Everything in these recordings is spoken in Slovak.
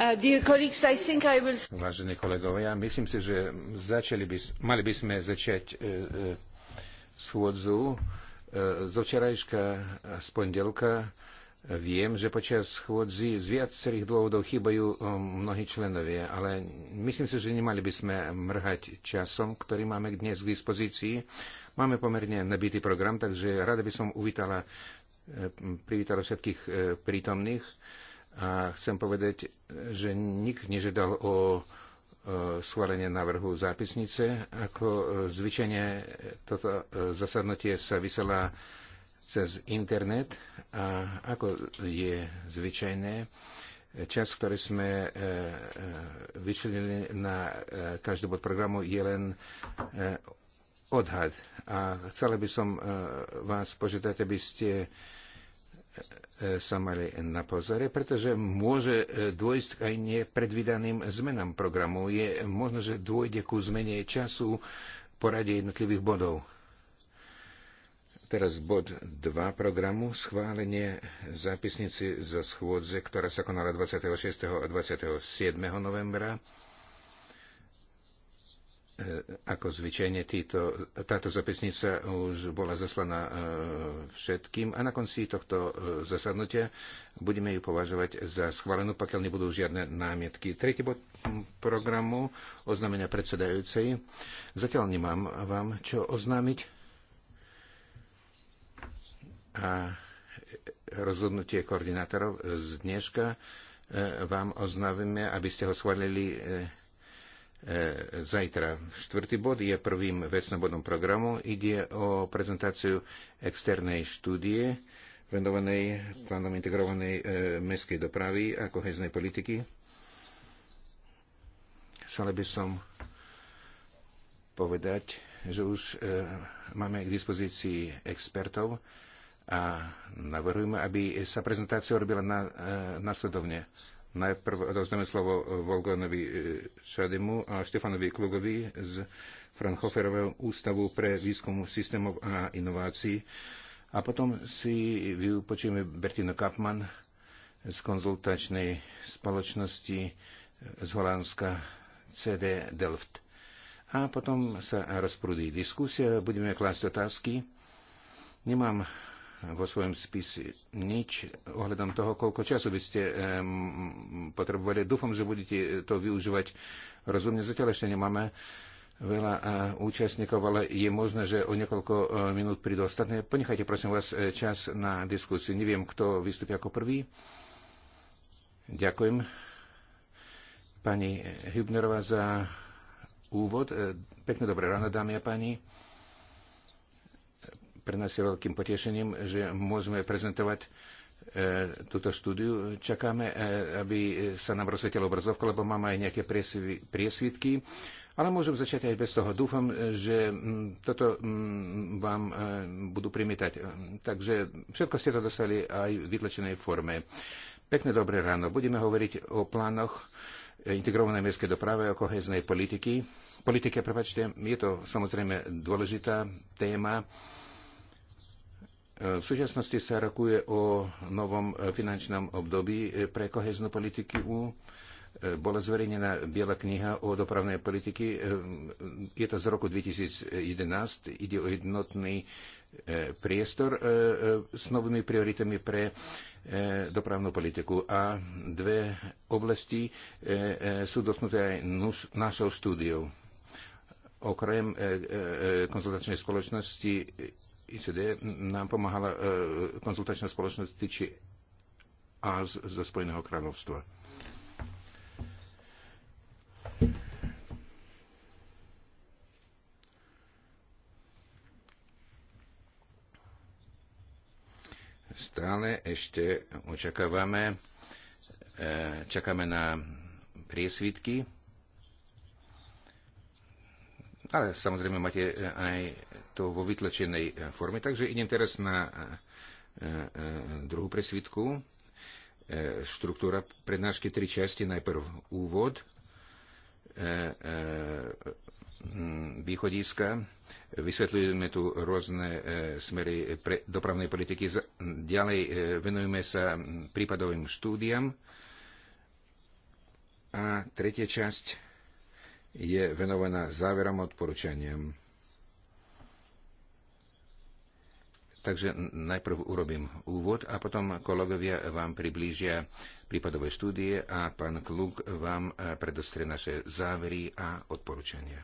Uh, Vážení kolegovia, myslím si, že začali by, mali by sme začať e, e, schôdzu. E, zo včerajška z pondelka viem, že počas schôdzi z viacerých dôvodov chýbajú um, mnohí členovia, ale myslím si, že nemali by sme mrhať časom, ktorý máme dnes k dispozícii. Máme pomerne nabitý program, takže rada by som uvítala, privítala všetkých prítomných. A chcem povedať, že nik nežiadal o e, schválenie návrhu zápisnice. Ako e, zvyčajne e, toto zasadnutie sa vysiela cez internet a ako je zvyčajné, čas, ktorý sme vyčlenili na každý bod programu, je len odhad. A chcela by som vás požiadať, aby ste E, e, sa mali na pozore, pretože môže e, dôjsť aj nepredvídaným zmenám programu. Je možno, že dôjde ku zmene času porade jednotlivých bodov. Teraz bod 2 programu, schválenie zápisnici zo schôdze, ktorá sa konala 26. a 27. novembra E, ako zvyčajne títo, táto zapisnica už bola zaslaná e, všetkým a na konci tohto e, zasadnutia budeme ju považovať za schválenú, pokiaľ nebudú žiadne námietky. Tretí bod programu oznámenia predsedajúcej. Zatiaľ nemám vám čo oznámiť. A rozhodnutie koordinátorov z dneška vám oznávime, aby ste ho schválili E, zajtra. Štvrtý bod je prvým vecným bodom programu. Ide o prezentáciu externej štúdie venovanej plánom integrovanej e, mestskej dopravy a koheznej politiky. Chcel by som povedať, že už e, máme k dispozícii expertov a navrhujeme, aby sa prezentácia robila na, e, nasledovne. Najprv rozdáme slovo eh, Volgonovi eh, Šademu a Štefanovi Klugovi z Frankhoferového ústavu pre výskum systémov a inovácií. A potom si vypočujeme Bertino Kapman z konzultačnej spoločnosti eh, z Holandska CD Delft. A potom sa rozprúdi diskusia, budeme klásť otázky. Nemám vo svojom spise nič ohľadom toho, koľko času by ste um, potrebovali. Dúfam, že budete to využívať rozumne. Zatiaľ ešte nemáme veľa uh, účastníkov, ale je možné, že o niekoľko uh, minút prídu ostatné. Ponechajte, prosím vás, e, čas na diskusiu. Neviem, kto vystúpi ako prvý. Ďakujem pani Hübnerová za úvod. Pekné dobré ráno, dámy a páni. Pre nás je veľkým potešením, že môžeme prezentovať e, túto štúdiu. Čakáme, e, aby sa nám rozsvietilo obrazovka, lebo máme aj nejaké priesvitky. Ale môžem začať aj bez toho. Dúfam, že toto vám e, budú primýtať. Takže všetko ste to dostali aj v vytlačenej forme. Pekné dobré ráno. Budeme hovoriť o plánoch integrovanej mestskej doprave, o koheznej politiky. Politike, prepačte, je to samozrejme dôležitá téma v súčasnosti sa rokuje o novom finančnom období pre koheznú politiku bola zverejnená biela kniha o dopravnej politiky. Je to z roku 2011. Ide o jednotný e, priestor e, e, s novými prioritami pre dopravnú politiku. A dve oblasti sú dotknuté aj našou štúdiou. Okrem konzultačnej spoločnosti ICD nám pomáhala e, konzultačná spoločnosť týči AS zo Spojeného kráľovstva. Stále ešte očakávame, e, čakáme na priesvitky, ale samozrejme máte aj to vo vytlačenej e, forme. Takže idem teraz na e, e, druhú presvitku. Štruktúra prednášky tri časti. Najprv úvod, východiska. Vysvetľujeme tu rôzne smery dopravnej politiky. Ďalej venujeme sa prípadovým štúdiam. A tretia časť je venovaná záverom a odporúčaniam. Takže najprv urobím úvod a potom kolegovia vám priblížia prípadové štúdie a pán Kluk vám eh, predostrie naše závery a odporúčania.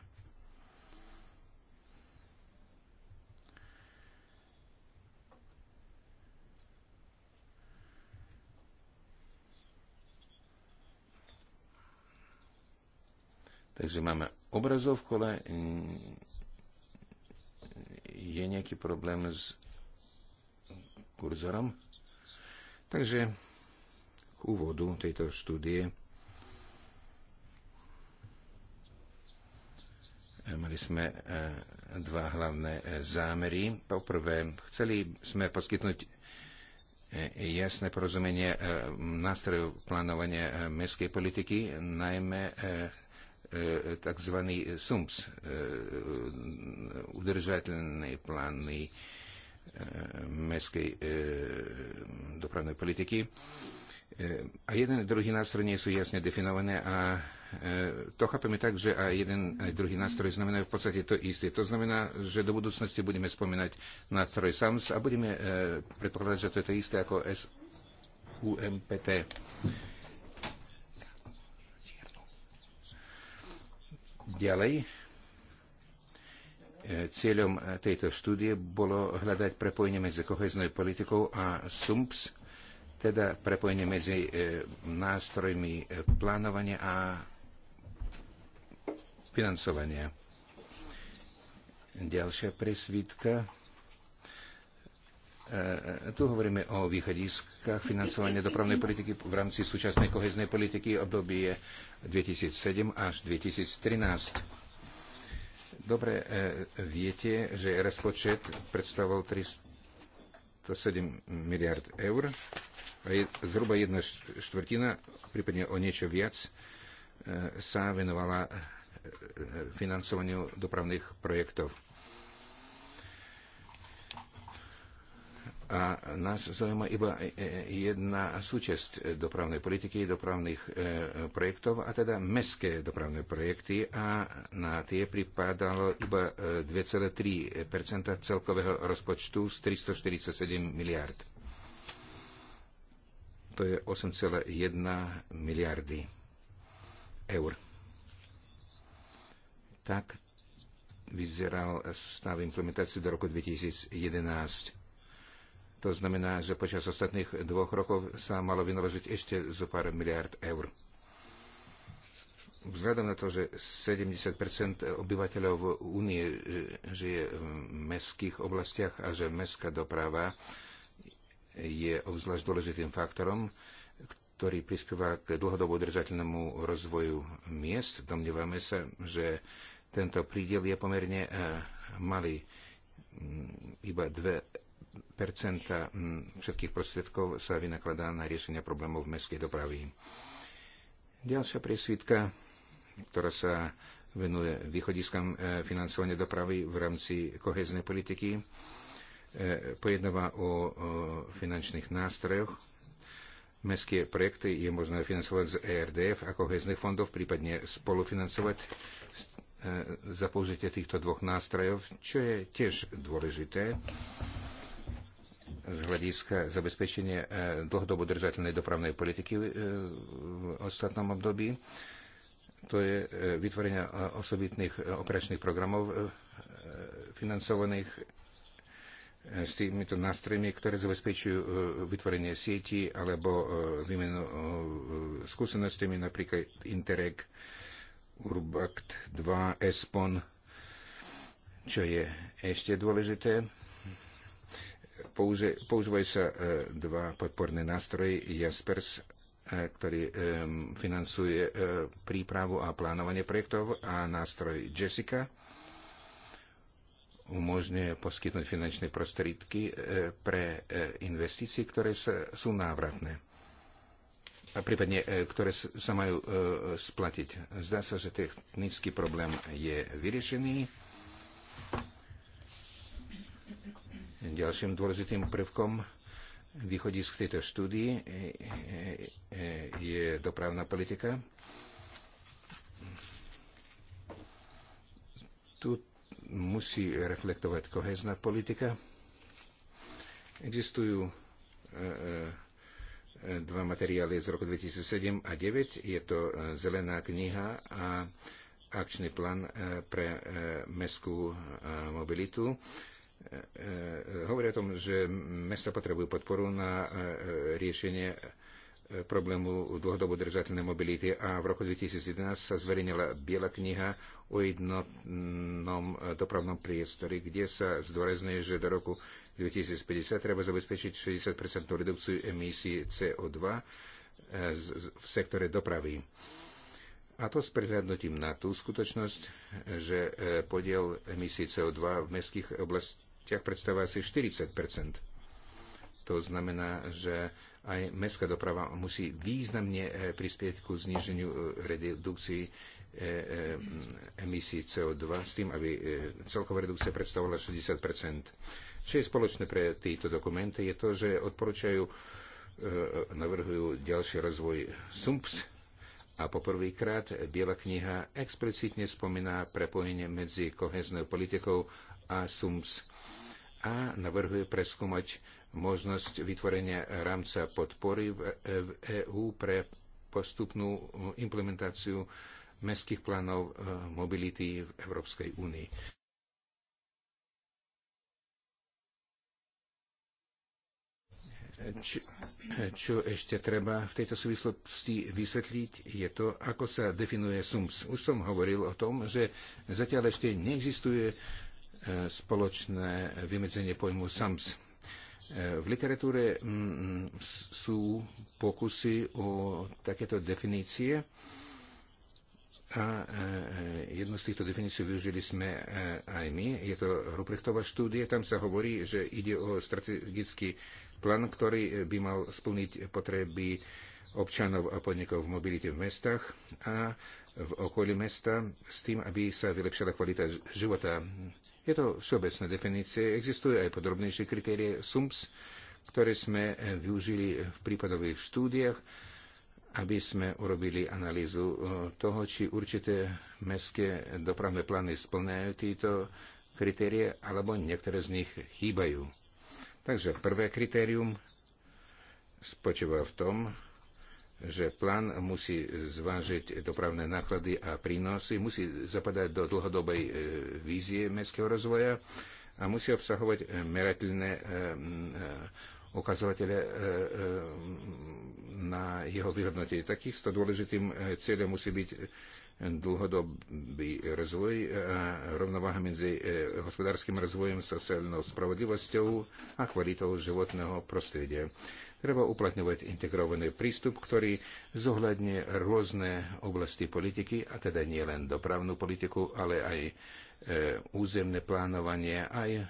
Takže máme obrazovku, ale je nejaký problém s kurzorom. Takže k úvodu tejto štúdie e, mali sme e, dva hlavné e, zámery. Poprvé, chceli sme poskytnúť jasné porozumenie nástrojov plánovania mestskej politiky, najmä tzv. SUMS, udržateľný plánny mestskej e, dopravnej politiky. E, a jeden a druhý nástroj nie sú jasne definované a e, to chápeme tak, že aj jeden aj druhý nástroj znamenajú v podstate to isté. To znamená, že do budúcnosti budeme spomínať nástroj SAMS a budeme predpokladať, že to je to isté ako SUMPT. Ďalej, Cieľom eh, tejto štúdie bolo hľadať prepojenie medzi koheznou politikou a SUMPS, teda prepojenie medzi eh, nástrojmi eh, plánovania a financovania. Ďalšia presvítka. Tu hovoríme o východiskách financovania dopravnej politiky v rámci súčasnej koheznej politiky obdobie 2007 až 2013 Dobre e, viete, že rozpočet predstavoval 307 miliard eur a je zhruba jedna štvrtina, prípadne o niečo viac, e, sa venovala e, financovaniu dopravných projektov. A nás zaujíma iba e, e, jedna súčasť dopravnej politiky, dopravných e, projektov, a teda mestské dopravné projekty a na tie pripadalo iba 2,3 celkového rozpočtu z 347 miliard. To je 8,1 miliardy eur. Tak vyzeral stav implementácie do roku 2011 to znamená, že počas ostatných dvoch rokov sa malo vynaložiť ešte zo pár miliard eur. Vzhľadom na to, že 70 obyvateľov únie žije v mestských oblastiach a že mestská doprava je obzvlášť dôležitým faktorom, ktorý prispieva k dlhodobo udržateľnému rozvoju miest. Domnievame sa, že tento prídel je pomerne e, malý, iba 2 Hm, všetkých prostriedkov sa vynakladá na riešenie problémov v mestskej dopravy. Ďalšia priesvitka, ktorá sa venuje východiskám eh, financovania dopravy v rámci koheznej politiky, eh, pojednáva o finančných nástrojoch. Mestské projekty je možné financovať z ERDF a kohezných fondov, prípadne spolufinancovať eh, za použitie týchto dvoch nástrojov, čo je tiež dôležité z hľadiska zabezpečenia e, dlhodobo držateľnej dopravnej politiky e, v ostatnom období. To je e, vytvorenie osobitných operačných programov financovaných s týmito nástrojmi, ktoré zabezpečujú vytvorenie sieti alebo výmenu skúsenostiami, napríklad Interreg, Urbact 2, ESPON, čo je ešte dôležité používajú sa e, dva podporné nástroje, Jaspers, e, ktorý e, financuje prípravu a plánovanie projektov a nástroj Jessica umožňuje poskytnúť finančné prostriedky pre investície, ktoré sú návratné a prípadne ktoré sa majú splatiť. Zdá sa, že technický problém je vyriešený Ďalším dôležitým prvkom východisk tejto štúdii e, e, e, je dopravná politika. Tu musí reflektovať kohezná politika. Existujú dva materiály z roku 2007 a 2009. Je to zelená kniha a akčný plán pre mestskú mobilitu. E, e, hovorí o tom, že mesta potrebujú podporu na e, riešenie problému dlhodobo držateľnej mobility a v roku 2011 sa zverejnila Biela kniha o jednotnom dopravnom priestore, kde sa zdôrazňuje, že do roku 2050 treba zabezpečiť 60% redukciu emisí CO2 v sektore dopravy. A to s prihľadnutím na tú skutočnosť, že podiel emisí CO2 v mestských oblastiach ťah predstavuje asi 40 To znamená, že aj mestská doprava musí významne eh, prispieť ku zniženiu eh, redukcii eh, emisí CO2 s tým, aby celková redukcia predstavovala 60 Čo je spoločné pre tieto dokumenty, je to, že odporúčajú, navrhujú ďalší rozvoj SUMPS, a poprvýkrát Biela kniha explicitne spomína prepojenie medzi koheznou politikou a SUMS a navrhuje preskúmať možnosť vytvorenia rámca podpory v EÚ e pre postupnú e, implementáciu mestských plánov e, mobility v Európskej únii. Čo, čo ešte treba v tejto súvislosti vysvetliť, je to, ako sa definuje SUMS. Už som hovoril o tom, že zatiaľ ešte neexistuje E, spoločné vymedzenie pojmu SAMS. E, v literatúre sú pokusy o takéto definície a e, jednu z týchto definícií využili sme aj my. Je to Ruprechtová štúdia, tam sa hovorí, že ide o strategický plán, ktorý by mal splniť potreby občanov a podnikov v mobilite v mestách a v okolí mesta s tým, aby sa vylepšila kvalita života je to všeobecná definícia. Existujú aj podrobnejšie kritérie SUMS, ktoré sme eh, využili v prípadových štúdiách, aby sme urobili analýzu eh, toho, či určité mestské dopravné plány splňajú tieto kritérie, alebo niektoré z nich chýbajú. Takže prvé kritérium spočíva v tom, že plán musí zvážiť dopravné náklady a prínosy, musí zapadať do dlhodobej e, vízie mestského rozvoja a musí obsahovať e, merateľné e, ukazovatele na jeho vyhodnotenie. Takisto dôležitým cieľom musí byť dlhodobý rozvoj a rovnováha medzi hospodárskym rozvojom, sociálnou spravodlivosťou a kvalitou životného prostredia. Treba uplatňovať integrovaný prístup, ktorý zohľadne rôzne oblasti politiky, a teda nielen dopravnú politiku, ale aj e, územné plánovanie, aj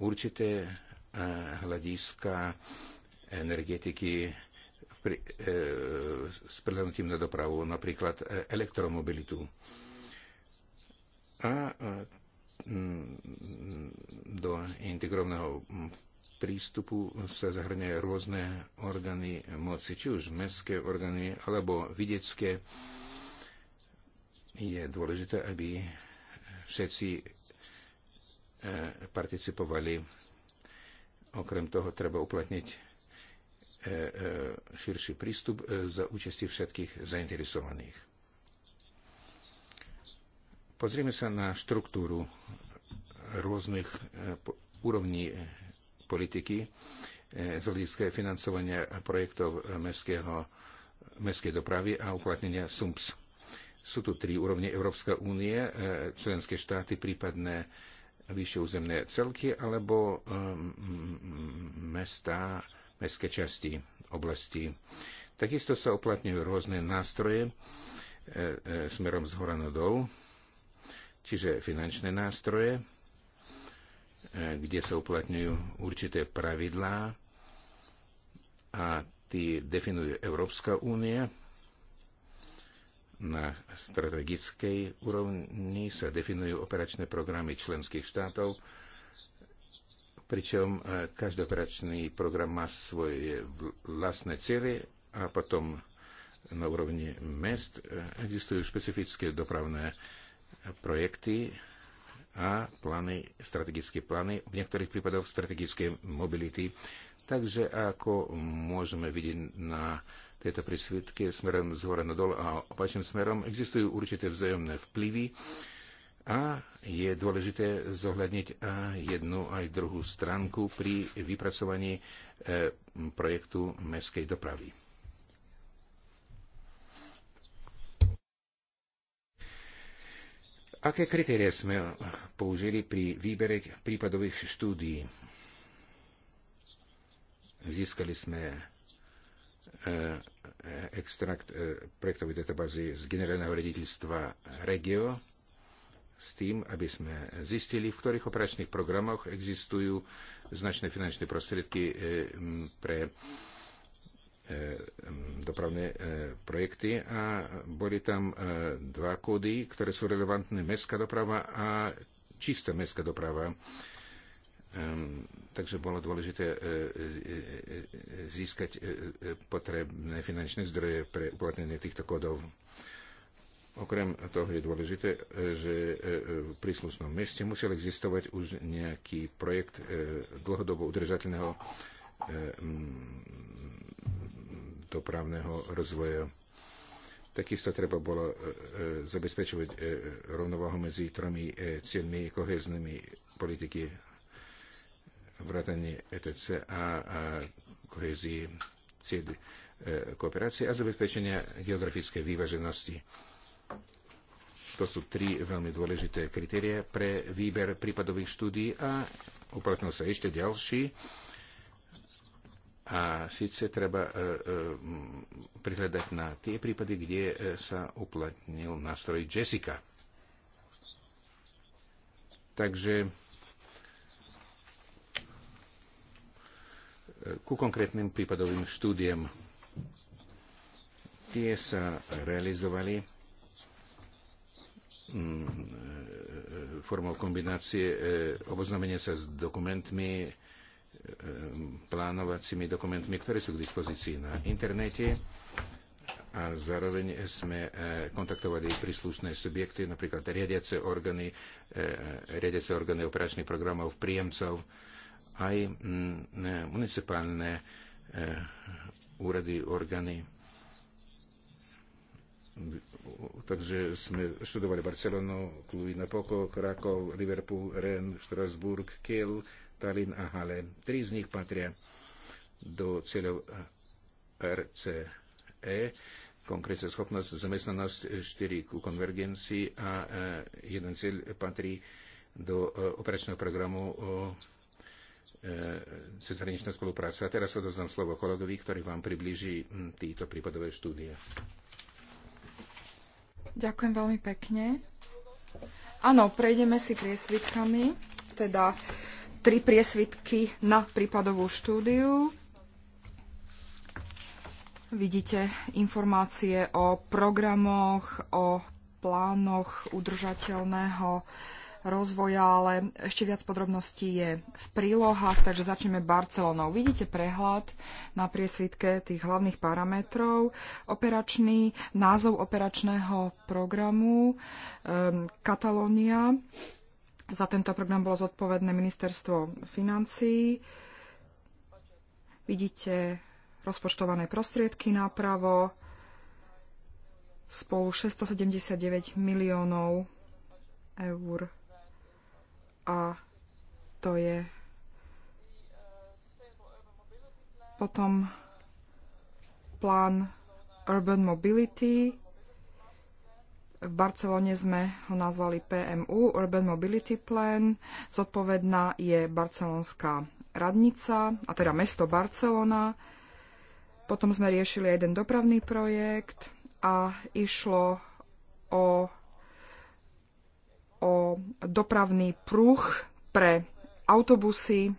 určité e, hľadiska energetiky pri, e, s prihľadnutím na dopravu, napríklad e, elektromobilitu. A do integrovaného prístupu sa zahrňajú rôzne orgány moci, či už mestské orgány alebo vidiecké. Je dôležité, aby všetci e, participovali. Okrem toho treba uplatniť e, e, širší prístup za účasti všetkých zainteresovaných. Pozrieme sa na štruktúru rôznych úrovní politiky e, z hľadiska financovania projektov mestského, mestskej dopravy a uplatnenia SUMPS. Sú tu tri úrovne Európska únie, e, členské štáty, prípadné vyššie územné celky alebo e, mesta, mestské časti, oblasti. Takisto sa uplatňujú rôzne nástroje smerom z hora na dol, čiže finančné nástroje, E, kde sa uplatňujú určité pravidlá a tie definuje Európska únia. Na strategickej úrovni sa definujú operačné programy členských štátov, pričom e, každý operačný program má svoje vlastné cieľe a potom na úrovni mest e, existujú špecifické dopravné projekty, a plány, strategické plány, v niektorých prípadoch strategické mobility. Takže ako môžeme vidieť na tejto prísvitke smerom z hora na dol a opačným smerom, existujú určité vzájomné vplyvy a je dôležité zohľadniť aj jednu aj druhú stránku pri vypracovaní eh, projektu mestskej dopravy. Aké kritérie sme použili pri výbere prípadových štúdií? Získali sme e, e, extrakt e, projektovej databázy z generálneho rediteľstva Regio s tým, aby sme zistili, v ktorých operačných programoch existujú značné finančné prostriedky pre E, dopravné e, projekty a boli tam e, dva kódy, ktoré sú relevantné, mestská doprava a čistá mestská doprava. Takže bolo dôležité získať potrebné finančné zdroje pre uplatnenie týchto kódov. Okrem toho je dôležité, že v príslušnom meste musel existovať už nejaký projekt dlhodobo udržateľného dopravného rozvoja. Takisto treba bolo e, e, zabezpečovať e, rovnováhu medzi tromi cieľmi koheznými politiky vrátanie ETC a, a kohezii cieľ kooperácie a zabezpečenia geografickej vyvaženosti. To sú tri veľmi dôležité kritéria pre výber prípadových štúdí a uplatnil sa ešte ďalší a síce treba e, e, prihľadať na tie prípady, kde e, sa uplatnil nástroj Jessica. Takže ku konkrétnym prípadovým štúdiem. Tie sa realizovali mm, formou kombinácie oboznámenia sa s dokumentmi, plánovacími dokumentmi, ktoré sú k dispozícii na internete a zároveň sme e, kontaktovali príslušné subjekty, napríklad riadiace orgány, e, e, riadiace orgány operačných programov, príjemcov, aj mm, municipálne úrady, orgány. Takže sme študovali Barcelonu, Kluj Napoko, Krakov, Liverpool, Rennes, Strasbourg, Kiel, Tallinn a Halle. Tri z nich patria do cieľov RCE, konkrétne schopnosť, zamestnanosť, štyri ku konvergencii a e, jeden cieľ patrí do e, operačného programu o e, cezhraničná spolupráca. A teraz sa doznam slovo kolegovi, ktorý vám približí títo prípadové štúdie. Ďakujem veľmi pekne. Áno, prejdeme si priesvitkami, teda tri priesvitky na prípadovú štúdiu. Vidíte informácie o programoch, o plánoch udržateľného rozvoja, ale ešte viac podrobností je v prílohách, takže začneme Barcelonou. Vidíte prehľad na priesvitke tých hlavných parametrov, operačný, názov operačného programu um, Katalónia, za tento program bolo zodpovedné ministerstvo financií. Vidíte rozpočtované prostriedky napravo spolu 679 miliónov eur a to je potom plán Urban Mobility v Barcelone sme ho nazvali PMU, Urban Mobility Plan. Zodpovedná je barcelonská radnica, a teda mesto Barcelona. Potom sme riešili jeden dopravný projekt a išlo o, o dopravný pruh pre autobusy.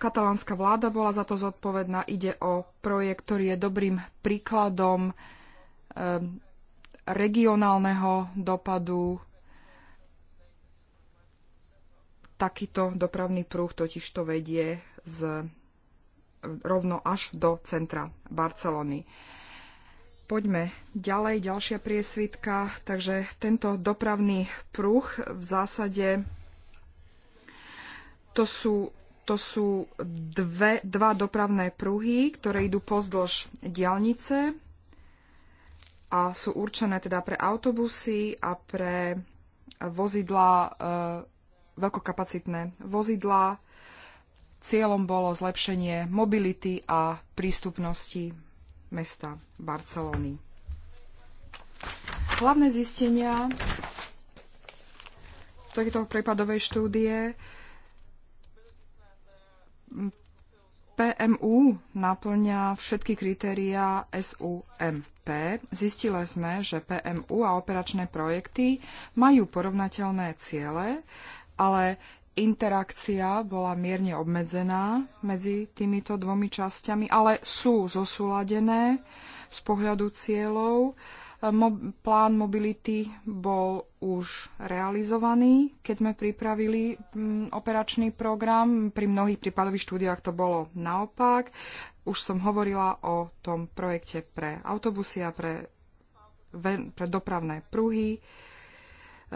Katalánska vláda bola za to zodpovedná. Ide o projekt, ktorý je dobrým príkladom um, regionálneho dopadu. Takýto dopravný prúh totiž to vedie z, rovno až do centra Barcelony. Poďme ďalej, ďalšia priesvitka. Takže tento dopravný pruh v zásade to sú, to sú dve, dva dopravné pruhy, ktoré idú pozdĺž diálnice a sú určené teda pre autobusy a pre e, vozidla, e, veľkokapacitné vozidla. Cieľom bolo zlepšenie mobility a prístupnosti mesta Barcelony. Hlavné zistenia tejto prípadovej štúdie PMU naplňa všetky kritériá SUMP. Zistili sme, že PMU a operačné projekty majú porovnateľné ciele, ale interakcia bola mierne obmedzená medzi týmito dvomi časťami, ale sú zosúladené z pohľadu cieľov. Mo- plán mobility bol už realizovaný, keď sme pripravili mm, operačný program. Pri mnohých prípadových štúdiách to bolo naopak. Už som hovorila o tom projekte pre autobusy a pre, pre dopravné pruhy.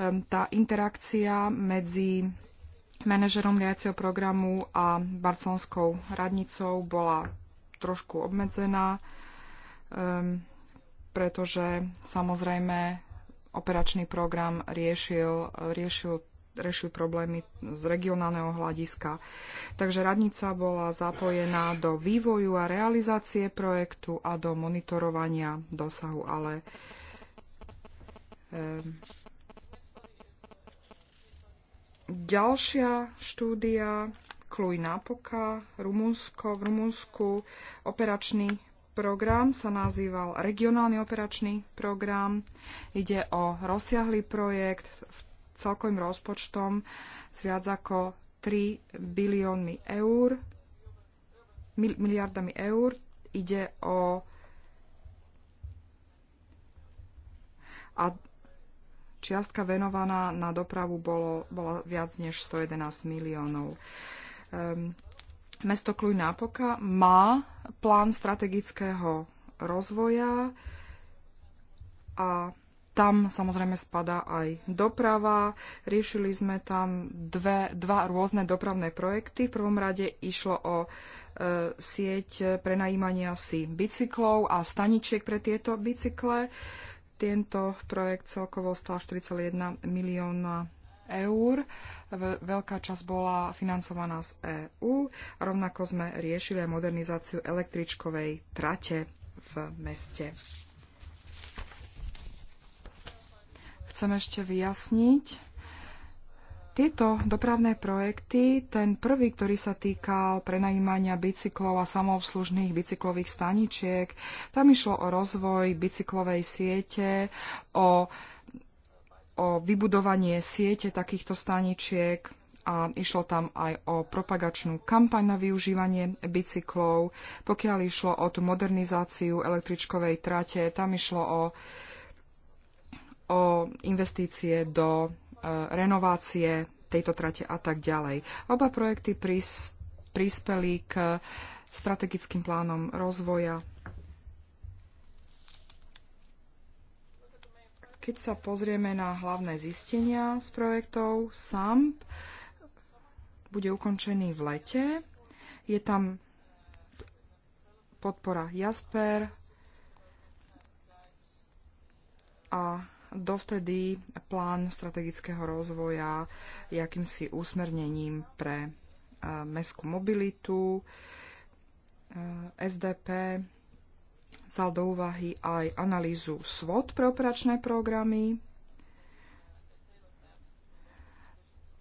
Ehm, tá interakcia medzi manažerom riadceho programu a barcelonskou radnicou bola trošku obmedzená, ehm, pretože samozrejme operačný program riešil, riešil riešil problémy z regionálneho hľadiska. Takže radnica bola zapojená do vývoju a realizácie projektu a do monitorovania dosahu, ale Ďalšia štúdia Kluj Napoka, Rumunsko, v Rumunsku, operačný program sa nazýval Regionálny operačný program. Ide o rozsiahly projekt v celkovým rozpočtom s viac ako 3 biliónmi eur, miliardami eur. Ide o a čiastka venovaná na dopravu bolo, bola viac než 111 miliónov. Ehm, Mesto Kluj Nápoka má plán strategického rozvoja a tam samozrejme spadá aj doprava. Riešili sme tam dve, dva rôzne dopravné projekty. V prvom rade išlo o e, sieť prenajímania si bicyklov a staničiek pre tieto bicykle. Tento projekt celkovo stal 4,1 milióna eur. Veľká časť bola financovaná z EÚ. Rovnako sme riešili aj modernizáciu električkovej trate v meste. Chcem ešte vyjasniť, tieto dopravné projekty, ten prvý, ktorý sa týkal prenajímania bicyklov a samovslužných bicyklových staničiek, tam išlo o rozvoj bicyklovej siete, o o vybudovanie siete takýchto staničiek a išlo tam aj o propagačnú kampaň na využívanie bicyklov. Pokiaľ išlo o tú modernizáciu električkovej trate, tam išlo o, o investície do e, renovácie tejto trate a tak ďalej. Oba projekty prispeli k strategickým plánom rozvoja Keď sa pozrieme na hlavné zistenia z projektov, SAMP bude ukončený v lete. Je tam podpora Jasper a dovtedy plán strategického rozvoja je akýmsi úsmernením pre eh, mestskú mobilitu. Eh, SDP vzal do úvahy aj analýzu SWOT pre operačné programy.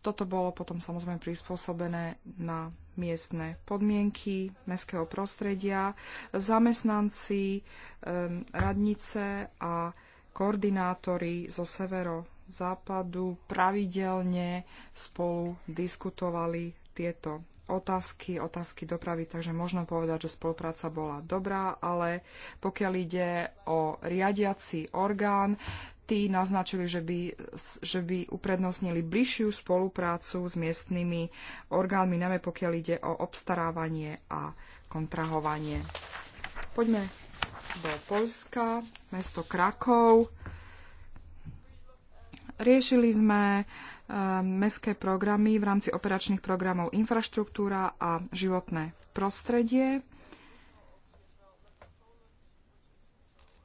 Toto bolo potom samozrejme prispôsobené na miestne podmienky mestského prostredia, zamestnanci, radnice a koordinátori zo severozápadu pravidelne spolu diskutovali tieto otázky, otázky dopravy, takže možno povedať, že spolupráca bola dobrá, ale pokiaľ ide o riadiaci orgán, tí naznačili, že by, že by uprednostnili bližšiu spoluprácu s miestnymi orgánmi, najmä pokiaľ ide o obstarávanie a kontrahovanie. Poďme do Polska, mesto Krakov. Riešili sme uh, mestské programy v rámci operačných programov infraštruktúra a životné prostredie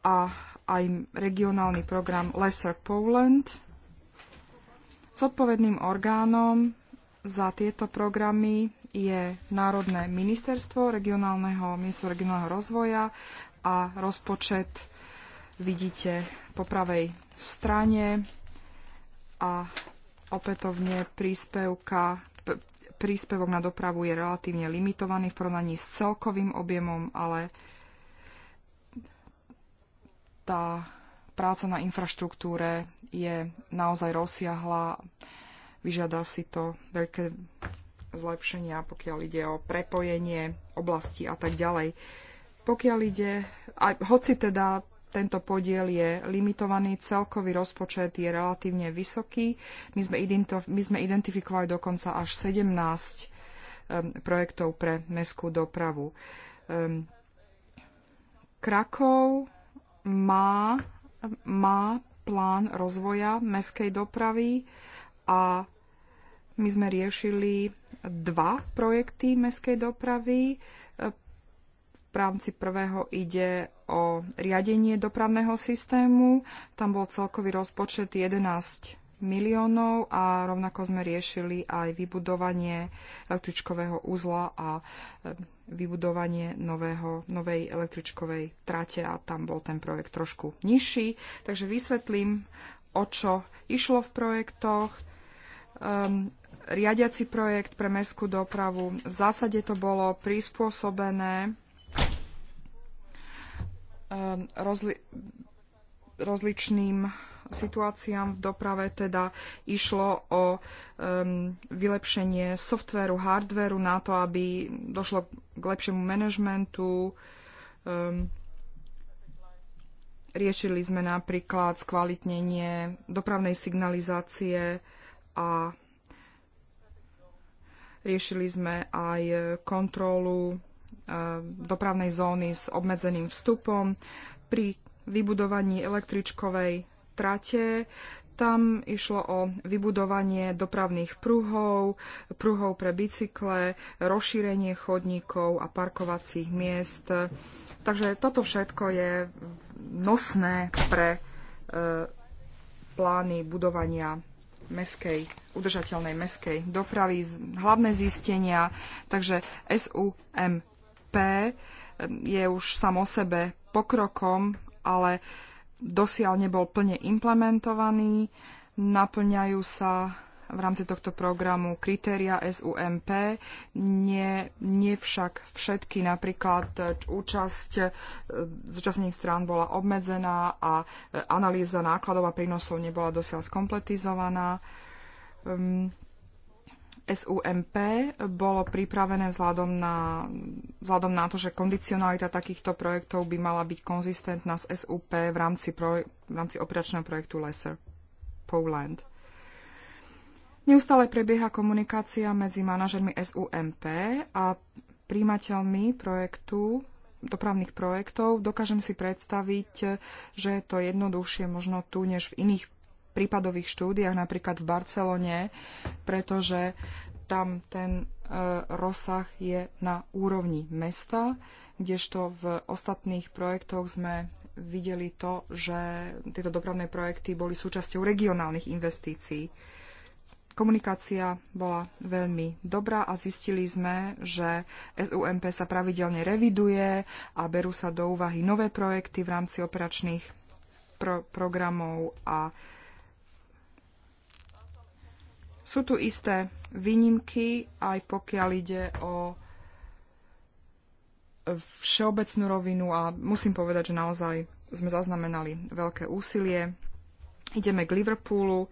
a aj regionálny program Lesser Poland. Zodpovedným orgánom za tieto programy je Národné ministerstvo regionálneho, miesto regionálneho rozvoja a rozpočet vidíte po pravej strane a Opätovne príspevka, príspevok na dopravu je relatívne limitovaný v porovnaní s celkovým objemom, ale tá práca na infraštruktúre je naozaj rozsiahla. Vyžiada si to veľké zlepšenia, pokiaľ ide o prepojenie oblasti a tak ďalej. Pokiaľ ide, aj, hoci teda tento podiel je limitovaný, celkový rozpočet je relatívne vysoký. My sme, my sme identifikovali dokonca až 17 ehm, projektov pre mestskú dopravu. Ehm, Krakov má, má plán rozvoja mestskej dopravy a my sme riešili dva projekty mestskej dopravy. Ehm, v rámci prvého ide o riadenie dopravného systému. Tam bol celkový rozpočet 11 miliónov a rovnako sme riešili aj vybudovanie električkového uzla a e, vybudovanie nového, novej električkovej trate a tam bol ten projekt trošku nižší. Takže vysvetlím, o čo išlo v projektoch. Um, riadiaci projekt pre mestskú dopravu. V zásade to bolo prispôsobené Ehm, rozli- rozličným situáciám v doprave, teda išlo o um, vylepšenie softvéru, hardvéru na to, aby došlo k lepšiemu manažmentu. Um, riešili sme napríklad skvalitnenie dopravnej signalizácie a riešili sme aj kontrolu dopravnej zóny s obmedzeným vstupom. Pri vybudovaní električkovej trate tam išlo o vybudovanie dopravných pruhov, pruhov pre bicykle, rozšírenie chodníkov a parkovacích miest. Takže toto všetko je nosné pre e, plány budovania meskej, udržateľnej meskej dopravy, hlavné zistenia. Takže SUM je už sam o sebe pokrokom, ale dosiaľ nebol plne implementovaný. Naplňajú sa v rámci tohto programu kritéria SUMP, nie, nie však všetky, napríklad e, účasť e, zúčastnených strán bola obmedzená a e, analýza nákladov a prínosov nebola dosiaľ skompletizovaná. Um, SUMP bolo pripravené vzhľadom na, vzhľadom na to, že kondicionalita takýchto projektov by mala byť konzistentná s SUP v rámci, pro, v rámci operačného projektu Lesser Poland. Neustále prebieha komunikácia medzi manažermi SUMP a príjimateľmi projektu dopravných projektov. Dokážem si predstaviť, že je to jednoduchšie možno tu, než v iných prípadových štúdiách, napríklad v Barcelone, pretože tam ten e, rozsah je na úrovni mesta, kdežto v ostatných projektoch sme videli to, že tieto dopravné projekty boli súčasťou regionálnych investícií. Komunikácia bola veľmi dobrá a zistili sme, že SUMP sa pravidelne reviduje a berú sa do úvahy nové projekty v rámci operačných pro programov a sú tu isté výnimky, aj pokiaľ ide o všeobecnú rovinu a musím povedať, že naozaj sme zaznamenali veľké úsilie. Ideme k Liverpoolu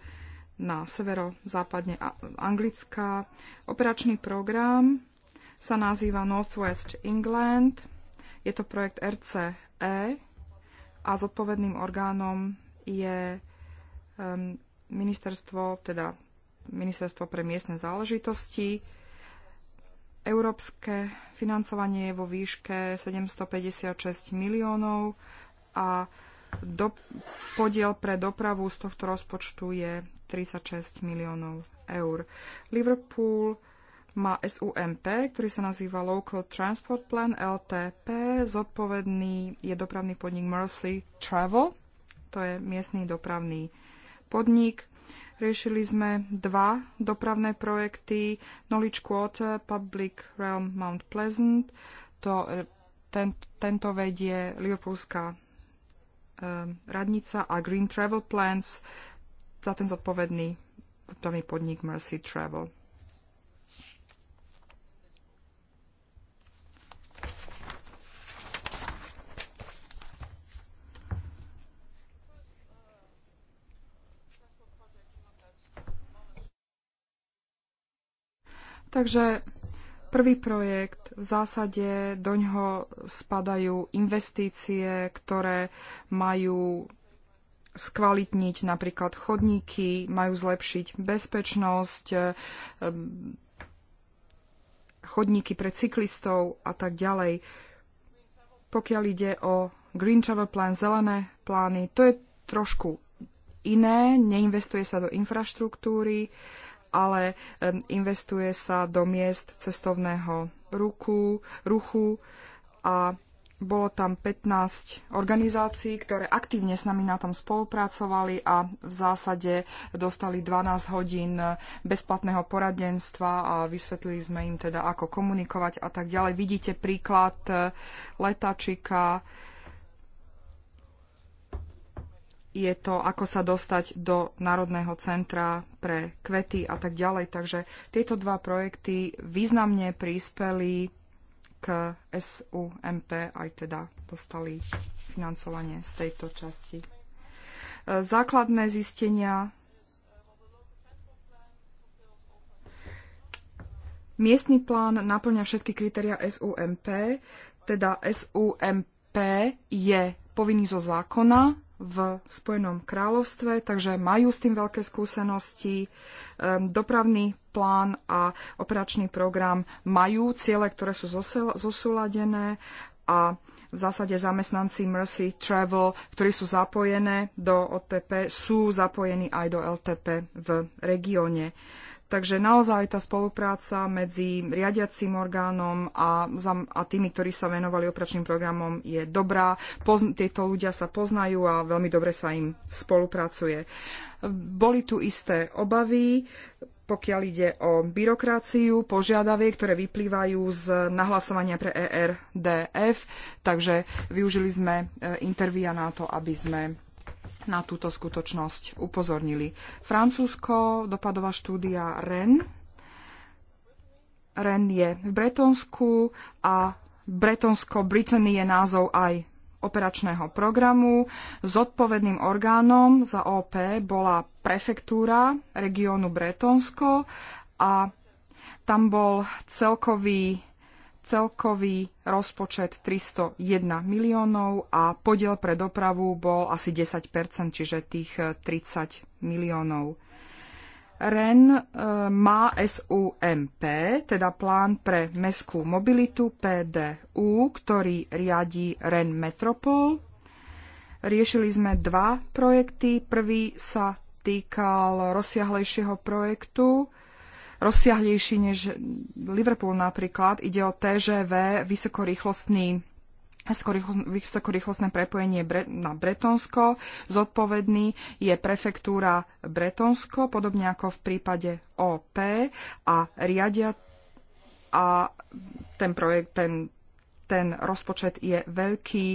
na severozápadne Anglická. Operačný program sa nazýva Northwest England. Je to projekt RCE a zodpovedným orgánom je ehm, ministerstvo, teda Ministerstvo pre miestne záležitosti. Európske financovanie je vo výške 756 miliónov a do, podiel pre dopravu z tohto rozpočtu je 36 miliónov eur. Liverpool má SUMP, ktorý sa nazýva Local Transport Plan LTP. Zodpovedný je dopravný podnik Mercy Travel, to je miestný dopravný podnik. Riešili sme dva dopravné projekty Knowledge Quarter, Public Realm Mount Pleasant. To, e, ten, tento vedie Liverpoolská e, radnica a Green Travel Plans za ten zodpovedný podnik Mercy Travel. Takže prvý projekt, v zásade do ňoho spadajú investície, ktoré majú skvalitniť napríklad chodníky, majú zlepšiť bezpečnosť, ehm, chodníky pre cyklistov a tak ďalej. Pokiaľ ide o Green Travel Plan, zelené plány, to je trošku iné, neinvestuje sa do infraštruktúry ale investuje sa do miest cestovného ruku, ruchu a bolo tam 15 organizácií, ktoré aktívne s nami na tom spolupracovali a v zásade dostali 12 hodín bezplatného poradenstva a vysvetlili sme im teda, ako komunikovať a tak ďalej. Vidíte príklad eh, letačika, je to, ako sa dostať do Národného centra pre kvety a tak ďalej. Takže tieto dva projekty významne prispeli k SUMP, aj teda dostali financovanie z tejto časti. Základné zistenia Miestny plán naplňa všetky kritéria SUMP, teda SUMP je povinný zo zákona, v Spojenom kráľovstve, takže majú s tým veľké skúsenosti. Dopravný plán a operačný program majú ciele, ktoré sú zosúladené a v zásade zamestnanci Mercy Travel, ktorí sú zapojené do OTP, sú zapojení aj do LTP v regióne. Takže naozaj tá spolupráca medzi riadiacím orgánom a, a tými, ktorí sa venovali operačným programom, je dobrá. Pozn- tieto ľudia sa poznajú a veľmi dobre sa im spolupracuje. Boli tu isté obavy, pokiaľ ide o byrokraciu, požiadavie, ktoré vyplývajú z nahlasovania pre ERDF. Takže využili sme e, intervia na to, aby sme na túto skutočnosť upozornili. Francúzsko, dopadová štúdia REN. REN je v Bretonsku a Bretonsko Brittany je názov aj operačného programu. Zodpovedným orgánom za OP bola prefektúra regiónu Bretonsko a tam bol celkový celkový rozpočet 301 miliónov a podiel pre dopravu bol asi 10 čiže tých 30 eh, miliónov. REN eh, má SUMP, teda plán pre mestskú mobilitu PDU, ktorý riadi REN Metropol. Riešili sme dva projekty. Prvý sa týkal rozsiahlejšieho projektu rozsiahlejší než Liverpool napríklad. Ide o TGV vysokorýchlostný vysokorýchlostné prepojenie na Bretonsko. Zodpovedný je prefektúra Bretonsko, podobne ako v prípade OP a riadia a ten projekt, ten, ten rozpočet je veľký,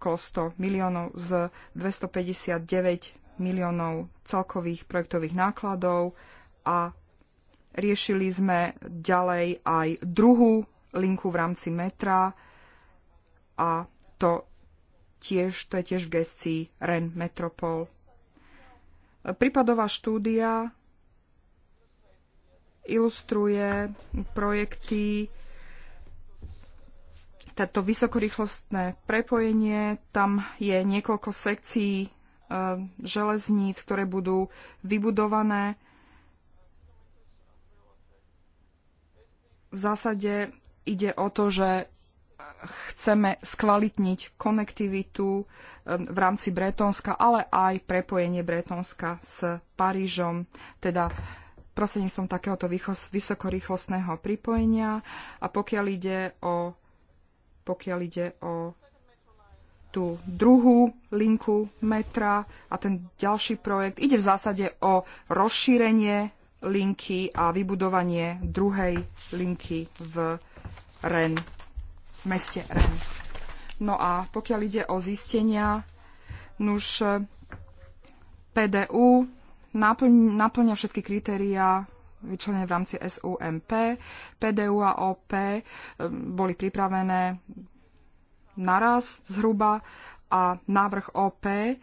okolo 100 miliónov z 259 miliónov celkových projektových nákladov a Riešili sme ďalej aj druhú linku v rámci metra a to, tiež, to je tiež v gestii REN Metropol. Prípadová štúdia ilustruje projekty, táto vysokorýchlostné prepojenie, tam je niekoľko sekcií eh, železníc, ktoré budú vybudované v zásade ide o to, že chceme skvalitniť konektivitu v rámci Bretonska, ale aj prepojenie Bretonska s Parížom, teda prostredníctvom takéhoto vysokorýchlostného pripojenia. A pokiaľ ide o, pokiaľ ide o tú druhú linku metra a ten ďalší projekt, ide v zásade o rozšírenie linky a vybudovanie druhej linky v Ren, v meste Ren. No a pokiaľ ide o zistenia, nuž PDU naplň, naplňa všetky kritériá vyčlenené v rámci SUMP. PDU a OP eh, boli pripravené naraz zhruba a návrh OP eh,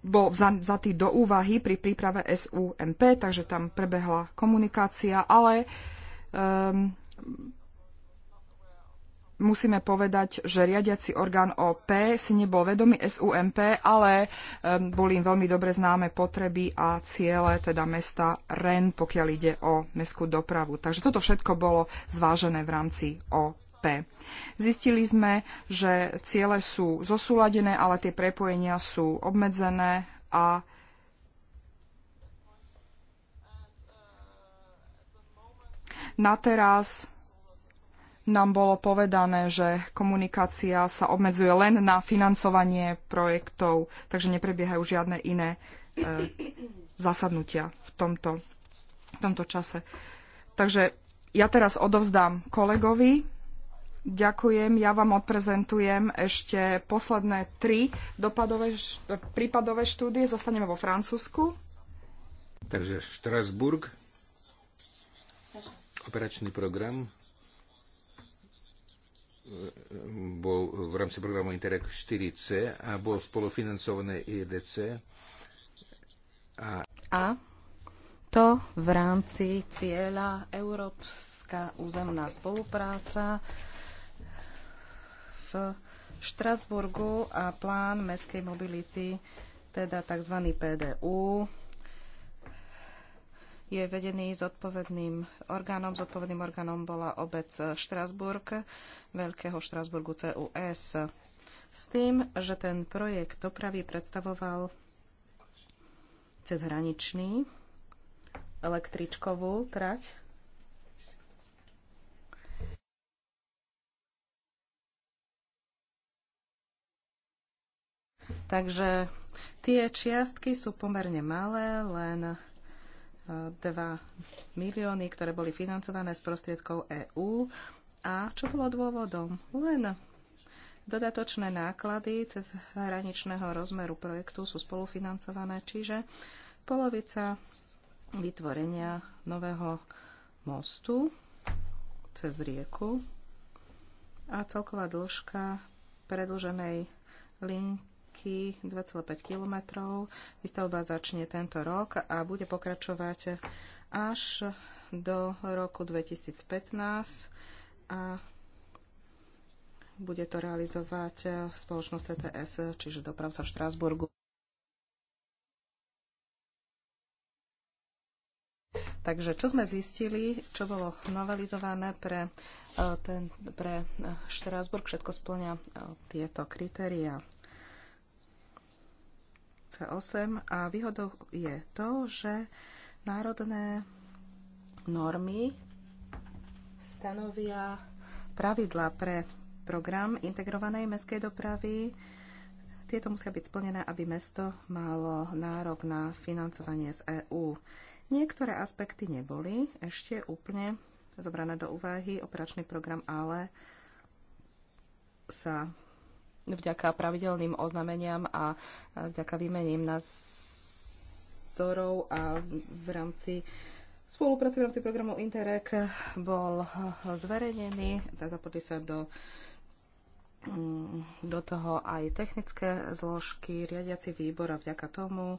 bol vzatý do úvahy pri príprave SUMP, takže tam prebehla komunikácia, ale um, musíme povedať, že riadiaci orgán OP si nebol vedomý SUMP, ale um, boli im veľmi dobre známe potreby a ciele teda mesta Ren, pokiaľ ide o mestskú dopravu. Takže toto všetko bolo zvážené v rámci OP. P. Zistili sme, že ciele sú zosúladené, ale tie prepojenia sú obmedzené a na teraz nám bolo povedané, že komunikácia sa obmedzuje len na financovanie projektov, takže neprebiehajú žiadne iné e, zasadnutia v tomto, v tomto čase. Takže ja teraz odovzdám kolegovi. Ďakujem. Ja vám odprezentujem ešte posledné tri dopadové, prípadové štúdie. Zostaneme vo Francúzsku. Takže Štrasburg, operačný program bol v rámci programu Interreg 4C a bol spolufinancované IEDC. A, a to v rámci cieľa Európska územná spolupráca v Štrasburgu a plán mestskej mobility, teda tzv. PDU, je vedený zodpovedným orgánom. Zodpovedným orgánom bola obec Štrasburg, Veľkého Štrasburgu CUS. S tým, že ten projekt dopravy predstavoval cezhraničný električkovú trať Takže tie čiastky sú pomerne malé, len 2 e, milióny, ktoré boli financované z prostriedkov EÚ. A čo bolo dôvodom? Len dodatočné náklady cez hraničného rozmeru projektu sú spolufinancované, čiže polovica vytvorenia nového mostu cez rieku a celková dĺžka predlženej linky diaľky 2,5 km. Výstavba začne tento rok a bude pokračovať až do roku 2015 a bude to realizovať spoločnosť CTS, čiže dopravca v Štrásburgu. Takže čo sme zistili, čo bolo novelizované pre, eh, ten, pre Štrásburg, všetko splňa eh, tieto kritéria. C8 a výhodou je to, že národné normy stanovia pravidla pre program integrovanej mestskej dopravy. Tieto musia byť splnené, aby mesto malo nárok na financovanie z EÚ. Niektoré aspekty neboli ešte úplne zobrané do úvahy operačný program, ale sa vďaka pravidelným oznameniam a vďaka výmením názorov a v rámci spolupráce v rámci programu Interreg bol zverejnený, zapotli sa do mm, do toho aj technické zložky, riadiaci výbor a vďaka tomu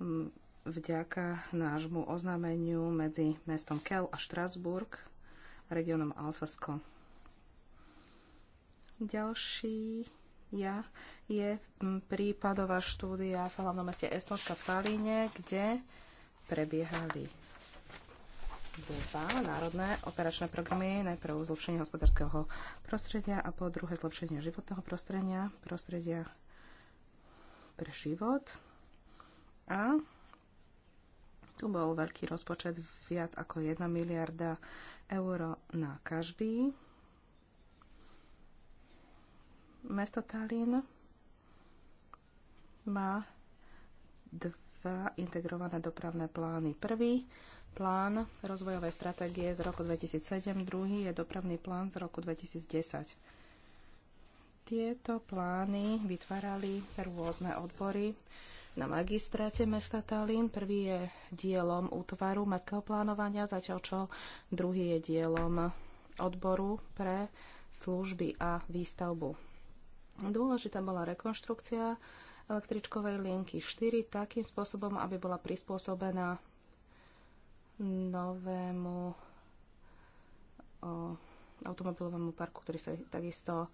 mm, vďaka nášmu oznámeniu medzi mestom Kel a Štrasburg a regionom Alsasko. Ďalší ja je prípadová štúdia v hlavnom meste Estonska v Talíne, kde prebiehali dva národné operačné programy, najprv zlepšenie hospodárskeho prostredia a po druhé zlepšenie životného prostredia, prostredia pre život. A tu bol veľký rozpočet viac ako 1 miliarda euro na každý Mesto Tallinn má dva integrované dopravné plány. Prvý plán rozvojovej stratégie z roku 2007, druhý je dopravný plán z roku 2010. Tieto plány vytvárali rôzne odbory na magistráte mesta Tallinn. Prvý je dielom útvaru mestského plánovania, zatiaľ čo druhý je dielom odboru pre služby a výstavbu Dôležitá bola rekonštrukcia električkovej linky 4 takým spôsobom, aby bola prispôsobená novému o, automobilovému parku, ktorý sa takisto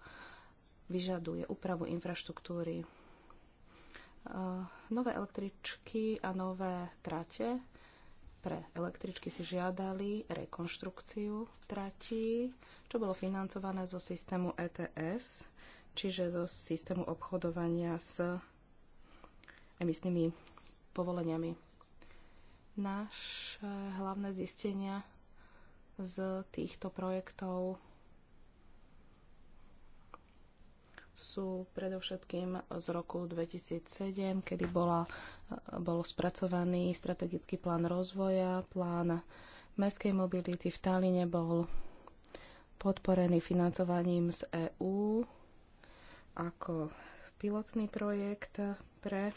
vyžaduje úpravu infraštruktúry. O, nové električky a nové trate pre električky si žiadali rekonštrukciu trati, čo bolo financované zo systému ETS čiže zo systému obchodovania s emisnými povoleniami. Naše eh, hlavné zistenia z týchto projektov sú predovšetkým z roku 2007, kedy bola, eh, bol spracovaný strategický plán rozvoja, plán mestskej mobility v Taline bol podporený financovaním z EÚ ako pilotný projekt pre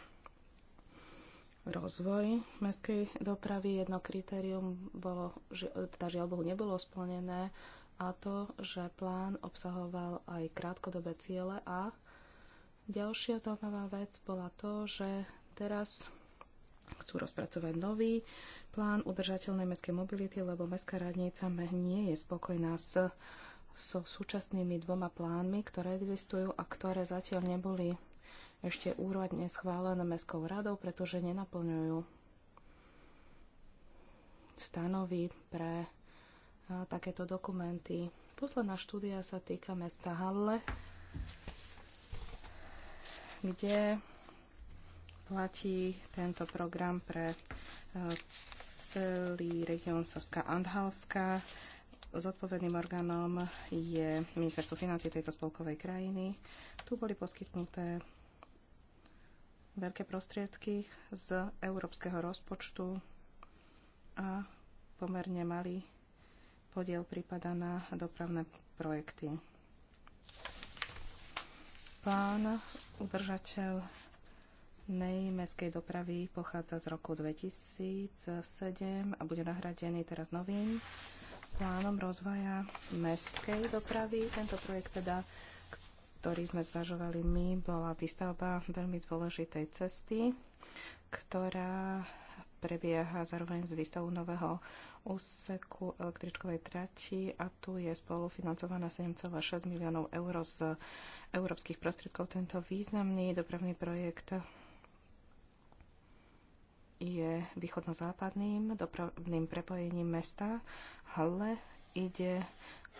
rozvoj mestskej dopravy. Jedno kritérium bolo, že, tá teda žiaľ Bohu, nebolo splnené a to, že plán obsahoval aj krátkodobé ciele a ďalšia zaujímavá vec bola to, že teraz chcú rozpracovať nový plán udržateľnej mestskej mobility, lebo mestská radnica nie je spokojná s so súčasnými dvoma plánmi, ktoré existujú a ktoré zatiaľ neboli ešte úradne schválené Mestskou radou, pretože nenaplňujú stanovy pre a, takéto dokumenty. Posledná štúdia sa týka mesta Halle, kde platí tento program pre a, celý región Saska-Andhalska Zodpovedným orgánom je ministerstvo financí tejto spolkovej krajiny. Tu boli poskytnuté veľké prostriedky z európskeho rozpočtu a pomerne malý podiel prípada na dopravné projekty. Plán udržateľ mestskej dopravy pochádza z roku 2007 a bude nahradený teraz novým plánom rozvoja mestskej dopravy. Tento projekt teda, ktorý sme zvažovali my, bola výstavba veľmi dôležitej cesty, ktorá prebieha zároveň s výstavou nového úseku električkovej trati a tu je spolufinancovaná 7,6 miliónov eur z európskych prostriedkov. Tento významný dopravný projekt je východno-západným dopravným prepojením mesta. Halle ide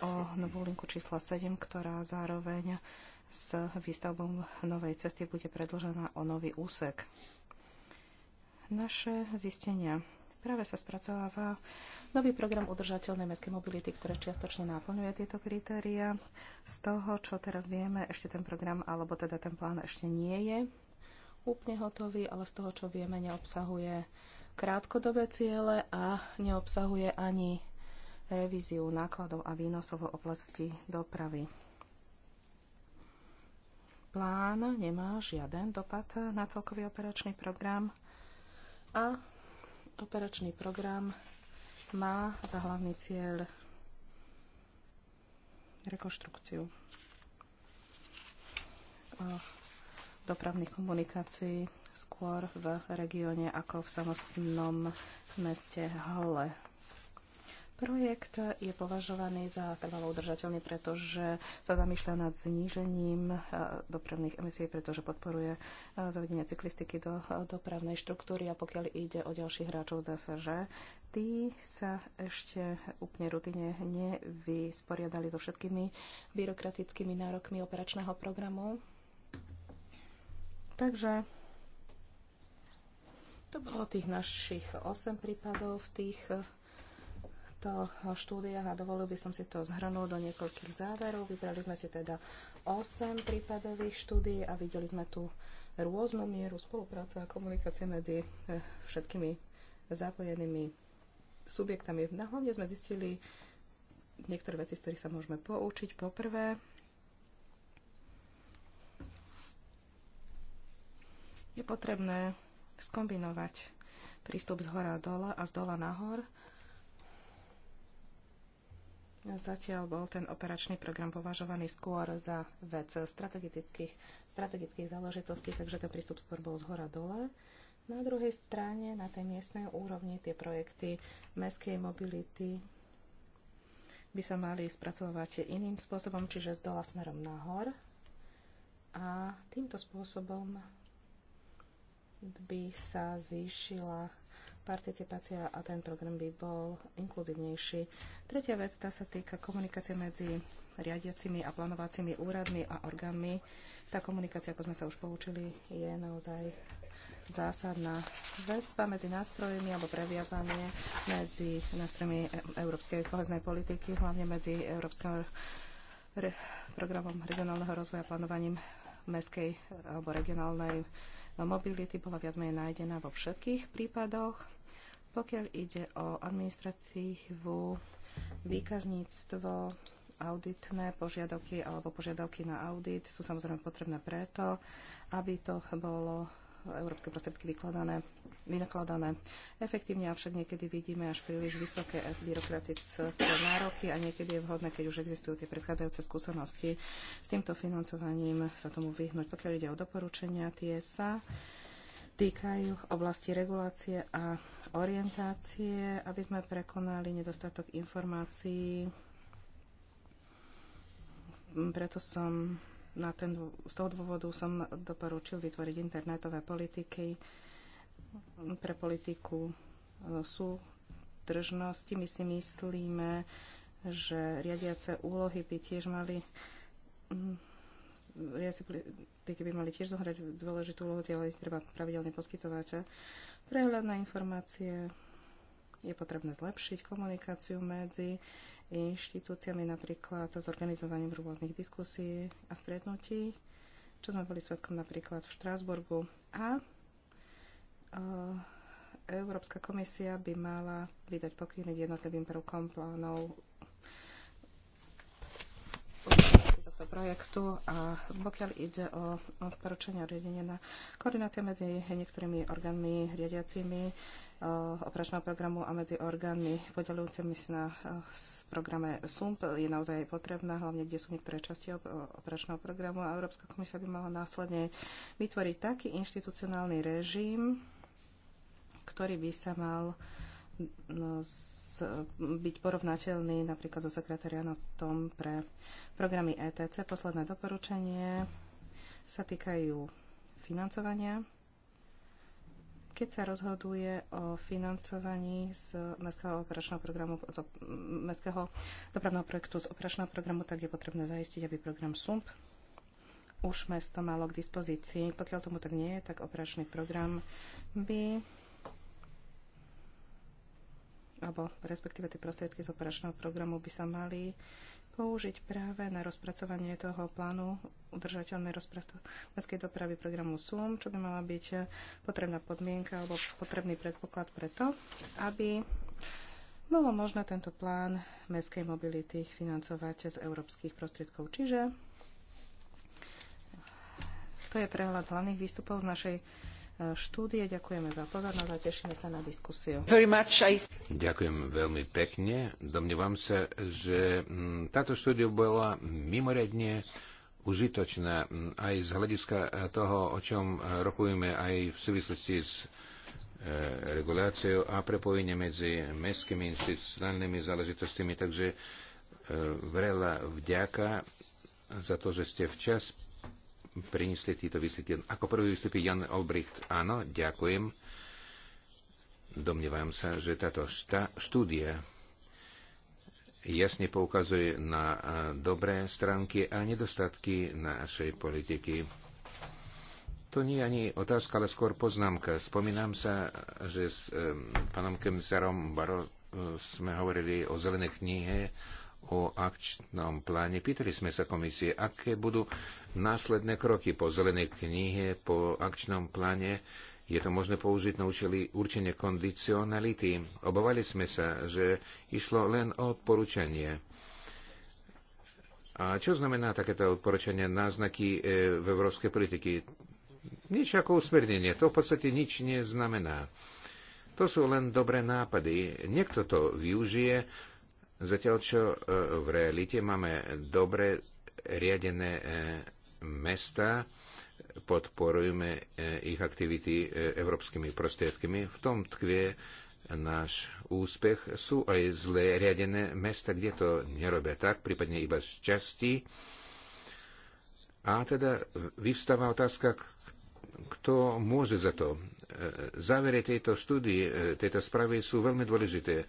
o novú linku čísla 7, ktorá zároveň s výstavbou novej cesty bude predlžená o nový úsek. Naše zistenia. Práve sa spracováva nový program udržateľnej mestskej mobility, ktoré čiastočne náplňuje tieto kritéria. Z toho, čo teraz vieme, ešte ten program, alebo teda ten plán ešte nie je úplne hotový, ale z toho, čo vieme, neobsahuje krátkodobé ciele a neobsahuje ani revíziu nákladov a výnosov v oblasti dopravy. Plán nemá žiaden dopad na celkový operačný program a operačný program má za hlavný cieľ rekonštrukciu dopravných komunikácií skôr v regióne ako v samostatnom meste Halle. Projekt je považovaný za trvalo udržateľný, pretože sa zamýšľa nad znížením eh, dopravných emisí, pretože podporuje eh, zavedenie cyklistiky do eh, dopravnej štruktúry a pokiaľ ide o ďalších hráčov, zdá sa, že tí sa ešte úplne rutine nevysporiadali so všetkými byrokratickými nárokmi operačného programu Takže to bolo tých našich 8 prípadov v eh, to eh, štúdiách a dovolil by som si to zhrnúť do niekoľkých záverov. Vybrali sme si teda 8 prípadových štúdií a videli sme tu rôznu mieru spolupráce a komunikácie medzi eh, všetkými zapojenými subjektami. Na hlavne sme zistili niektoré veci, z ktorých sa môžeme poučiť. Poprvé, je potrebné skombinovať prístup z hora dole a z dola nahor. Zatiaľ bol ten operačný program považovaný skôr za vec strategických, strategických záležitostí, takže ten prístup skôr bol z hora dole. Na druhej strane, na tej miestnej úrovni, tie projekty mestskej mobility by sa mali spracovať iným spôsobom, čiže z dola smerom nahor. A týmto spôsobom by sa zvýšila participácia a ten program by bol inkluzívnejší. Tretia vec, tá sa týka komunikácie medzi riadiacimi a plánovacími úradmi a orgánmi. Tá komunikácia, ako sme sa už poučili, je naozaj zásadná väzba medzi nástrojmi alebo previazanie medzi nástrojmi európskej koheznej politiky, hlavne medzi európskym re programom regionálneho rozvoja a plánovaním mestskej alebo regionálnej mobility bola viac menej nájdená vo všetkých prípadoch. Pokiaľ ide o administratívu, výkazníctvo, auditné požiadavky alebo požiadavky na audit sú samozrejme potrebné preto, aby to bolo európske prostriedky vykladané, vynakladané efektívne, avšak niekedy vidíme až príliš vysoké byrokratické nároky a niekedy je vhodné, keď už existujú tie predchádzajúce skúsenosti s týmto financovaním sa tomu vyhnúť. Pokiaľ ide o doporučenia, tie sa týkajú oblasti regulácie a orientácie, aby sme prekonali nedostatok informácií. Preto som na ten, z toho dôvodu som doporučil vytvoriť internetové politiky pre politiku e, sú držnosti. My si myslíme, že riadiace úlohy by tiež mali mm, riadiace politiky by mali tiež zohrať dôležitú úlohu, ale ich treba pravidelne poskytovať prehľadné informácie je potrebné zlepšiť komunikáciu medzi inštitúciami, napríklad s organizovaním rôznych diskusí a stretnutí, čo sme boli svetkom napríklad v Štrásburgu. A e, Európska komisia by mala vydať pokyny k jednotlivým prvkom plánov tohto projektu a pokiaľ ide o odporúčania riadenia na koordinácia medzi niektorými orgánmi riadiacimi Eh, operačného programu a medzi orgánmi podelujúcimi sa na eh, programe SUMP je naozaj potrebná, hlavne kde sú niektoré časti operačného programu a Európska komisia by mala následne vytvoriť taký inštitucionálny režim, ktorý by sa mal no, z, byť porovnateľný napríklad so sekretariatom pre programy ETC. Posledné doporučenie sa týkajú financovania keď sa rozhoduje o financovaní z mestského operačného programu, z mestského dopravného projektu z operačného programu, tak je potrebné zaistiť, aby program SUMP už mesto malo k dispozícii. Pokiaľ tomu tak nie je, tak operačný program by alebo respektíve tie prostriedky z operačného programu by sa mali uh, použiť práve na rozpracovanie toho plánu udržateľnej mestskej dopravy programu SUM, čo by mala byť potrebná podmienka alebo potrebný predpoklad preto, aby bolo možné tento plán mestskej mobility financovať z európskych prostriedkov. Čiže to je prehľad hlavných výstupov z našej štúdie. Ďakujeme za pozornosť a tešíme sa na diskusiu. Ďakujem veľmi pekne. Domnievam sa, že mm, táto štúdia bola mimoriadne užitočná mm, aj z hľadiska toho, o čom e, rokujeme aj v súvislosti s e, reguláciou a prepojenie medzi mestskými institucionálnymi záležitostiami. Takže e, veľa vďaka za to, že ste včas priniesli títo výsledky. Ako prvý vystúpi Jan Olbricht. Áno, ďakujem. Domnievam sa, že táto šta, štúdia jasne poukazuje na dobré stránky a nedostatky našej politiky. To nie je ani otázka, ale skôr poznámka. Spomínam sa, že s e, pánom komisárom Baro sme hovorili o zelenej knihe o akčnom pláne. Pýtali sme sa komisie, aké budú následné kroky po zelenej knihe, po akčnom pláne. Je to možné použiť na účely určenie kondicionality. Obávali sme sa, že išlo len o odporúčanie. A čo znamená takéto odporúčanie náznaky e, v európskej politiky? Nič ako usmernenie. To v podstate nič neznamená. To sú len dobré nápady. Niekto to využije, Zatiaľ, čo e, v realite máme dobre riadené e, mesta, podporujeme e, ich aktivity európskymi prostriedkami. V tom tkvie náš úspech. Sú aj zle riadené mesta, kde to nerobia tak, prípadne iba z časti. A teda vyvstáva otázka, kto môže za to. Závery tejto štúdie, tejto správy sú veľmi dôležité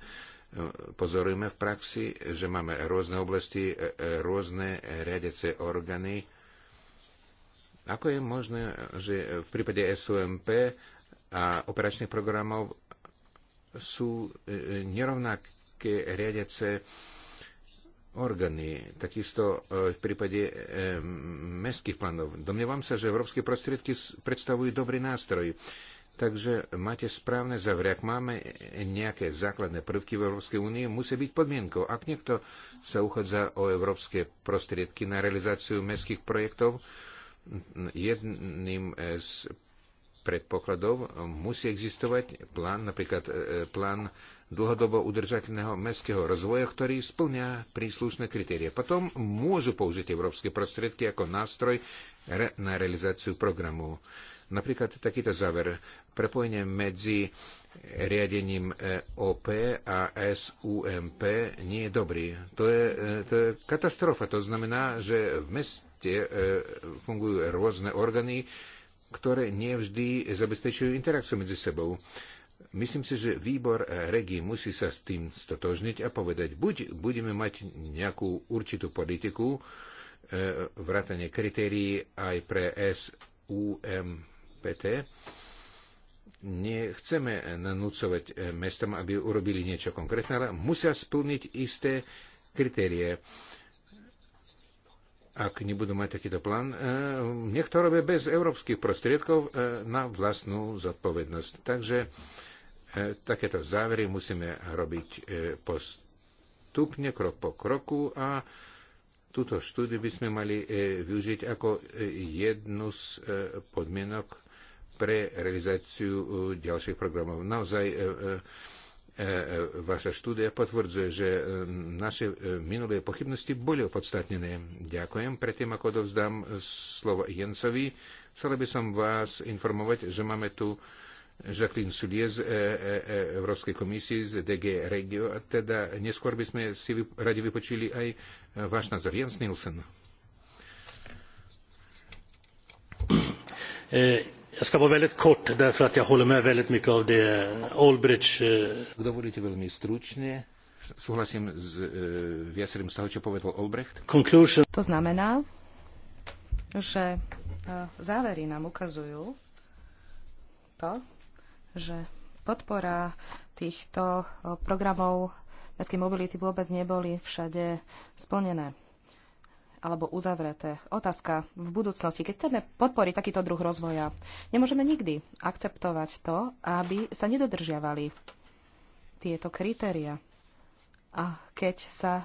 pozorujeme v praxi, že máme rôzne oblasti, e, e, rôzne riadece orgány. Ako je možné, že v prípade SUMP a operačných programov sú e, nerovnaké riadece orgány, takisto v prípade mestských plánov. Domnievam sa, že európske prostriedky predstavujú dobrý nástroj. Takže máte správne záver. Ak máme nejaké základné prvky v Európskej únie, musí byť podmienkou. Ak niekto sa uchádza o európske prostriedky na realizáciu mestských projektov, jedným z predpokladov musí existovať plán, napríklad e, plán dlhodobo udržateľného mestského rozvoja, ktorý splňa príslušné kritérie. Potom môžu použiť európske prostriedky ako nástroj na realizáciu programu. Napríklad takýto záver. Prepojenie medzi riadením e, OP a SUMP nie je dobrý. To je, e, to je katastrofa. To znamená, že v meste e, fungujú rôzne orgány, ktoré nevždy zabezpečujú interakciu medzi sebou. Myslím si, že výbor regi musí sa s tým stotožniť a povedať, buď budeme mať nejakú určitú politiku, vrátanie kritérií aj pre SUMP, PT, nechceme nanúcovať eh, mestom, aby urobili niečo konkrétne, ale musia splniť isté kritérie. Ak nebudú mať takýto plán, eh, nech to robia bez európskych prostriedkov eh, na vlastnú zodpovednosť. Takže takéto závery musíme robiť postupne, krok po kroku a túto štúdiu by sme mali využiť ako jednu z podmienok pre realizáciu e, ďalších programov. Naozaj e, e, vaša štúdia potvrdzuje, že naše minulé pochybnosti boli opodstatnené. Ďakujem. Predtým, ako dovzdám slovo Jencovi, chcel by som vás informovať, že máme tu Jacqueline Sulie z Európskej komisie z DG Regio. A teda neskôr by sme si radi vypočili aj váš názor. Jens Nielsen. Jag ska vara väldigt kort därför att jag håller med väldigt mycket av det Olbridge... Eh, eh. veľmi stručne. Súhlasím s e, viacerým z toho, čo povedal Olbrecht. Conclusion. To znamená, že závery nám ukazujú to, že podpora týchto programov mestskej mobility vôbec neboli všade splnené alebo uzavreté. Otázka v budúcnosti. Keď chceme podporiť takýto druh rozvoja, nemôžeme nikdy akceptovať to, aby sa nedodržiavali tieto kritéria. A keď sa e,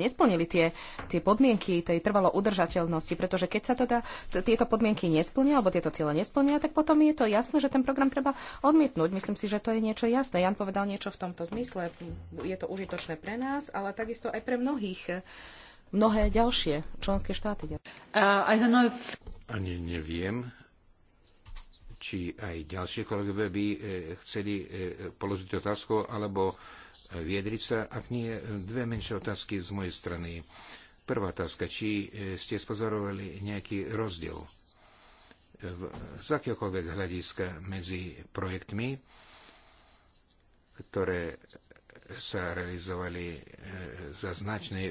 nesplnili tie, tie podmienky tej trvalo udržateľnosti, pretože keď sa teda tieto podmienky nesplnia alebo tieto ciele nesplnia, tak potom je to jasné, že ten program treba odmietnúť. Myslím si, že to je niečo jasné. Jan povedal niečo v tomto zmysle. Je to užitočné pre nás, ale takisto aj pre mnohých. E, mnohé ďalšie členské štáty. Uh, if... Ani neviem, či aj ďalšie kolegové by eh, chceli eh, položiť otázku alebo eh, viedriť sa, ak nie dve menšie otázky z mojej strany. Prvá otázka, či ste spozorovali nejaký rozdiel z akéhokoľvek hľadiska medzi projektmi, ktoré sa realizovali za značnej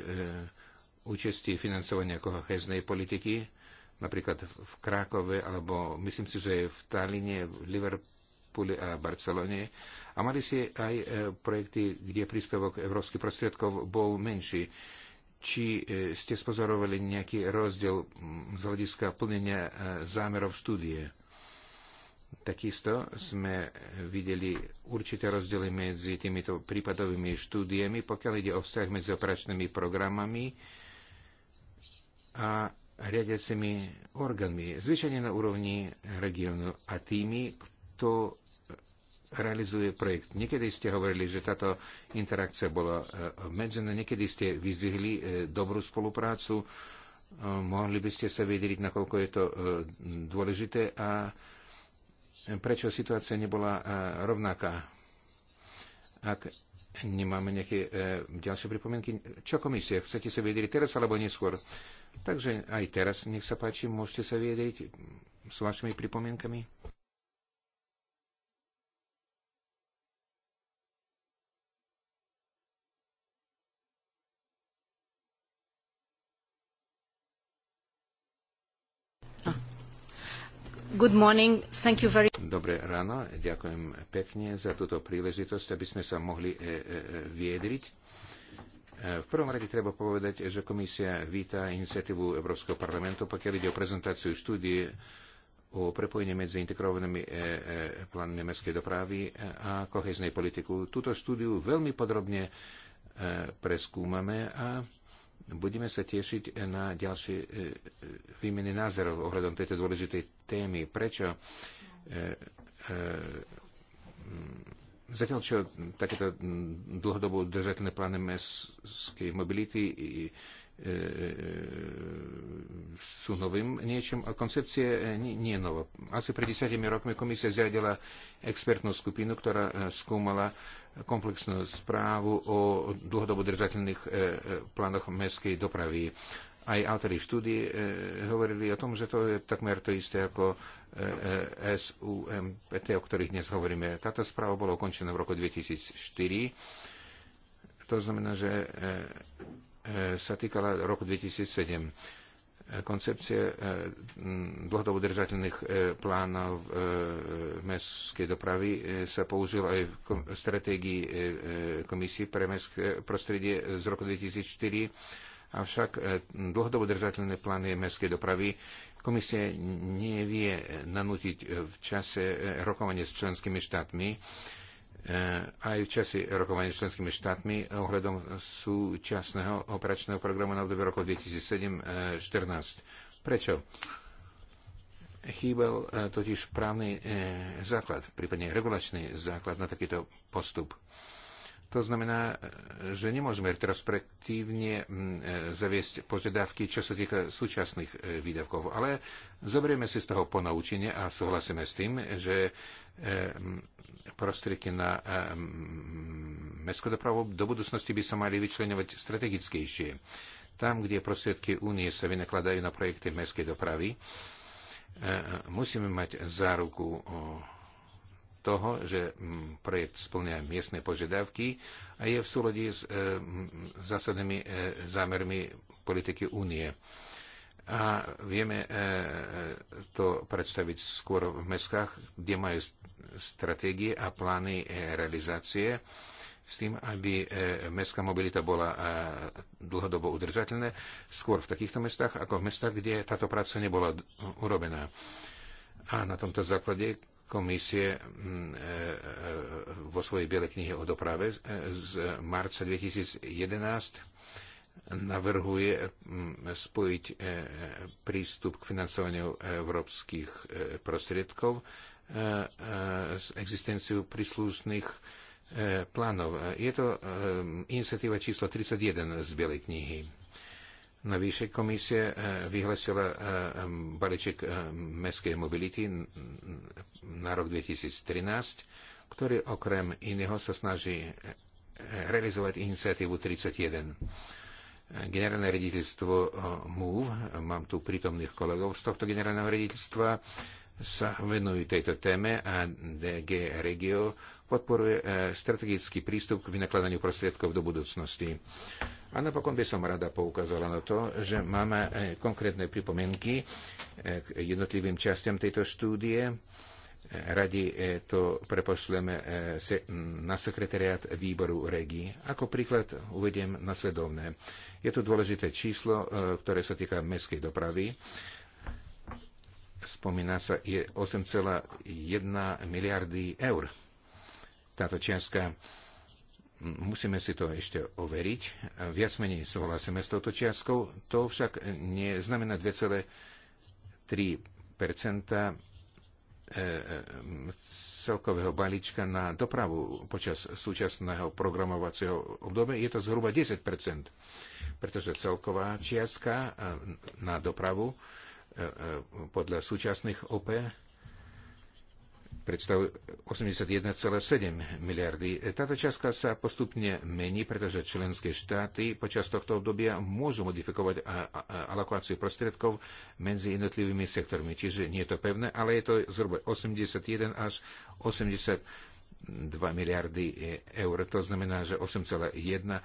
účasti financovania koheznej politiky, napríklad v Krákove, alebo myslím si, že v Taline, v Liverpoole a Barcelone. A mali si aj e, projekty, kde príspevok európskych prostriedkov bol menší. Či e, ste spozorovali nejaký rozdiel z hľadiska plnenia e, zámerov štúdie? Takisto sme videli určité rozdiely medzi týmito prípadovými štúdiemi, pokiaľ ide o vzťah medzi operačnými programami, a riadiacimi orgánmi, zvyčajne na úrovni regiónu a tými, kto realizuje projekt. Niekedy ste hovorili, že táto interakcia bola e, obmedzená, niekedy ste vyzvihli e, dobrú spoluprácu. E, mohli by ste sa vyjadriť, nakoľko je to dôležité a prečo situácia nebola rovnaká. Ak nemáme nejaké ďalšie pripomienky, čo komisie, Chcete sa vyjadriť teraz alebo neskôr? Takže aj teraz, nech sa páči, môžete sa viedeť s vašimi pripomienkami. Ah. Very... Dobré ráno, ďakujem pekne za túto príležitosť, aby sme sa mohli e, e, e viedriť. Eh, v prvom rade treba povedať, že komisia víta iniciatívu Európskeho parlamentu, pokiaľ ide o prezentáciu štúdie o prepojení medzi integrovanými eh, eh, plánmi mestskej dopravy a koheznej politiku. Túto štúdiu veľmi podrobne preskúmame a budeme sa tešiť na ďalšie výmeny názorov ohľadom tejto dôležitej témy. Prečo Zatiaľ, čo takéto dlhodobo držateľné plány mestskej mobility e, e, sú novým niečom, a koncepcie nie je nová. Asi pred desiatimi rokmi komisia zriadila expertnú skupinu, ktorá e, skúmala komplexnú správu o dlhodobo držateľných e, e, plánoch mestskej dopravy. Aj autori štúdie e, hovorili o tom, že to je takmer to isté ako e, e, SUMPT, o ktorých dnes hovoríme. Táto správa bola ukončená v roku 2004. To znamená, že sa týkala roku 2007 koncepcie dlhodobo držateľných plánov mestskej dopravy sa použil aj v stratégii komisie pre mestské prostredie z roku 2004 Avšak e, dlhodobo držateľné plány mestskej dopravy komisia nevie nanútiť v čase e, rokovania s členskými štátmi e, aj v čase rokovania s členskými štátmi ohľadom súčasného operačného programu na obdobie rokov 2007-2014. Prečo? Chýbal totiž právny základ, prípadne regulačný základ na takýto postup. To znamená, že nemôžeme retrospektívne mm, e, zaviesť požiadavky, čo sa týka súčasných e, výdavkov, ale zoberieme si z toho ponaučenie a súhlasíme s tým, že e, mm, prostriedky na mm, mestskú dopravu do budúcnosti by sa mali vyčlenovať strategickejšie. Tam, kde prostriedky únie sa vynakladajú na projekty mestskej dopravy, musíme mať záruku o toho, že mm, projekt splňa miestne požiadavky a je v súlade s e, zásadnými e, zámermi politiky únie. A vieme e, to predstaviť skôr v mestskách, kde majú stratégie a plány realizácie s tým, aby mestská mobilita bola dlhodobo udržateľná, skôr v takýchto mestách ako v mestách, kde táto práca nebola urobená. A na tomto základe komisie mm, e, e, vo svojej Bielej knihe o doprave z e, marca 2011 navrhuje mm, spojiť prístup k financovaniu európskych prostriedkov s existenciou príslušných plánov. Je to iniciatíva číslo 31 z Bielej knihy. Navyše komisie eh, vyhlasila eh, balíček eh, mestskej mobility na rok 2013, ktorý okrem iného sa snaží realizovať iniciatívu 31. Generálne rediteľstvo MOVE, mám tu prítomných kolegov z tohto generálneho rediteľstva, sa venujú tejto téme a DG Regio podporuje e, strategický prístup k vynakladaniu prostriedkov do budúcnosti. A napokon by som rada poukázala na to, že máme e, konkrétne pripomienky e, k jednotlivým častiam tejto štúdie. Radi to prepošleme na sekretariat výboru regí. Ako príklad uvediem nasledovné. Je tu dôležité číslo, ktoré sa týka mestskej dopravy spomína sa, je 8,1 miliardy eur táto čiastka. Musíme si to ešte overiť. Viac menej súhlasíme s touto čiastkou. To však neznamená 2,3 e, e, celkového balíčka na dopravu počas súčasného programovacieho obdobia je to zhruba 10 pretože celková čiastka e, na dopravu podľa súčasných OP predstavuje 81,7 miliardy. Táto čiastka sa postupne mení, pretože členské štáty počas tohto obdobia môžu modifikovať alokáciu prostriedkov medzi jednotlivými sektormi. Čiže nie je to pevné, ale je to zhruba 81 až 82 miliardy eur. To znamená, že 8,1 e, e,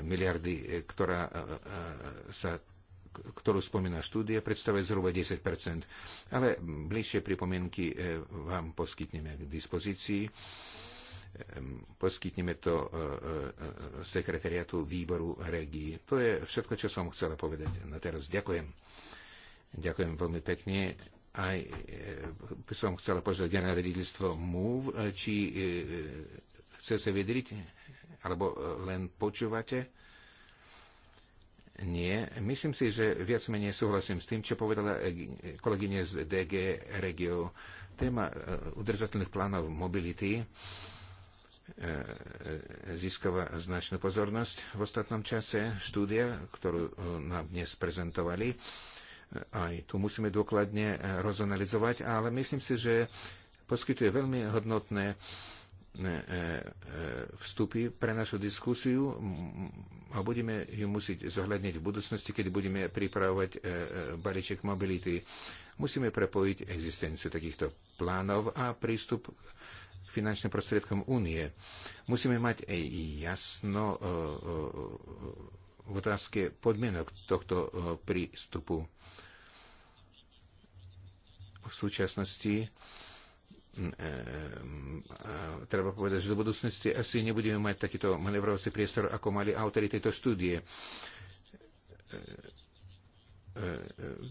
miliardy, ktorá e, sa ktorú spomína štúdia, predstavuje zhruba 10 Ale bližšie pripomienky eh, vám poskytneme k dispozícii. Ehm, poskytneme to eh, eh, sekretariatu výboru regií. To je všetko, čo som chcela povedať na teraz. Ďakujem. Ďakujem veľmi pekne aj by som chcela požiadať generálne rediteľstvo MUV, či chce sa vedriť, alebo len počúvate. Nie, myslím si, že viac menej súhlasím s tým, čo povedala eh, kolegyne z DG Regio. Téma eh, udržateľných plánov mobility eh, získava značnú pozornosť v ostatnom čase. Štúdia, ktorú nám dnes prezentovali, aj tu musíme dôkladne rozanalizovať, ale myslím si, že poskytuje veľmi hodnotné E, e, vstupy pre našu diskusiu a budeme ju musieť zohľadniť v budúcnosti, keď budeme pripravovať e, balíček mobility. Musíme prepojiť existenciu takýchto plánov a prístup k finančným prostriedkom únie. Musíme mať aj jasno v otázke podmienok tohto prístupu. V súčasnosti Ehm, ehm, treba povedať, že do budúcnosti asi nebudeme mať takýto manevrovací priestor, ako mali autory tejto štúdie. Ehm,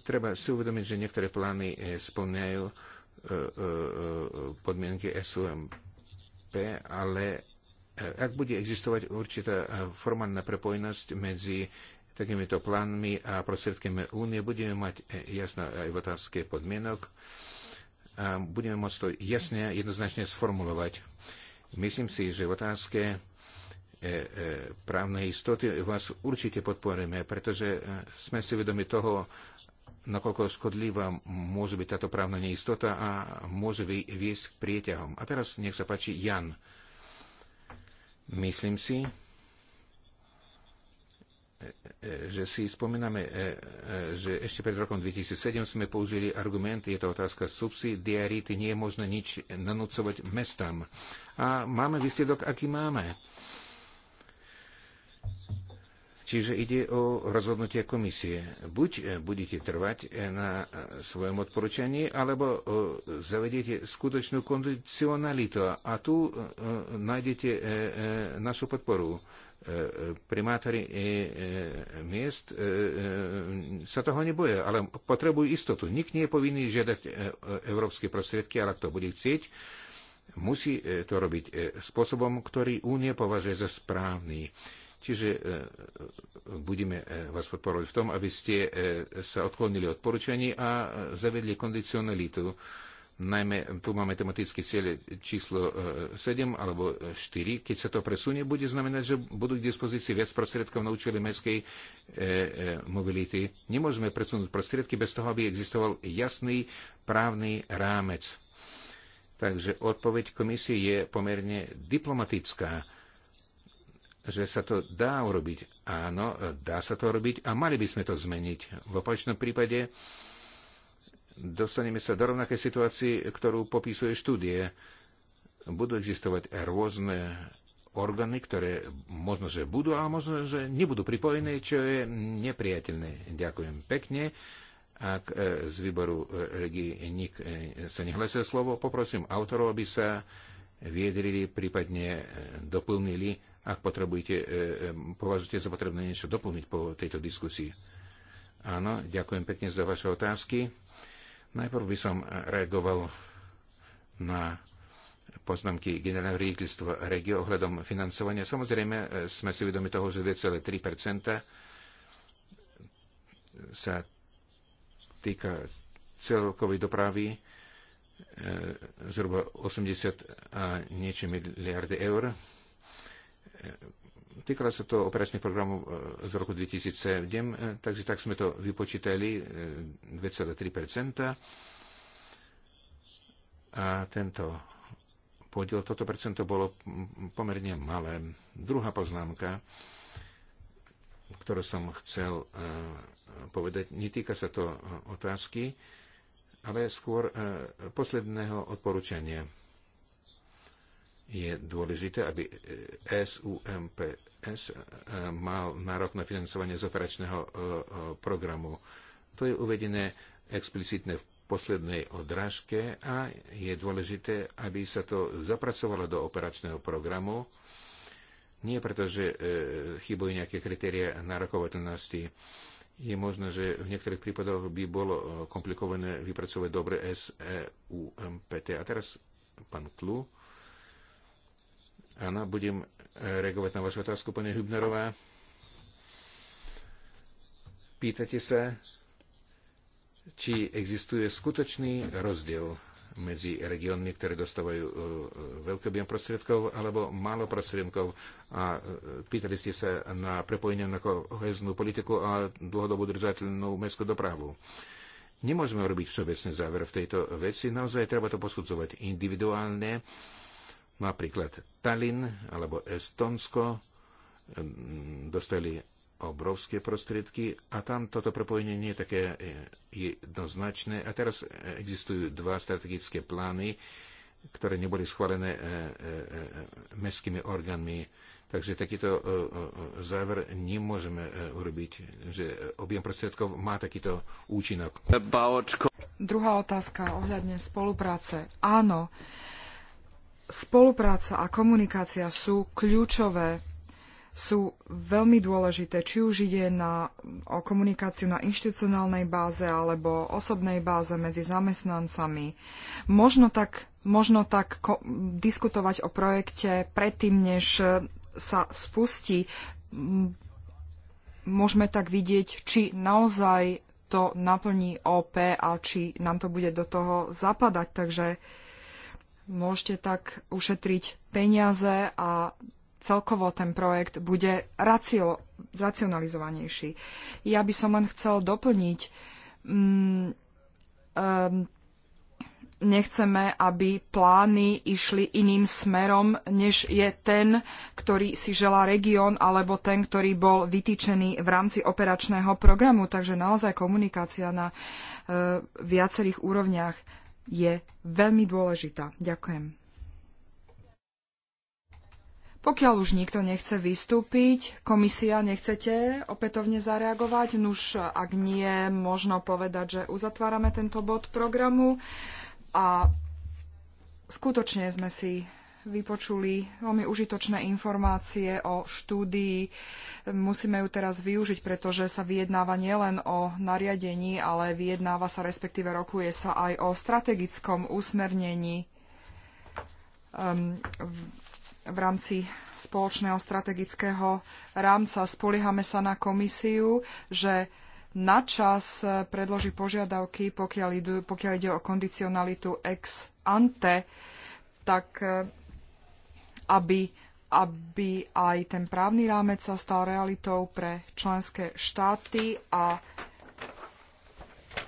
treba si uvedomiť, že niektoré plány eh, splňajú eh, eh, podmienky SUMP, ale ak bude existovať určitá formálna prepojenosť medzi takýmito plánmi a prostriedkami únie, budeme mať jasno aj v otázke podmienok a budeme môcť to jasne, jednoznačne sformulovať. Myslím si, že v otázke e, e, právnej istoty vás určite podporíme, pretože e, sme si vedomi toho, nakoľko škodlivá môže byť táto právna neistota a môže viesť k prieťahom. A teraz nech sa páči Jan. Myslím si, že si spomíname, e, e, že ešte pred rokom 2007 sme použili argument, je to otázka subsidiarity, nie je možné nič nanúcovať mestám. A máme výsledok, aký máme. Čiže ide o rozhodnutie komisie. Buď e, budete trvať na svojom odporúčaní, alebo zavediete skutočnú kondicionalitu. A tu nájdete našu podporu. E, e, primátori e, miest sa toho neboje, ale potrebujú istotu. Nik nie je povinný žiadať európske prostriedky, ale kto bude chcieť, musí to robiť spôsobom, ktorý Únie považuje za správny. Čiže budeme vás podporovať v tom, aby ste sa odklonili od poručení a zavedli kondicionalitu Najmä tu máme tematické ciele číslo 7 e, alebo 4. E, Keď sa to presunie, bude znamenať, že budú k dispozícii viac prostriedkov na účely mestskej e, e, mobility. Nemôžeme presunúť prostriedky bez toho, aby existoval jasný právny rámec. Takže odpoveď komisie je pomerne diplomatická že sa to dá urobiť. Áno, dá sa to urobiť a mali by sme to zmeniť. V opačnom prípade dostaneme sa do rovnakej situácii, ktorú popisuje štúdie. Budú existovať rôzne orgány, ktoré možno, že budú, ale možno, že nebudú pripojené, čo je nepriateľné. Ďakujem pekne. Ak e, z výboru e, regi nik e, sa nehlasia slovo, poprosím autorov, aby sa viedrili, prípadne doplnili, ak potrebujete, považujete za potrebné niečo doplniť po tejto diskusii. Áno, ďakujem pekne za vaše otázky. Najprv by som reagoval na poznámky generálneho riaditeľstva regio ohľadom financovania. Samozrejme, sme si vedomi toho, že 2,3 sa týka celkovej dopravy e, zhruba 80 a niečo miliardy eur. E, Týkalo sa to operačných programov e, z roku 2007, e, takže tak sme to vypočítali 2,3%. E, A tento podiel, toto percento bolo pomerne malé. Druhá poznámka, ktorú som chcel povedať, netýka sa to otázky, ale skôr posledného odporúčania je dôležité, aby SUMPS e, e, mal nárok na financovanie z operačného e, programu. To je uvedené explicitne v poslednej odrážke a je dôležité, aby sa to zapracovalo do operačného programu. Nie preto, že chybujú nejaké kritéria nárokovateľnosti. Je možné, že v niektorých prípadoch by bolo komplikované vypracovať dobre SEUMPT. A teraz pán Klu. Áno, budem e, reagovať na vašu otázku, pani Hübnerová. Pýtate sa, či existuje skutočný rozdiel medzi regiónmi, ktoré dostávajú e, veľký objem prostriedkov alebo málo prostriedkov. A e, pýtali ste sa na prepojenie na koheznú politiku a dlhodobú držateľnú mestskú dopravu. Nemôžeme robiť všeobecný záver v tejto veci, naozaj treba to posudzovať individuálne Napríklad Tallinn alebo Estonsko dostali obrovské prostriedky a tam toto prepojenie nie je také e, jednoznačné. A teraz existujú dva strategické plány, ktoré neboli schválené e, e, mestskými orgánmi. Takže takýto záver nemôžeme urobiť, že objem prostriedkov má takýto účinok. Druhá otázka ohľadne spolupráce. Áno, spolupráca a komunikácia sú kľúčové, sú veľmi dôležité, či už ide na, o komunikáciu na inštitucionálnej báze alebo osobnej báze medzi zamestnancami. Možno tak, možno tak ko- diskutovať o projekte predtým, než sa spustí. Môžeme tak vidieť, či naozaj to naplní OP a či nám to bude do toho zapadať. Takže môžete tak ušetriť peniaze a celkovo ten projekt bude racio, racionalizovanejší. Ja by som len chcel doplniť, mm, um, nechceme, aby plány išli iným smerom, než je ten, ktorý si želá región alebo ten, ktorý bol vytýčený v rámci operačného programu. Takže naozaj komunikácia na uh, viacerých úrovniach je veľmi dôležitá. Ďakujem. Pokiaľ už nikto nechce vystúpiť, komisia nechcete opätovne zareagovať, nuž ak nie, možno povedať, že uzatvárame tento bod programu a skutočne sme si vypočuli veľmi užitočné informácie o štúdii. Musíme ju teraz využiť, pretože sa vyjednáva nielen o nariadení, ale vyjednáva sa, respektíve rokuje sa aj o strategickom usmernení um, v, rámci spoločného strategického rámca. Spoliehame sa na komisiu, že na čas predloží požiadavky, pokiaľ, pokiaľ ide o kondicionalitu ex ante, tak aby, aby aj ten právny rámec sa stal realitou pre členské štáty a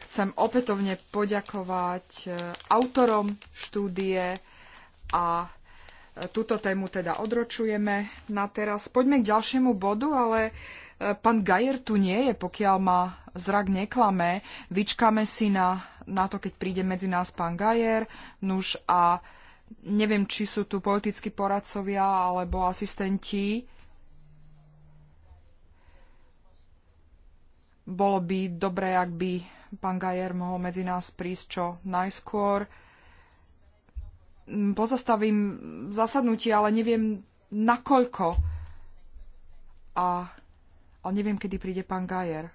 chcem opätovne poďakovať e, autorom štúdie a e, túto tému teda odročujeme na teraz. Poďme k ďalšiemu bodu, ale e, pán Gajer tu nie je, pokiaľ ma zrak neklame. Vyčkáme si na, na to, keď príde medzi nás pán Gajer. Nuž a Neviem, či sú tu politickí poradcovia alebo asistenti. Bolo by dobré, ak by pán Gajer mohol medzi nás prísť čo najskôr. Mm, pozastavím zasadnutie, ale neviem nakoľko. A, ale neviem, kedy príde pán Gajer.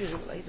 usually.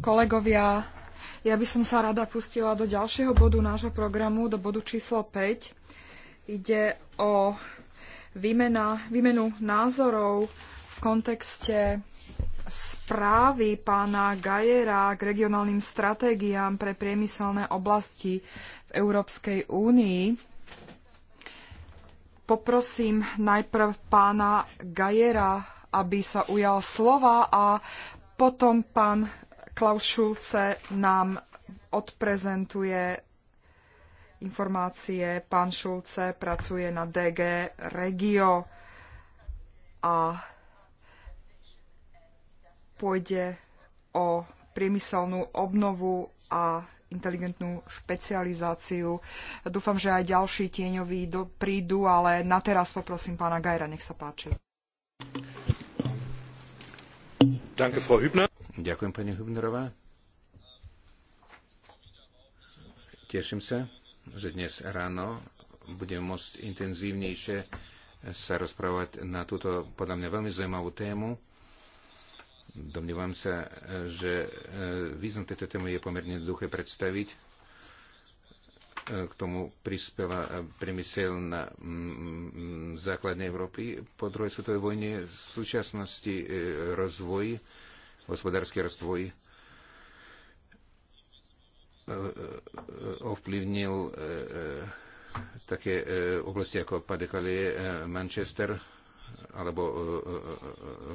Kolegovia, ja by som sa rada pustila do ďalšieho bodu nášho programu, do bodu číslo 5. Ide o výmena, výmenu názorov v kontexte správy pána Gajera k regionálnym stratégiám pre priemyselné oblasti v Európskej únii. Poprosím najprv pána Gajera aby sa ujal slova a potom pán Klaus Schulze nám odprezentuje informácie. Pán Šulce pracuje na DG Regio a pôjde o priemyselnú obnovu a inteligentnú špecializáciu. Dúfam, že aj ďalší tieňoví do, prídu, ale na teraz poprosím pána Gajra, nech sa páči. Ďakujem, pani Hübnerová. Teším sa, že dnes ráno budem môcť intenzívnejšie sa rozprávať na túto podľa mňa veľmi zaujímavú tému. Domnievam sa, že e, význam tejto témy je pomerne jednoduché predstaviť k tomu prispela e, priemysel na základnej Európy. Po druhej svetovej vojne v súčasnosti e, rozvoj, hospodársky rozvoj e, ovplyvnil také oblasti ako Padekalie, Manchester alebo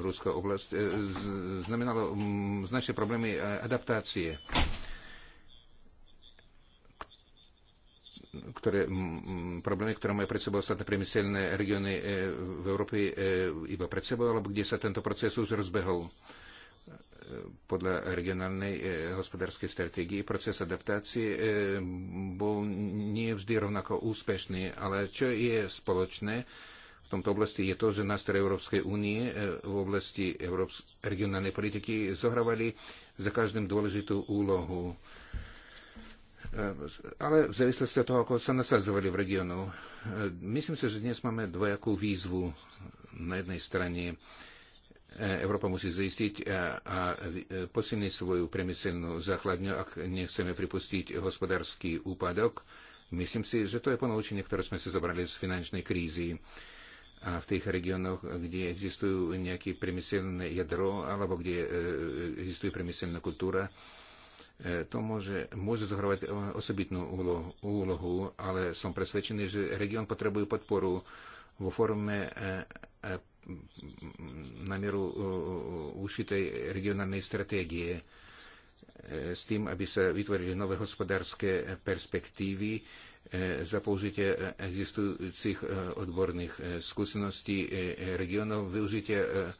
ruská oblasť, znamenalo značné problémy adaptácie. ktoré, problémy, ktoré majú pred sebou ostatné priemyselné regióny e, v Európe e, iba pred sebou, alebo kde sa tento proces už rozbehol e, podľa regionálnej hospodárskej stratégie. Proces adaptácie bol nie vždy rovnako úspešný, ale čo je spoločné v tomto oblasti je to, že nástroje Európskej únie v oblasti Európs- regionálnej politiky zohrávali za každým dôležitú úlohu ale v závislosti od toho, ako sa nasadzovali v regiónu. Eh, myslím si, že dnes máme dvojakú výzvu. Na jednej strane eh, Európa musí zaistiť eh, a, a posilniť svoju priemyselnú základňu, ak nechceme pripustiť hospodársky úpadok. Myslím si, že to je ponaučenie, ktoré sme si zobrali z finančnej krízy. A v tých regiónoch, kde existujú nejaké priemyselné jadro alebo kde existuje priemyselná kultúra, E, to môže, môže zohrávať e, osobitnú úlohu, ale som presvedčený, že región potrebuje podporu vo forme e, na mieru ušitej regionálnej stratégie s tým, aby sa vytvorili nové hospodárske perspektívy za použitie existujúcich odborných skúseností regionov, využitie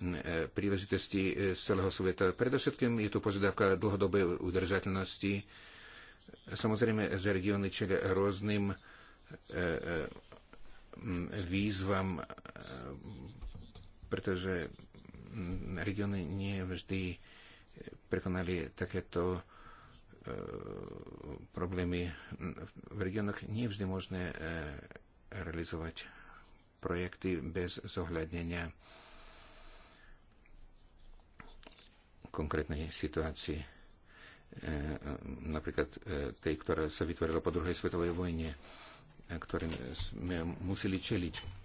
E, príležitosti e, z celého sveta. Predovšetkým je tu požiadavka dlhodobej udržateľnosti. Samozrejme, že regióny čelia rôznym e, výzvam, pretože regióny nie vždy prekonali takéto problémy. V regiónoch nie vždy možné realizovať projekty bez zohľadnenia konkrétnej situácii, e, e, napríklad e, tej, ktorá sa vytvorila po druhej svetovej vojne, ktorým sme museli čeliť.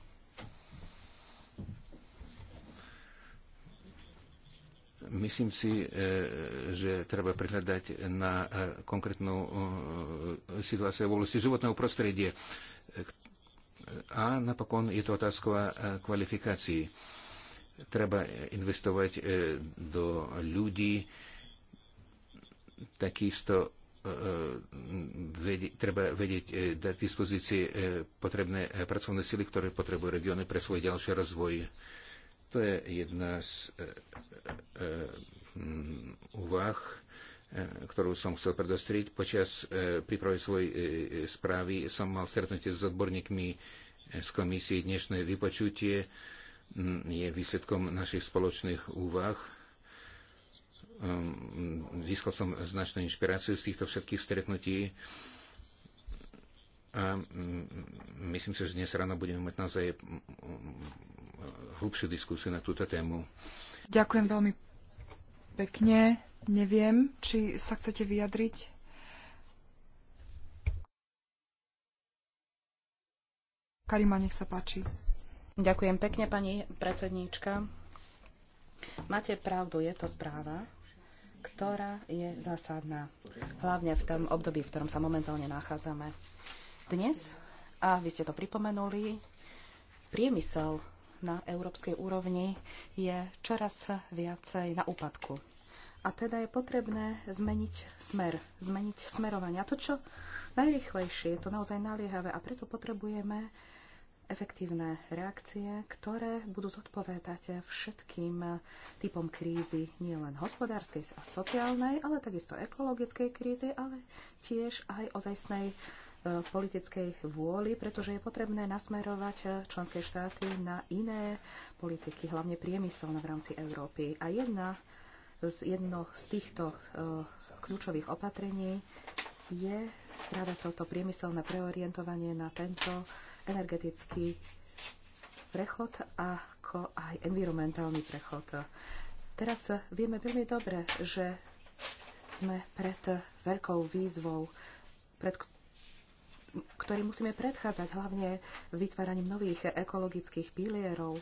Myslím si, že treba prihľadať na konkrétnu situáciu v oblasti životného prostredia. A napokon je to otázka kvalifikácií Treba investovať e, do ľudí, takisto e, e, treba vedieť dať dispozícii potrebné pracovné sily, ktoré potrebujú regióny pre svoj ďalší rozvoj. To je jedna z mm, úvah, ktorú som chcel predostriť Počas prípravy svojej správy som mal stretnutie s odborníkmi z komisie dnešné vypočutie Mm, je výsledkom našich spoločných úvah. Um, získal som značnú inšpiráciu z týchto všetkých stretnutí a mm, myslím si, že dnes ráno budeme mať naozaj mm, hlubšiu diskusiu na túto tému. Ďakujem veľmi pekne. Neviem, či sa chcete vyjadriť. Karima, nech sa páči. Ďakujem pekne, pani predsedníčka. Máte pravdu, je to správa, ktorá je zásadná, hlavne v tom období, v ktorom sa momentálne nachádzame. Dnes, a vy ste to pripomenuli, priemysel na európskej úrovni je čoraz viacej na úpadku. A teda je potrebné zmeniť smer, zmeniť smerovanie. A to, čo najrychlejšie, je to naozaj naliehavé a preto potrebujeme efektívne reakcie, ktoré budú zodpovedať všetkým typom krízy, nielen hospodárskej a sociálnej, ale takisto ekologickej krízy, ale tiež aj ozajstnej e, politickej vôli, pretože je potrebné nasmerovať členské štáty na iné politiky, hlavne priemyselné v rámci Európy. A jedna z, jedno z týchto uh, kľúčových opatrení je práve toto priemyselné preorientovanie na tento energetický prechod ako aj environmentálny prechod. Teraz vieme veľmi dobre, že sme pred veľkou výzvou, pred ktorým musíme predchádzať hlavne vytváraním nových ekologických pilierov,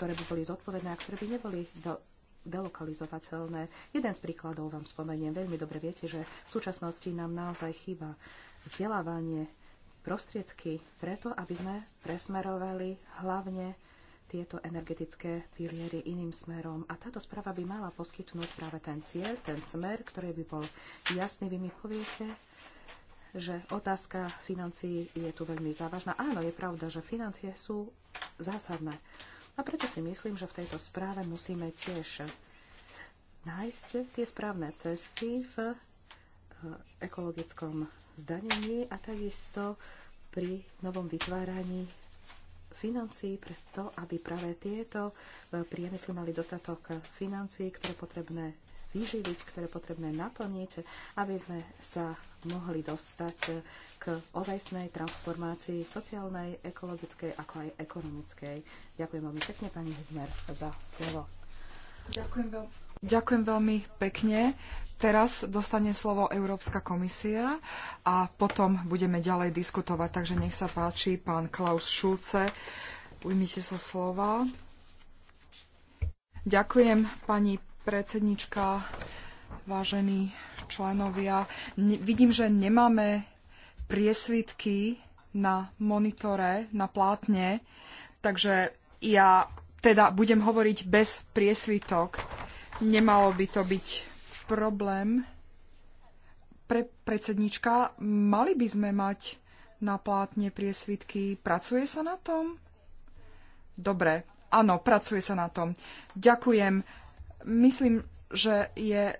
ktoré by boli zodpovedné a ktoré by neboli do delokalizovateľné. Jeden z príkladov vám spomeniem. Veľmi dobre viete, že v súčasnosti nám naozaj chýba vzdelávanie prostriedky preto, aby sme presmerovali hlavne tieto energetické piliery iným smerom. A táto správa by mala poskytnúť práve ten cieľ, ten smer, ktorý by bol jasný. Vy mi poviete, že otázka financií je tu veľmi závažná. Áno, je pravda, že financie sú zásadné. A preto si myslím, že v tejto správe musíme tiež nájsť tie správne cesty v eh, ekologickom zdanení a takisto pri novom vytváraní financí pre to, aby práve tieto e, priemysly mali dostatok financií, ktoré potrebné vyživiť, ktoré potrebné naplniť, aby sme sa mohli dostať k ozajstnej transformácii sociálnej, ekologickej, ako aj ekonomickej. Ďakujem veľmi pekne, pani Hübner, za slovo. Ďakujem veľmi. Ďakujem veľmi pekne. Teraz dostane slovo Európska komisia a potom budeme ďalej diskutovať. Takže nech sa páči, pán Klaus Šulce, ujmite sa slova. Ďakujem, pani predsednička, vážení členovia. vidím, že nemáme priesvitky na monitore, na plátne, takže ja teda budem hovoriť bez priesvitok Nemalo by to byť problém. Pre predsednička, mali by sme mať na plátne priesvitky. Pracuje sa na tom? Dobre, áno, pracuje sa na tom. Ďakujem. Myslím, že je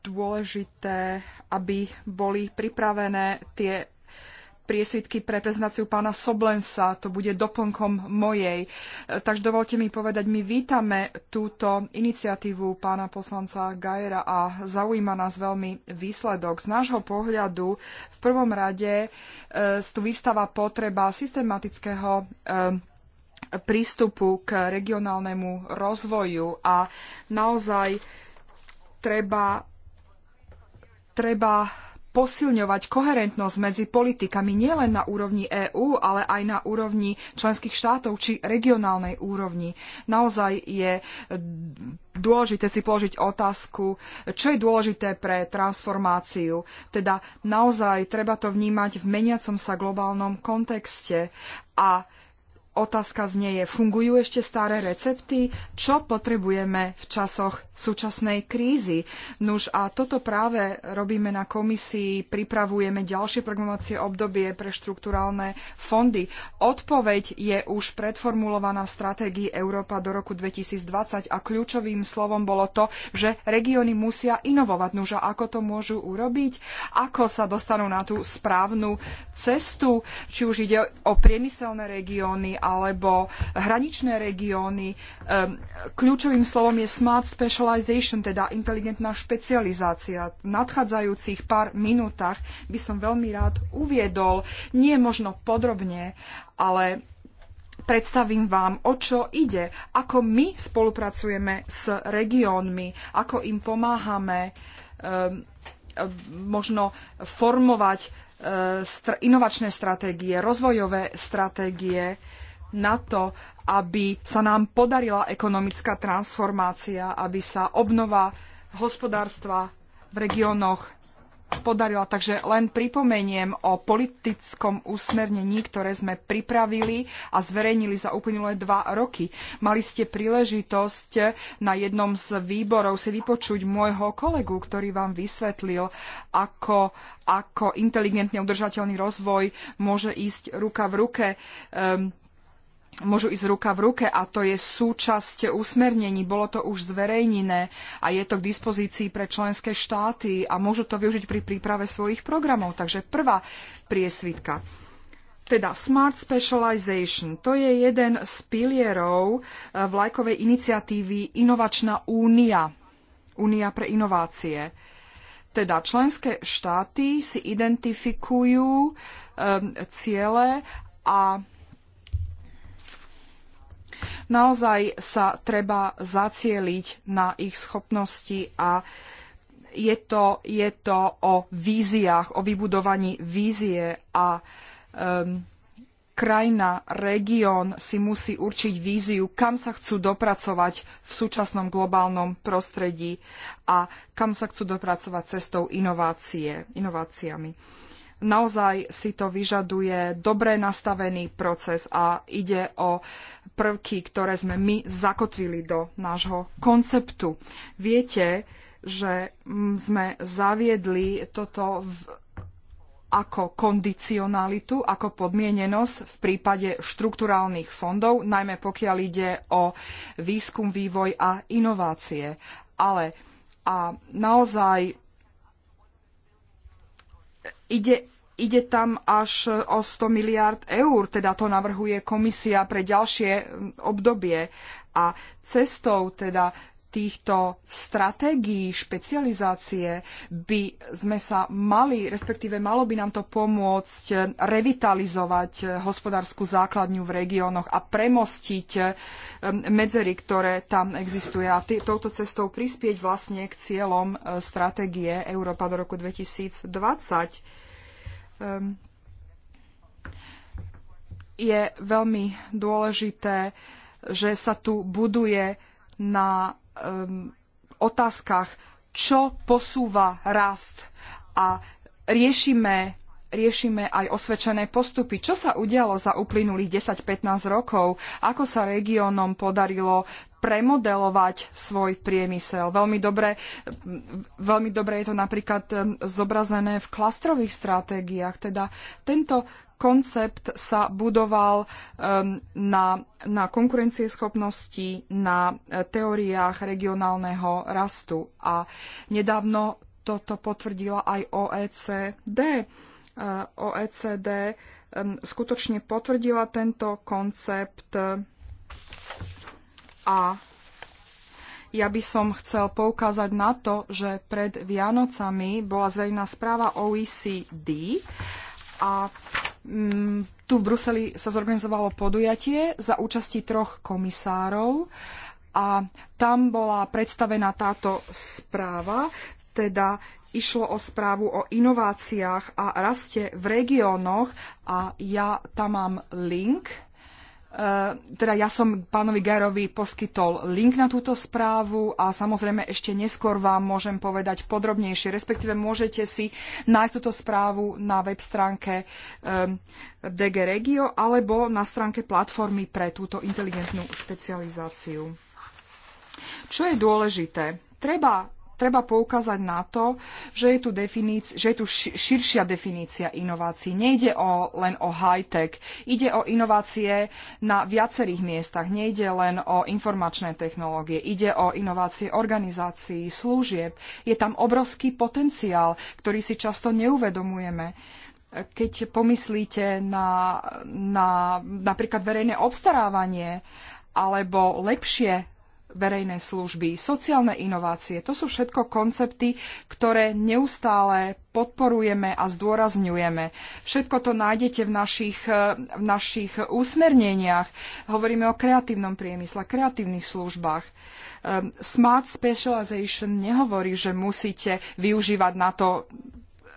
dôležité, aby boli pripravené tie priesvitky pre prezentáciu pána Soblensa. To bude doplnkom mojej. E, takže dovolte mi povedať, my vítame túto iniciatívu pána poslanca Gajera a zaujíma nás veľmi výsledok. Z nášho pohľadu v prvom rade e, tu vystáva potreba systematického e, prístupu k regionálnemu rozvoju a naozaj treba, treba posilňovať koherentnosť medzi politikami nielen na úrovni EÚ, ale aj na úrovni členských štátov či regionálnej úrovni. Naozaj je dôležité si položiť otázku, čo je dôležité pre transformáciu. Teda naozaj treba to vnímať v meniacom sa globálnom kontexte a Otázka znieje. fungujú ešte staré recepty? Čo potrebujeme v časoch súčasnej krízy? Nuž a toto práve robíme na komisii, pripravujeme ďalšie programovacie obdobie pre štrukturálne fondy. Odpoveď je už predformulovaná v stratégii Európa do roku 2020 a kľúčovým slovom bolo to, že regióny musia inovovať. Nuž a ako to môžu urobiť? Ako sa dostanú na tú správnu cestu? Či už ide o priemyselné regióny, alebo hraničné regióny. Kľúčovým slovom je smart specialization, teda inteligentná špecializácia. V nadchádzajúcich pár minútach by som veľmi rád uviedol, nie možno podrobne, ale predstavím vám, o čo ide, ako my spolupracujeme s regiónmi, ako im pomáhame možno formovať eh, inovačné stratégie, rozvojové stratégie na to, aby sa nám podarila ekonomická transformácia, aby sa obnova hospodárstva v regiónoch podarila. Takže len pripomeniem o politickom usmernení, ktoré sme pripravili a zverejnili za uplynulé dva roky. Mali ste príležitosť na jednom z výborov si vypočuť môjho kolegu, ktorý vám vysvetlil, ako, ako inteligentný a udržateľný rozvoj môže ísť ruka v ruke um, môžu ísť ruka v ruke a to je súčasť usmernení. Bolo to už zverejnené a je to k dispozícii pre členské štáty a môžu to využiť pri príprave svojich programov. Takže prvá priesvitka. Teda Smart Specialization, to je jeden z pilierov eh, vlajkovej iniciatívy Inovačná únia, únia pre inovácie. Teda členské štáty si identifikujú um, ciele a Naozaj sa treba zacieliť na ich schopnosti a je to, je to o víziách, o vybudovaní vízie a um, krajina, región si musí určiť víziu, kam sa chcú dopracovať v súčasnom globálnom prostredí a kam sa chcú dopracovať cestou inovácie, inováciami naozaj si to vyžaduje dobre nastavený proces a ide o prvky, ktoré sme my zakotvili do nášho konceptu. Viete, že mm, sme zaviedli toto v, ako kondicionalitu, ako podmienenosť v prípade štrukturálnych fondov, najmä pokiaľ ide o výskum, vývoj a inovácie. Ale a naozaj ide, ide tam až e, o 100 miliárd eur, teda to navrhuje komisia pre ďalšie obdobie. A cestou teda týchto stratégií špecializácie by sme sa mali, respektíve malo by nám to pomôcť revitalizovať hospodárskú základňu v regiónoch a premostiť um, medzery, ktoré tam existujú a touto cestou prispieť vlastne k cieľom uh, stratégie Európa do roku 2020. Um, je veľmi dôležité, že sa tu buduje na um, otázkach, čo posúva rast a riešime riešime aj osvedčené postupy. Čo sa udialo za uplynulých 10-15 rokov? Ako sa regiónom podarilo premodelovať svoj priemysel? Veľmi dobre, veľmi dobre je to napríklad um, zobrazené v klastrových stratégiách. Teda tento koncept sa budoval um, na, na konkurencieschopnosti, na eh, teóriách regionálneho rastu. A nedávno toto potvrdila aj OECD. Eh, OECD um, skutočne potvrdila tento koncept a ja by som chcel poukázať na to, že pred Vianocami bola zverejná správa OECD a Mm, tu v Bruseli sa zorganizovalo podujatie za účasti troch komisárov a tam bola predstavená táto správa, teda išlo o správu o inováciách a raste v regiónoch a ja tam mám link Eh, teda ja som pánovi Gerovi poskytol link na túto správu a samozrejme ešte neskôr vám môžem povedať podrobnejšie, respektíve môžete si nájsť túto správu na web stránke eh, DG Regio alebo na stránke platformy pre túto inteligentnú špecializáciu. Čo je dôležité? Treba treba poukázať na to, že je tu, definíc- že je tu širšia definícia inovácií. Nejde o, len o high-tech, ide o inovácie na viacerých miestach. Nejde len o informačné technológie, ide o inovácie organizácií, služieb. Je tam obrovský potenciál, ktorý si často neuvedomujeme keď pomyslíte na, na napríklad verejné obstarávanie alebo lepšie verejné služby, sociálne inovácie. To sú všetko koncepty, ktoré neustále podporujeme a zdôrazňujeme. Všetko to nájdete v našich, e, v našich úsmerneniach. Hovoríme o kreatívnom priemysle, kreatívnych službách. Ehm, smart specialization nehovorí, že musíte využívať na to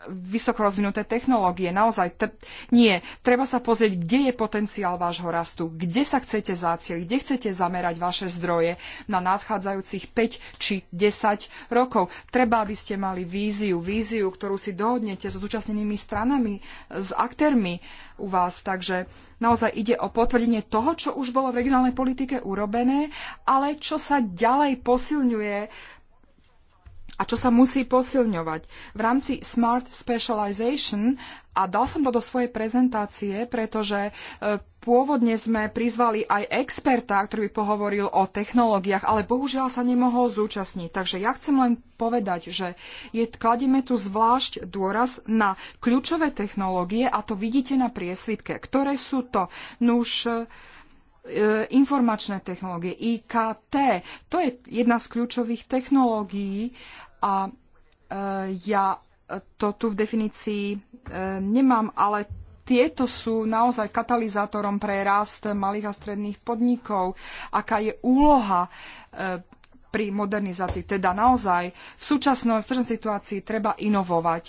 vysoko rozvinuté technológie. Naozaj tr- nie. Treba sa pozrieť, kde je potenciál vášho rastu, kde sa chcete zácieliť, kde chcete zamerať vaše zdroje na nadchádzajúcich 5 či 10 rokov. Treba, aby ste mali víziu, víziu, ktorú si dohodnete so zúčastnenými stranami, s aktérmi u vás. Takže naozaj ide o potvrdenie toho, čo už bolo v regionálnej politike urobené, ale čo sa ďalej posilňuje a čo sa musí posilňovať. V rámci Smart Specialization, a dal som to do svojej prezentácie, pretože e, pôvodne sme prizvali aj experta, ktorý by pohovoril o technológiách, ale bohužiaľ sa nemohol zúčastniť. Takže ja chcem len povedať, že je, kladieme tu zvlášť dôraz na kľúčové technológie a to vidíte na priesvitke. Ktoré sú to? Nuž, e, informačné technológie, IKT. To je jedna z kľúčových technológií a e, ja to tu v definícii e, nemám, ale tieto sú naozaj katalizátorom pre rast malých a stredných podnikov, aká je úloha e, pri modernizácii. Teda naozaj v súčasnej, v súčasnej situácii treba inovovať.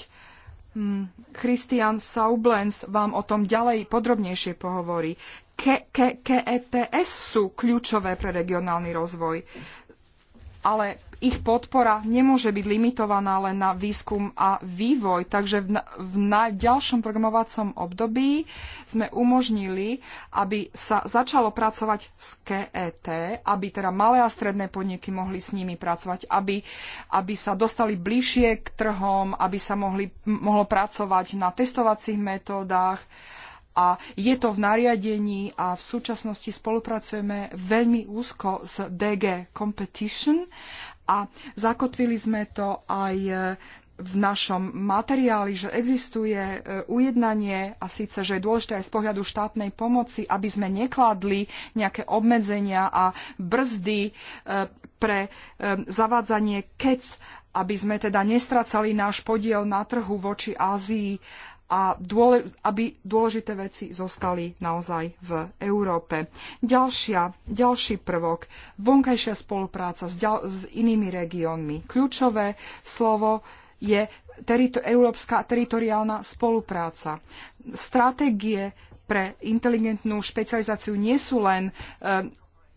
Hm, Christian Saublens vám o tom ďalej podrobnejšie pohovorí. KEPS sú kľúčové pre regionálny rozvoj. Ale ich podpora nemôže byť limitovaná len na výskum a vývoj. Takže v, v ďalšom programovacom období sme umožnili, aby sa začalo pracovať s KET, aby teda malé a stredné podniky mohli s nimi pracovať, aby, aby sa dostali bližšie k trhom, aby sa mohli, mohlo pracovať na testovacích metódach a je to v nariadení a v súčasnosti spolupracujeme veľmi úzko s DG Competition a zakotvili sme to aj e, v našom materiáli, že existuje e, ujednanie a síce, že je dôležité aj z pohľadu štátnej pomoci, aby sme nekladli nejaké obmedzenia a brzdy e, pre zavádzanie KEC, aby sme teda nestracali náš podiel na trhu voči Ázii a dôle, aby dôležité veci zostali naozaj v Európe. Ďalšia, ďalší prvok, vonkajšia spolupráca s, ďal, s inými regiónmi. Kľúčové slovo je terito, európska teritoriálna spolupráca. Stratégie pre inteligentnú špecializáciu nie sú len e,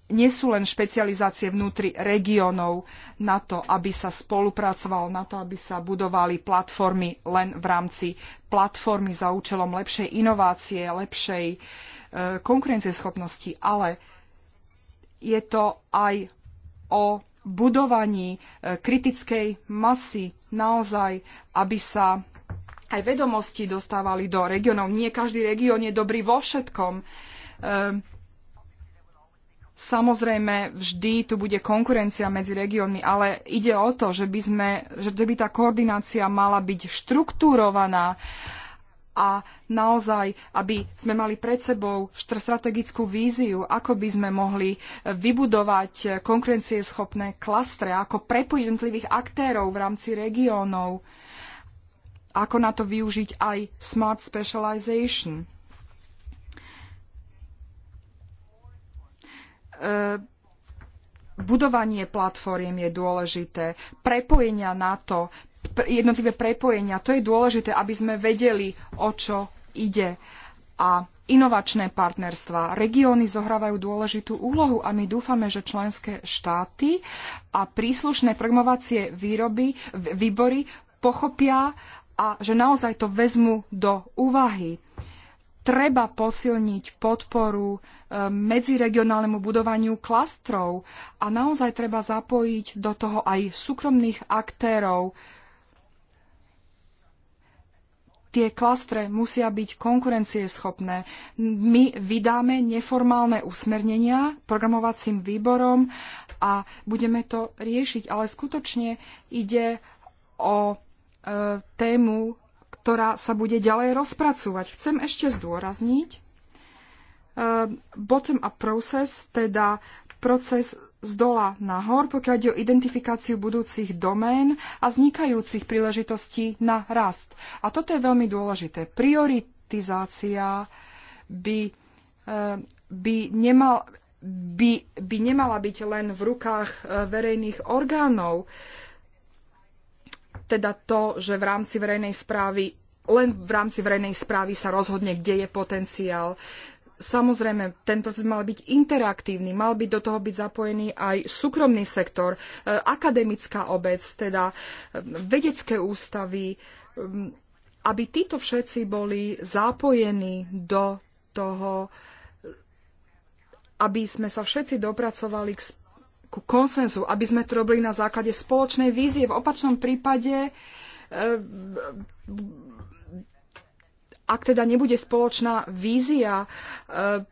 nie sú len špecializácie vnútri regiónov na to, aby sa spolupracovalo, na to, aby sa budovali platformy len v rámci platformy za účelom lepšej inovácie, lepšej e, konkurencieschopnosti, ale je to aj o budovaní e, kritickej masy naozaj, aby sa aj vedomosti dostávali do regiónov. Nie každý región je dobrý vo všetkom. E, Samozrejme, vždy tu bude konkurencia medzi regiónmi, ale ide o to, že by, sme, že by tá koordinácia mala byť štruktúrovaná a naozaj, aby sme mali pred sebou strategickú víziu, ako by sme mohli vybudovať konkurencieschopné klastre, ako prepojiť jednotlivých aktérov v rámci regiónov, ako na to využiť aj smart specialization. E, budovanie platformiem je dôležité, prepojenia na to, jednotlivé prepojenia, to je dôležité, aby sme vedeli, o čo ide. A inovačné partnerstvá. Regióny zohrávajú dôležitú úlohu a my dúfame, že členské štáty a príslušné programovacie výroby, výbory pochopia a že naozaj to vezmu do úvahy treba posilniť podporu e, medziregionálnemu budovaniu klastrov a naozaj treba zapojiť do toho aj súkromných aktérov. Tie klastre musia byť konkurencieschopné. My vydáme neformálne usmernenia programovacím výborom a budeme to riešiť, ale skutočne ide o e, tému ktorá sa bude ďalej rozpracovať. Chcem ešte zdôrazniť, eh, bottom-up process, teda proces z dola nahor, pokiaľ ide o identifikáciu budúcich domén a vznikajúcich príležitostí na rast. A toto je veľmi dôležité. Prioritizácia by, eh, by, nemal, by, by nemala byť len v rukách eh, verejných orgánov teda to, že v rámci verejnej správy, len v rámci verejnej správy sa rozhodne, kde je potenciál. Samozrejme, ten proces mal byť interaktívny, mal byť do toho byť zapojený aj súkromný sektor, e, akademická obec, teda e, vedecké ústavy, e, aby títo všetci boli zapojení do toho, aby sme sa všetci dopracovali k ku konsenzu, aby sme to robili na základe spoločnej vízie. V opačnom prípade, e, ak teda nebude spoločná vízia, e,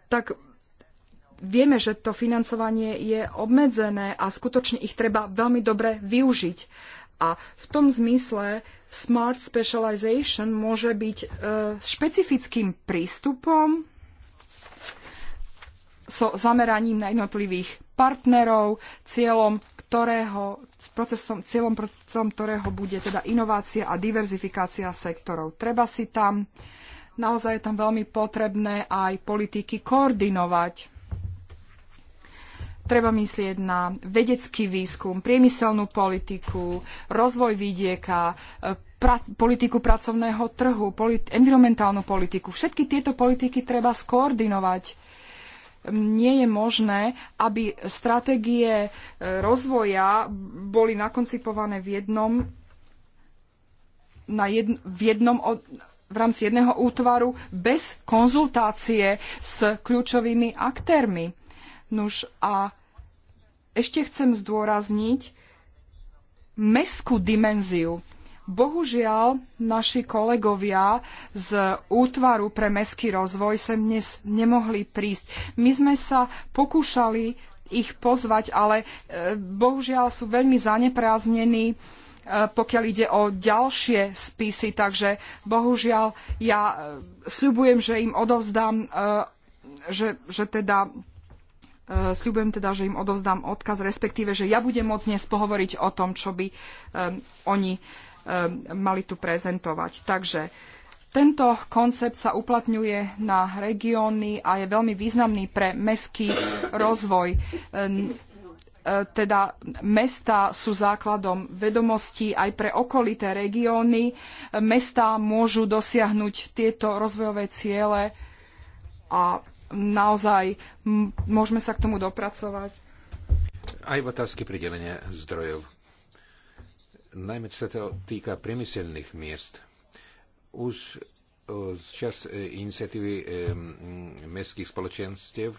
tak vieme, že to financovanie je obmedzené a skutočne ich treba veľmi dobre využiť. A v tom zmysle smart specialization môže byť e, špecifickým prístupom so zameraním na jednotlivých partnerov, cieľom ktorého, procesom, cieľom ktorého bude teda inovácia a diverzifikácia sektorov. Treba si tam, naozaj je tam veľmi potrebné aj politiky koordinovať. Treba myslieť na vedecký výskum, priemyselnú politiku, rozvoj vidieka, e, pra, politiku pracovného trhu, polit, environmentálnu politiku. Všetky tieto politiky treba skoordinovať nie je možné, aby stratégie e, rozvoja boli nakoncipované v jednom, na jedn, v jednom od, v rámci jedného útvaru bez konzultácie s kľúčovými aktérmi. Nuž a ešte chcem zdôrazniť meskú dimenziu Bohužiaľ, naši kolegovia z Útvaru pre mestský rozvoj sem dnes nemohli prísť. My sme sa pokúšali ich pozvať, ale e, bohužiaľ sú veľmi zanepráznení e, pokiaľ ide o ďalšie spisy, takže bohužiaľ ja e, sľubujem, že im odovzdám, že, že teda sľubujem teda, že im odovzdám odkaz, respektíve, že ja budem môcť dnes pohovoriť o tom, čo by oni Ehm, mali tu prezentovať. Takže tento koncept sa uplatňuje na regióny a je veľmi významný pre mestský rozvoj. Ehm, e, teda mestá sú základom vedomostí aj pre okolité regióny. Mestá môžu dosiahnuť tieto rozvojové ciele a naozaj môžeme sa k tomu dopracovať. Aj v otázke pridelenia zdrojov najmä čo sa to týka priemyselných miest. Už e, z čas e, iniciatívy e, mestských spoločenstiev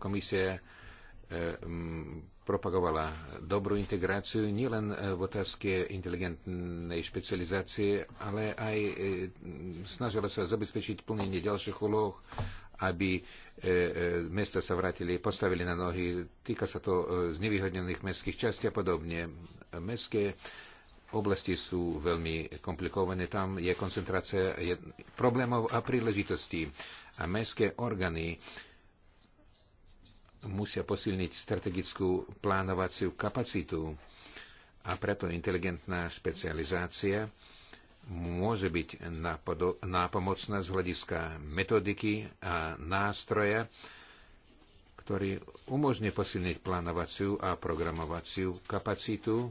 komisia propagovala dobrú integráciu nielen v otázke inteligentnej špecializácie, ale aj snažila sa zabezpečiť plnenie ďalších úloh, aby mesta sa vrátili, postavili na nohy. Týka sa to znevýhodnených mestských častí a podobne. Mestské oblasti sú veľmi komplikované. Tam je koncentrácia problémov a príležitostí. A mestské orgány musia posilniť strategickú plánovaciu kapacitu a preto inteligentná špecializácia môže byť nápomocná z hľadiska metodiky a nástroja, ktorý umožní posilniť plánovaciu a programovaciu kapacitu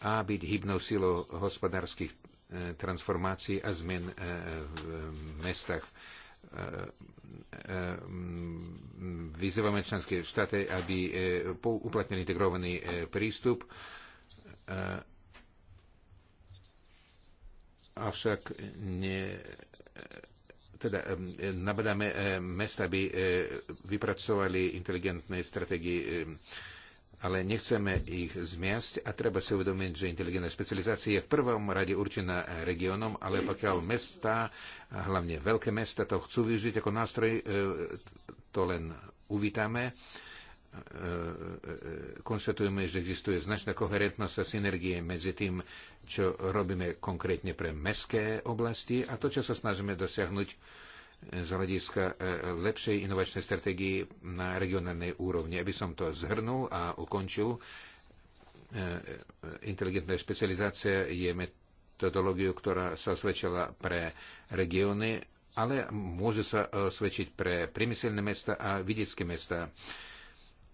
a byť hybnou silou hospodárskych e, transformácií a zmen e, v e, mestách. Vyzývame členské štáty, aby uplatnili integrovaný prístup, avšak ne, teda nabadáme mesta, aby vypracovali inteligentné stratégie ale nechceme ich zmiasť a treba si uvedomiť, že inteligentná špecializácia je v prvom rade určená regiónom, ale pokiaľ mesta, hlavne veľké mesta, to chcú využiť ako nástroj, e, to len uvítame. E, e, konštatujeme, že existuje značná koherentnosť a synergie medzi tým, čo robíme konkrétne pre mestské oblasti a to, čo sa snažíme dosiahnuť z hľadiska e, lepšej inovačnej stratégie na regionálnej úrovni. Aby som to zhrnul a ukončil, e, e, inteligentná špecializácia je metodológiou, ktorá sa osvedčila pre regióny, ale môže sa osvedčiť pre priemyselné mesta a vidiecké mesta.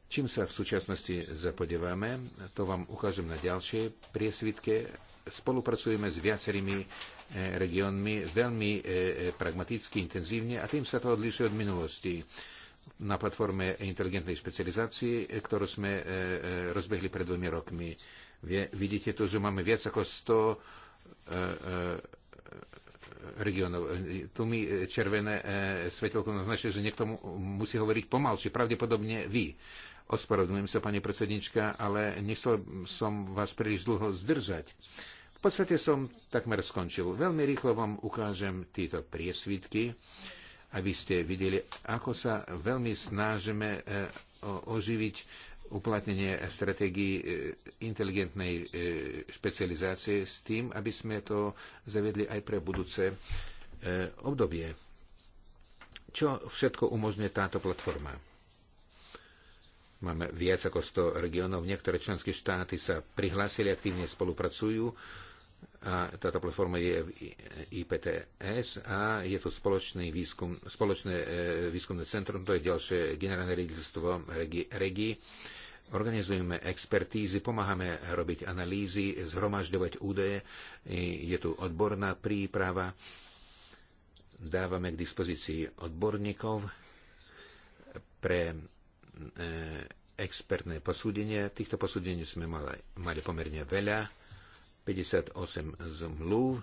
Čím sa v súčasnosti zapodeváme, to vám ukážem na ďalšej priesvitke. Spolupracujeme s viacerými E, regiónmi veľmi e, e, pragmaticky, intenzívne a tým sa to odlišuje od minulosti. Na platforme inteligentnej špecializácie, ktorú sme rozbehli pred dvomi rokmi, vidíte tu, že máme viac ako 100 regionov. Tu mi červené svetelko naznačuje, že niekto musí hovoriť pomalšie, pravdepodobne vy. Ospravedlňujem sa, pani predsednička, ale nechcel som vás príliš dlho zdržať. V podstate som takmer skončil. Veľmi rýchlo vám ukážem tieto priesvitky, aby ste videli, ako sa veľmi snažíme e, oživiť uplatnenie stratégií e, inteligentnej e, špecializácie s tým, aby sme to zavedli aj pre budúce obdobie. Čo všetko umožňuje táto platforma? Máme viac ako 100 regiónov, niektoré členské štáty sa prihlásili, aktívne spolupracujú a táto platforma je v IPTS a je to spoločný výskum, spoločné e, výskumné centrum, to je ďalšie generálne riaditeľstvo regi, regi. Organizujeme expertízy, pomáhame robiť analýzy, zhromažďovať údaje, je tu odborná príprava, dávame k dispozícii odborníkov pre e, expertné posúdenie. Týchto posúdení sme mali, mali pomerne veľa 58 zmluv, e,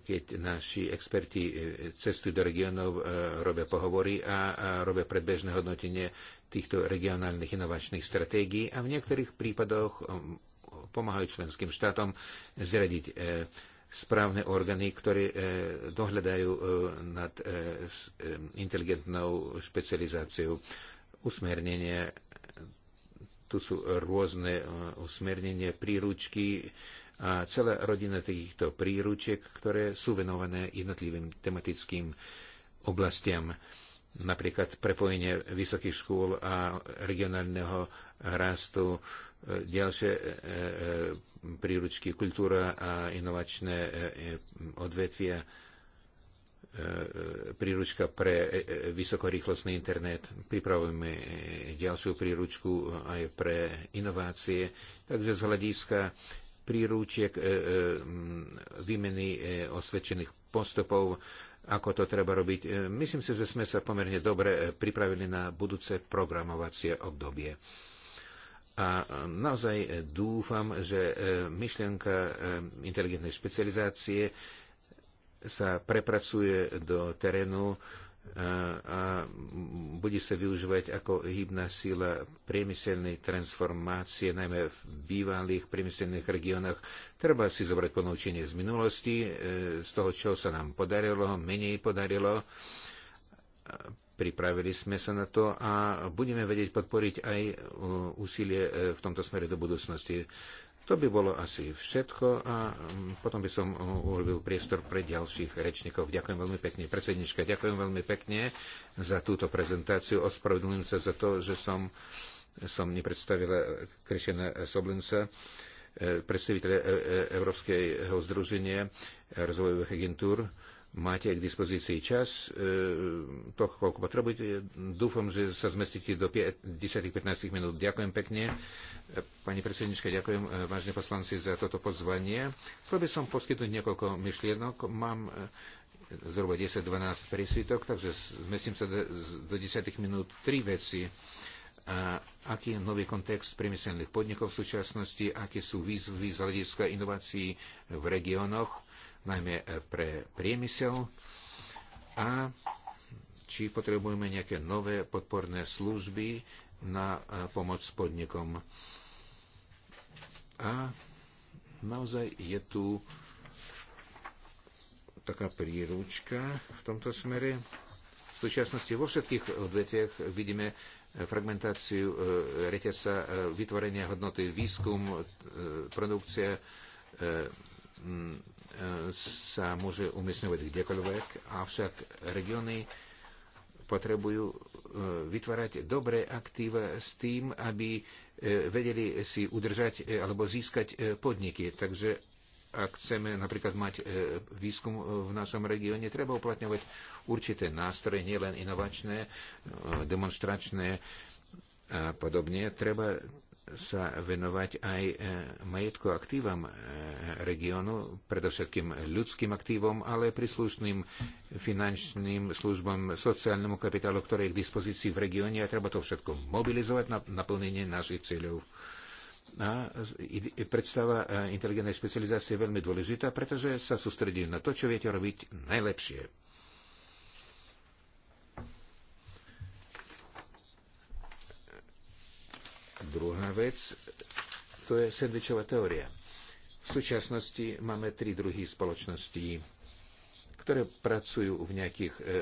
keď naši experti e, cestujú do regionov, e, robia pohovory a robia predbežné hodnotenie týchto regionálnych inovačných stratégií a v niektorých prípadoch pomáhajú členským štátom zradiť správne orgány, ktoré dohľadajú nad inteligentnou špecializáciou. Usmernenie tu sú rôzne e, usmernenia, príručky a celá rodina týchto príručiek, ktoré sú venované jednotlivým tematickým oblastiam napríklad prepojenie vysokých škôl a regionálneho rastu, e, ďalšie e, príručky kultúra a inovačné odvetvia E, e, príručka pre e, vysokorýchlostný internet, pripravujeme ďalšiu príručku aj pre inovácie. Takže z hľadiska príručiek výmeny osvedčených postupov, ako to treba robiť, myslím si, že sme sa pomerne dobre pripravili na budúce programovacie obdobie. A naozaj dúfam, že myšlienka inteligentnej špecializácie sa prepracuje do terénu e, a bude sa využívať ako hybná sila priemyselnej transformácie, najmä v bývalých priemyselných regiónoch. Treba si zobrať ponúčenie z minulosti, e, z toho, čo sa nám podarilo, menej podarilo. Pripravili sme sa na to a budeme vedieť podporiť aj e, úsilie v tomto smere do budúcnosti. To by bolo asi všetko a mm, potom by som uh, urobil priestor pre ďalších rečníkov. Ďakujem veľmi pekne. Predsednička, ďakujem veľmi pekne za túto prezentáciu. Ospravedlňujem sa za to, že som, som nepredstavila Krišena Soblinca, eh, predstaviteľa eh, eh, Európskeho združenia rozvojových agentúr. Máte k dispozícii čas, e, to, koľko potrebujete. Dúfam, že sa zmestíte do 10-15 minút. Ďakujem pekne. Pani predsednička, ďakujem e, vážne poslanci za toto pozvanie. Chcel by som poskytnúť niekoľko myšlienok. Mám e, zhruba 10-12 prísvitok, takže zmestím sa do 10 minút tri veci. A aký je nový kontext priemyselných podnikov v súčasnosti, aké sú výzvy z hľadiska inovácií v regiónoch, najmä e, pre priemysel a či potrebujeme nejaké nové podporné služby na e, pomoc podnikom. A naozaj je tu taká príručka v tomto smere. V súčasnosti vo všetkých odvetviach vidíme e, fragmentáciu reťazca vytvorenia hodnoty, výskum, produkcia, sa môže umiestňovať kdekoľvek, avšak regióny potrebujú e, vytvárať dobré aktíva s tým, aby e, vedeli si udržať e, alebo získať podniky. Takže ak chceme napríklad mať výskum v našom regióne, treba uplatňovať určité nástroje, nielen inovačné, demonstračné a podobne. Treba sa venovať aj e, majetku aktívam e, regiónu, predovšetkým ľudským aktívom, ale príslušným finančným službám, sociálnemu kapitálu, ktoré je k dispozícii v regióne a treba to všetko mobilizovať na naplnenie našich cieľov. A predstava e, inteligentnej špecializácie je veľmi dôležitá, pretože sa sústredí na to, čo viete robiť najlepšie. Druhá vec, to je sendvičová teória. V súčasnosti máme tri druhy spoločností, ktoré pracujú v nejakých e, e, e,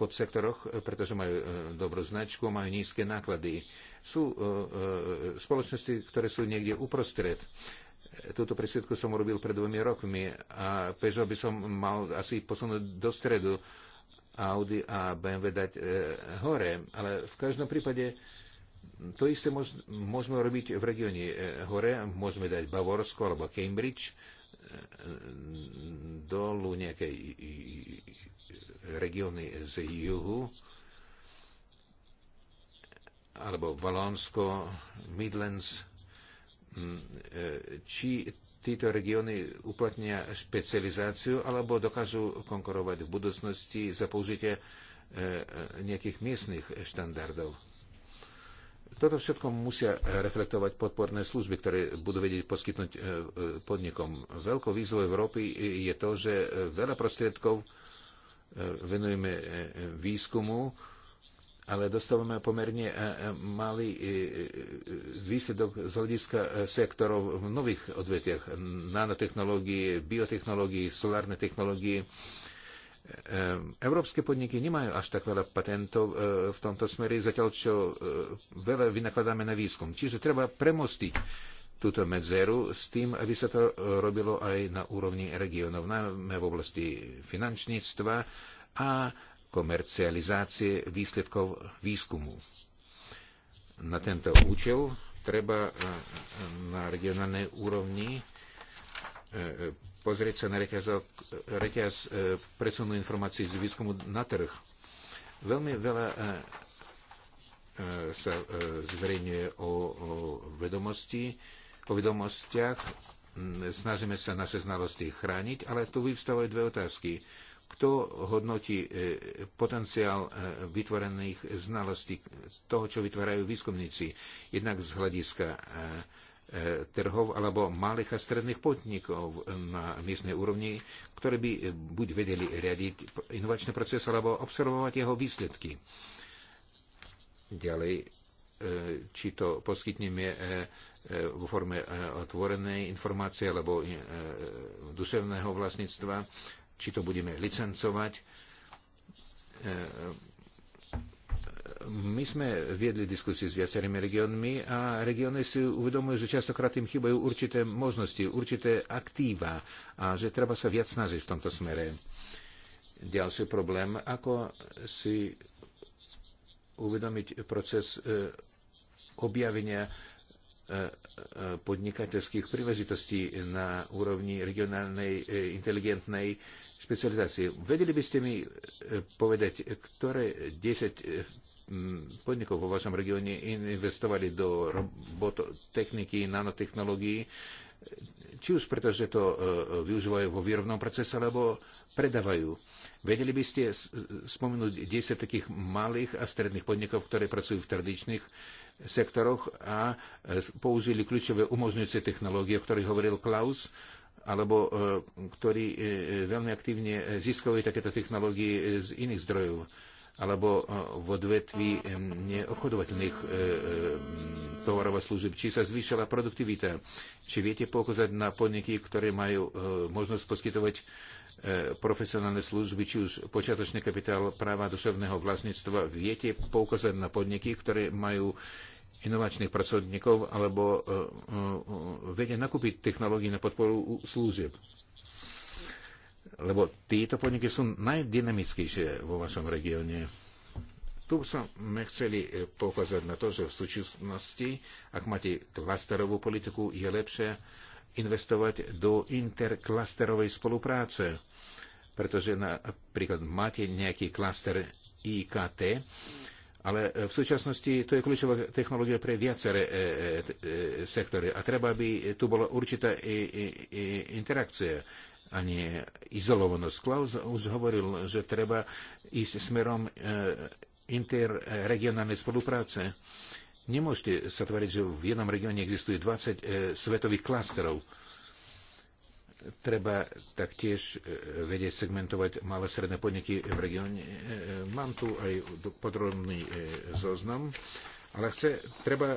podsektoroch, pretože majú e, dobrú značku, majú nízke náklady. Sú e, e, spoločnosti, ktoré sú niekde uprostred. Túto presvedku som urobil pred dvomi rokmi a Peugeot by som mal asi posunúť do stredu. E, Audi a BMW dať e, hore, ale v každom prípade to isté môž, môžeme robiť v regióne e, hore, môžeme dať Bavorsko alebo Cambridge e, dolu nejakej regióny z juhu alebo Valonsko, Midlands, mm, e, či títo regióny uplatnia špecializáciu alebo dokážu konkurovať v budúcnosti za použitie e, e, nejakých miestnych štandardov. Toto všetko musia reflektovať podporné služby, ktoré budú vedieť poskytnúť e, podnikom. Veľkou výzvou Európy je to, že veľa prostriedkov venujeme výskumu, ale dostávame pomerne e, e, malý e, výsledok z hľadiska sektorov v nových odvetiach. Nanotechnológie, biotechnológie, solárne technológie. Európske podniky nemajú až tak veľa patentov v tomto smere, zatiaľ čo veľa vynakladáme na výskum. Čiže treba premostiť túto medzeru s tým, aby sa to robilo aj na úrovni regiónov, najmä v oblasti finančníctva a komercializácie výsledkov výskumu. Na tento účel treba e, e, na regionálnej úrovni e, pozrieť sa na reťazok, reťaz presunu informácií z výskumu na trh. Veľmi veľa sa zverejňuje o, vedomosti, o vedomostiach. Snažíme sa naše znalosti chrániť, ale tu vyvstávajú dve otázky kto hodnotí e, potenciál e, vytvorených znalostí, toho, čo vytvárajú výskumníci, jednak z hľadiska e, trhov alebo malých a stredných podnikov na miestnej úrovni, ktoré by buď vedeli riadiť inovačný proces alebo observovať jeho výsledky. Ďalej, či to poskytneme vo forme otvorenej informácie alebo duševného vlastníctva, či to budeme licencovať. My sme viedli diskusiu s viacerými regiónmi a regióny si uvedomujú, že častokrát im chýbajú určité možnosti, určité aktíva a že treba sa viac snažiť v tomto smere. Ďalší problém, ako si uvedomiť proces e, objavenia e, e, podnikateľských príležitostí na úrovni regionálnej inteligentnej špecializácie. Vedeli by ste mi e, povedať, ktoré 10 e, podnikov vo vašom regióne investovali do robototechniky, nanotechnológií, či už preto, že to e, využívajú vo výrobnom procese, alebo predávajú. Vedeli by ste spomenúť 10 takých malých a stredných podnikov, ktoré pracujú v tradičných sektoroch a použili kľúčové umožňujúce technológie, o ktorých hovoril Klaus, alebo e, ktorí e, veľmi aktívne získavajú takéto technológie z iných zdrojov alebo e, v odvetví neobchodovateľných tovarov a služieb. Či sa zvýšila produktivita? Či viete poukázať na podniky, ktoré majú možnosť poskytovať profesionálne služby, či už počiatočný kapitál práva duševného vlastníctva? Viete poukázať na podniky, ktoré majú inovačných pracovníkov alebo e, e, e, vedia nakúpiť technológie na podporu služieb. Lebo títo podniky sú najdynamickejšie vo vašom regióne. Tu sme chceli poukázať na to, že v súčasnosti, ak máte klasterovú politiku, je lepšie investovať do interklasterovej spolupráce. Pretože napríklad máte nejaký klaster IKT, ale e, v súčasnosti to je kľúčová technológia pre viaceré e, e, sektory a treba, aby tu bola určitá interakcia a nie izolovanosť. Klaus už hovoril, že treba ísť smerom interregionálnej spolupráce. Nemôžete sa tvoriť, že v jednom regióne existuje 20 svetových klastrov. Treba taktiež e, vedieť segmentovať malé stredné podniky v regióne. E, e, mám tu aj podrobný zoznam, ale chce, treba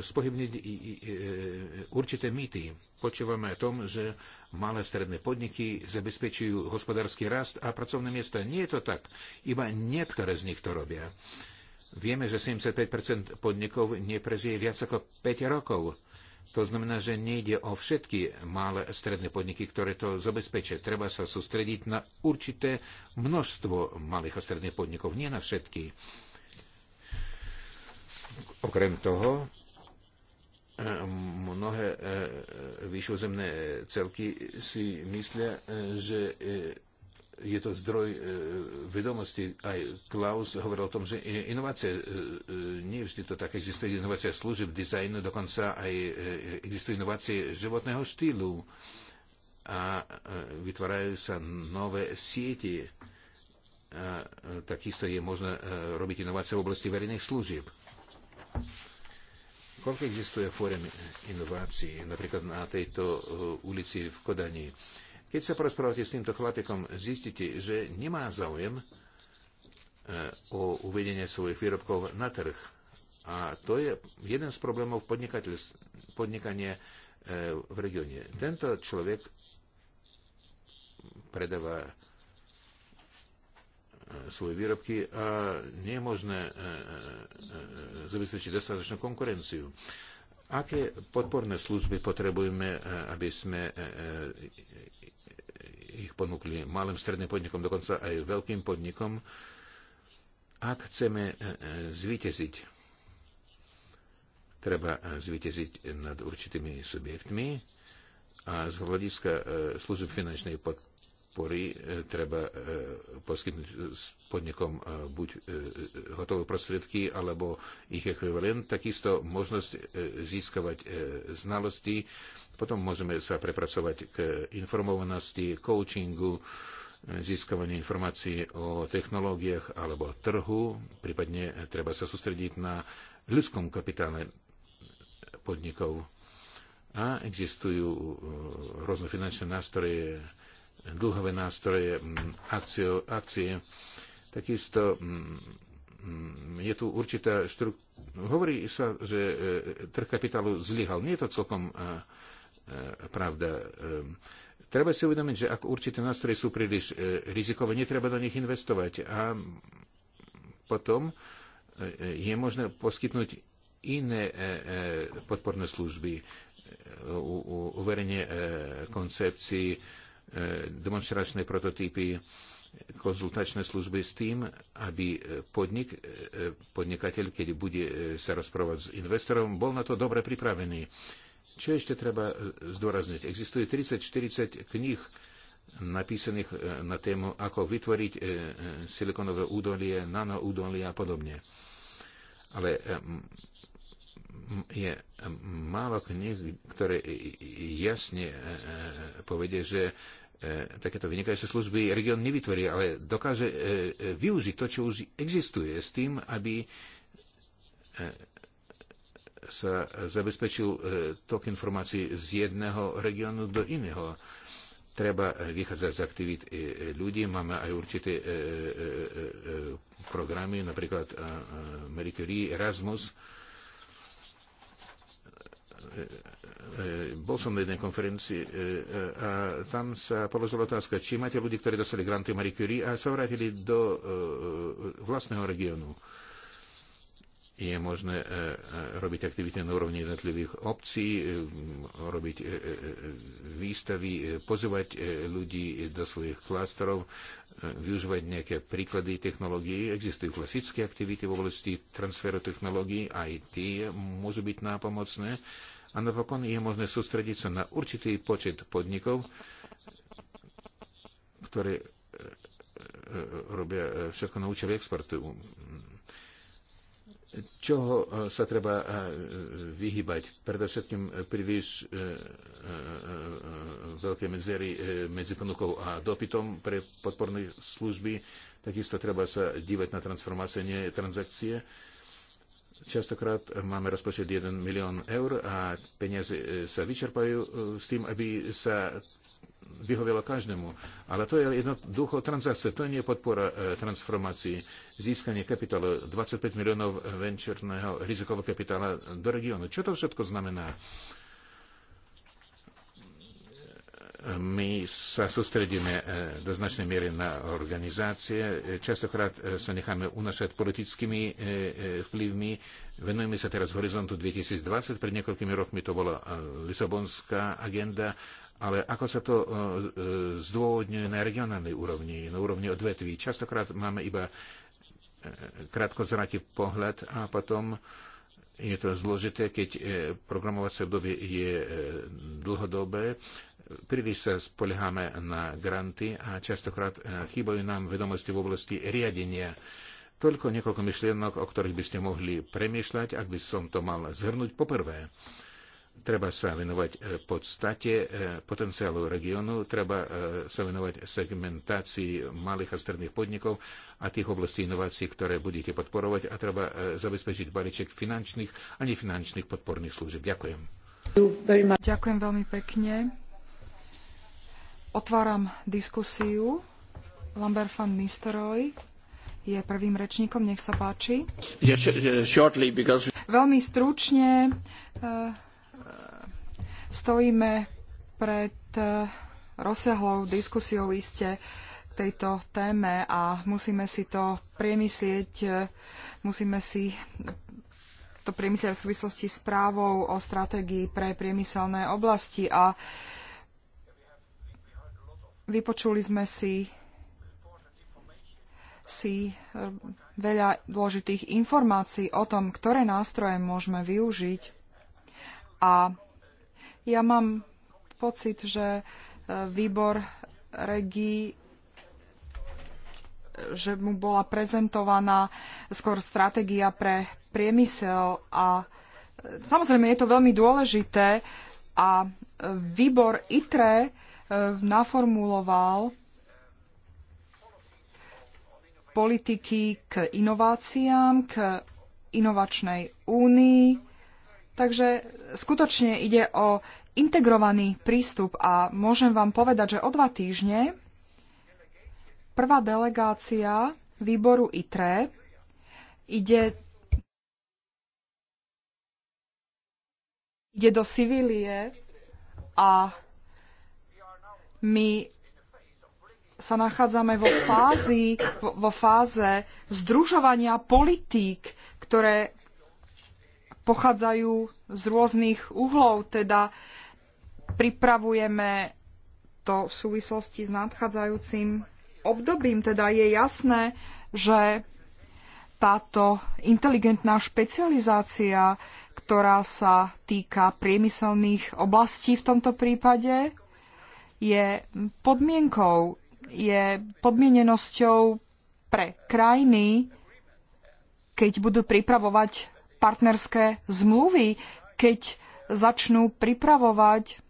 spohybniť určité mýty. Počúvame o tom, že malé stredné podniky zabezpečujú hospodársky rast a pracovné miesta. Nie je to tak. Iba niektoré z nich to robia. Vieme, že 75 podnikov neprežije viac ako 5 rokov to znamená, že nejde o všetky malé a stredné podniky, ktoré to zabezpečia. Treba sa sústrediť na určité množstvo malých a stredných podnikov, nie na všetky. Okrem toho, eh, mnohé eh, vyšozemné celky si myslia, eh, že je to zdroj e, vedomosti. Aj Klaus hovoril o tom, že inovácie, e, e, nie vždy to tak existuje, inovácia služieb, dizajnu, dokonca aj existujú inovácie životného štýlu a vytvárajú sa nové siete. A takisto je možné robiť inovácie v oblasti verejných služieb. Koľko existuje fórem inovácií, napríklad na tejto ulici v Kodani? Keď sa porozprávate s týmto chlapekom, zistíte, že nemá záujem eh, o uvedenie svojich výrobkov na trh. A to je jeden z problémov podnikania eh, v regióne. Tento človek predáva eh, svoje výrobky a nie je možné zabezpečiť dostatočnú konkurenciu. Aké podporné služby potrebujeme, aby sme ich ponúkli malým stredným podnikom, dokonca aj veľkým podnikom. Ak chceme e, e, zvíteziť, treba e, zvíteziť nad určitými subjektmi a z hľadiska služieb finančnej podpory podpory e, treba e, poskytnúť e, podnikom buď hotové prostriedky alebo ich ekvivalent, takisto možnosť získavať znalosti, potom môžeme sa prepracovať k informovanosti, coachingu, získavanie informácií o technológiách alebo trhu, prípadne treba sa sústrediť na ľudskom kapitále podnikov. A existujú rôzne finančné nástroje, dlhové nástroje, mm, akcio, akcie. Takisto mm, mm, je tu určitá štruktúra. Hovorí sa, že e, trh kapitálu zlyhal. Nie je to celkom e, e, pravda. Treba si uvedomiť, že ak určité nástroje sú príliš rizikové, netreba do nich investovať. A potom je možné poskytnúť iné podporné služby, uverenie koncepcií, E, demonstračné prototypy, konzultačné služby s tým, aby podnik, e, podnikateľ, keď bude e, sa rozprávať s investorom, bol na to dobre pripravený. Čo ešte treba zdôrazniť? Existuje 30-40 kníh napísaných na tému, ako vytvoriť silikonové údolie, nanoúdolie a podobne. Ale je málo kníh, ktoré jasne e, e, povedia, že e, takéto vynikajúce služby region nevytvorí, ale dokáže využiť to, čo už existuje s tým, aby sa zabezpečil tok informácií z jedného regiónu do iného. Treba vychádzať z aktivít ľudí. Máme aj určité programy, napríklad Marie Curie, Erasmus, E, e, bol som na jednej konferencii e, a tam sa položila otázka, či máte ľudí, ktorí dostali granty Marie Curie a sa vrátili do vlastného regiónu. Je možné robiť aktivity na úrovni jednotlivých obcí, robiť výstavy, pozývať ľudí do svojich klasterov, využívať nejaké príklady technológií. Existujú klasické aktivity v oblasti transferu technológií, aj tie môžu byť nápomocné. pomocné a napokon je možné sústrediť sa na určitý počet podnikov, ktoré e, e, robia e, všetko na účel exportu. Čoho sa treba vyhybať? Predovšetkým príliš veľké medzery medzi ponukou a dopytom pre podporné služby. Takisto treba sa dívať na transformácie, nie transakcie Častokrát máme rozpočet 1 milión eur a peniaze e, sa vyčerpajú e, s tým, aby sa vyhovelo každému. Ale to je jednoducho transakcia, to nie je podpora e, transformácií. Získanie kapitálu 25 miliónov venčerného rizikového kapitála do regiónu. Čo to všetko znamená? My sa sústredíme e, do značnej miery na organizácie. Častokrát e, sa necháme unašať politickými e, vplyvmi. Venujeme sa teraz horizontu 2020. Pred niekoľkými rokmi to bola Lisabonská agenda. Ale ako sa to zdôvodňuje na regionálnej úrovni, na úrovni odvetví? Častokrát máme iba krátkozratý pohľad a potom je to zložité, keď programovacie obdobie je dlhodobé Príliš sa spoliehame na granty a častokrát eh, chýbajú nám vedomosti v oblasti riadenia. Toľko niekoľko myšlienok, o ktorých by ste mohli premýšľať, ak by som to mal zhrnúť poprvé. Treba sa venovať eh, podstate eh, potenciálu regiónu, treba sa venovať segmentácii malých a stredných podnikov a tých oblastí inovácií, ktoré budete podporovať a treba zabezpečiť balíček finančných a nefinančných podporných služieb. Ďakujem. Ďakujem veľmi pekne. Otváram diskusiu. Lambert van Nistelrooy je prvým rečníkom, nech sa páči. Veľmi stručne eh, eh, stojíme pred eh, rozsiahlou diskusiou iste tejto téme a musíme si to priemyslieť, musíme si to priemyslieť v súvislosti s právou o stratégii pre priemyselné oblasti a Vypočuli sme si si eh, veľa dôležitých informácií o tom, ktoré nástroje môžeme využiť. A ja mám pocit, že eh, výbor regí že mu bola prezentovaná skôr stratégia pre priemysel a eh, samozrejme je to veľmi dôležité a výbor ITRE Eh, naformuloval politiky k inováciám, k inovačnej únii. Takže skutočne ide o integrovaný prístup a môžem vám povedať, že o dva týždne prvá delegácia výboru ITRE ide, ide do Sivilie a my sa nachádzame vo, fázi, vo fáze združovania politík, ktoré pochádzajú z rôznych uhlov, teda pripravujeme to v súvislosti s nadchádzajúcim obdobím. Teda je jasné, že táto inteligentná špecializácia, ktorá sa týka priemyselných oblastí v tomto prípade, je podmienkou, je podmienenosťou pre krajiny, keď budú pripravovať partnerské zmluvy, keď začnú pripravovať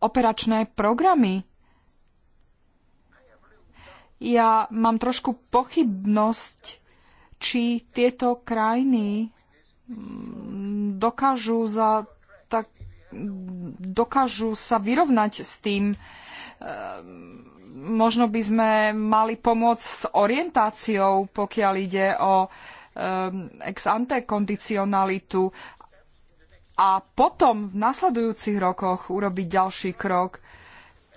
operačné programy. Ja mám trošku pochybnosť, či tieto krajiny mm, dokážu za dokážu sa vyrovnať s tým. E, možno by sme mali pomôcť s orientáciou, pokiaľ ide o e, ex ante kondicionalitu a potom v nasledujúcich rokoch urobiť ďalší krok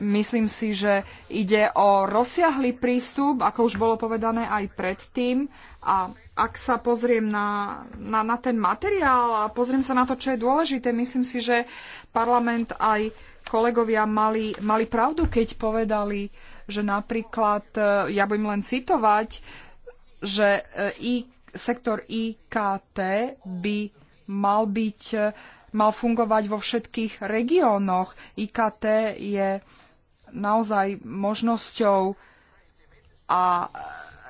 Myslím si, že ide o rozsiahly prístup, ako už bolo povedané aj predtým. A ak sa pozriem na, na, na ten materiál a pozriem sa na to, čo je dôležité, myslím si, že parlament aj kolegovia mali, mali pravdu, keď povedali, že napríklad, e, ja budem len citovať, že i, e, sektor IKT by mal byť e, mal fungovať vo všetkých regiónoch. IKT je naozaj možnosťou a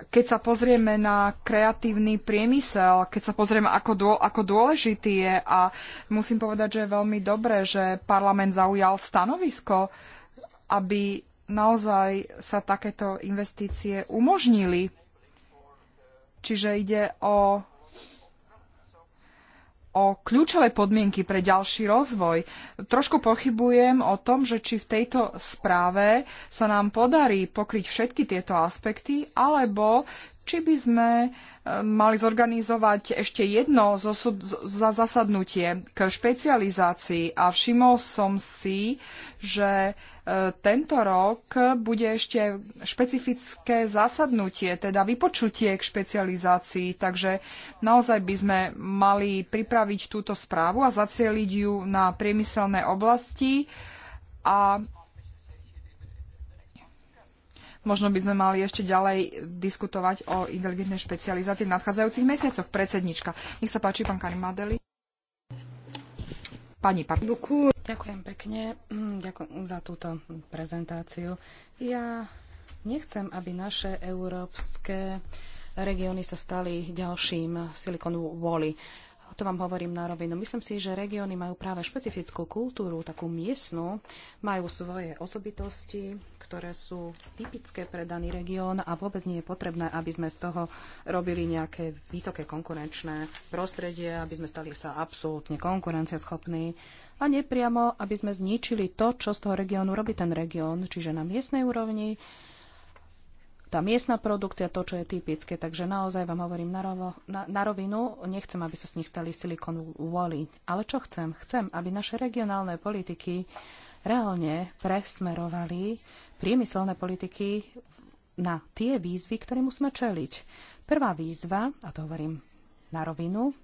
keď sa pozrieme na kreatívny priemysel, keď sa pozrieme, ako, dô, ako dôležitý je a musím povedať, že je veľmi dobré, že parlament zaujal stanovisko, aby naozaj sa takéto investície umožnili. Čiže ide o o kľúčové podmienky pre ďalší rozvoj. Trošku pochybujem o tom, že či v tejto správe sa nám podarí pokryť všetky tieto aspekty, alebo či by sme e, mali zorganizovať ešte jedno za zasadnutie k špecializácii. A všimol som si, že tento rok bude ešte špecifické zasadnutie, teda vypočutie k špecializácii, takže naozaj by sme mali pripraviť túto správu a zacieliť ju na priemyselné oblasti a Možno by sme mali ešte ďalej diskutovať o inteligentnej špecializácii v nadchádzajúcich mesiacoch. Predsednička. Nech sa páči, pán Madeli. Pani Par- Ďakujem pekne mm, Ďakujem za túto prezentáciu. Ja nechcem, aby naše európske regióny sa stali ďalším Silicon Valley to vám hovorím na rovinu. Myslím si, že regióny majú práve špecifickú kultúru, takú miestnu, majú svoje osobitosti, ktoré sú typické pre daný región a vôbec nie je potrebné, aby sme z toho robili nejaké vysoké konkurenčné prostredie, aby sme stali sa absolútne konkurencieschopní a nepriamo, aby sme zničili to, čo z toho regiónu robí ten región, čiže na miestnej úrovni tá miestna produkcia, to, čo je typické. Takže naozaj vám hovorím na, rovo, na, na rovinu, nechcem, aby sa z nich stali Silicon Valley. Ale čo chcem? Chcem, aby naše regionálne politiky reálne presmerovali priemyselné politiky na tie výzvy, ktoré musíme čeliť. Prvá výzva, a to hovorím na rovinu,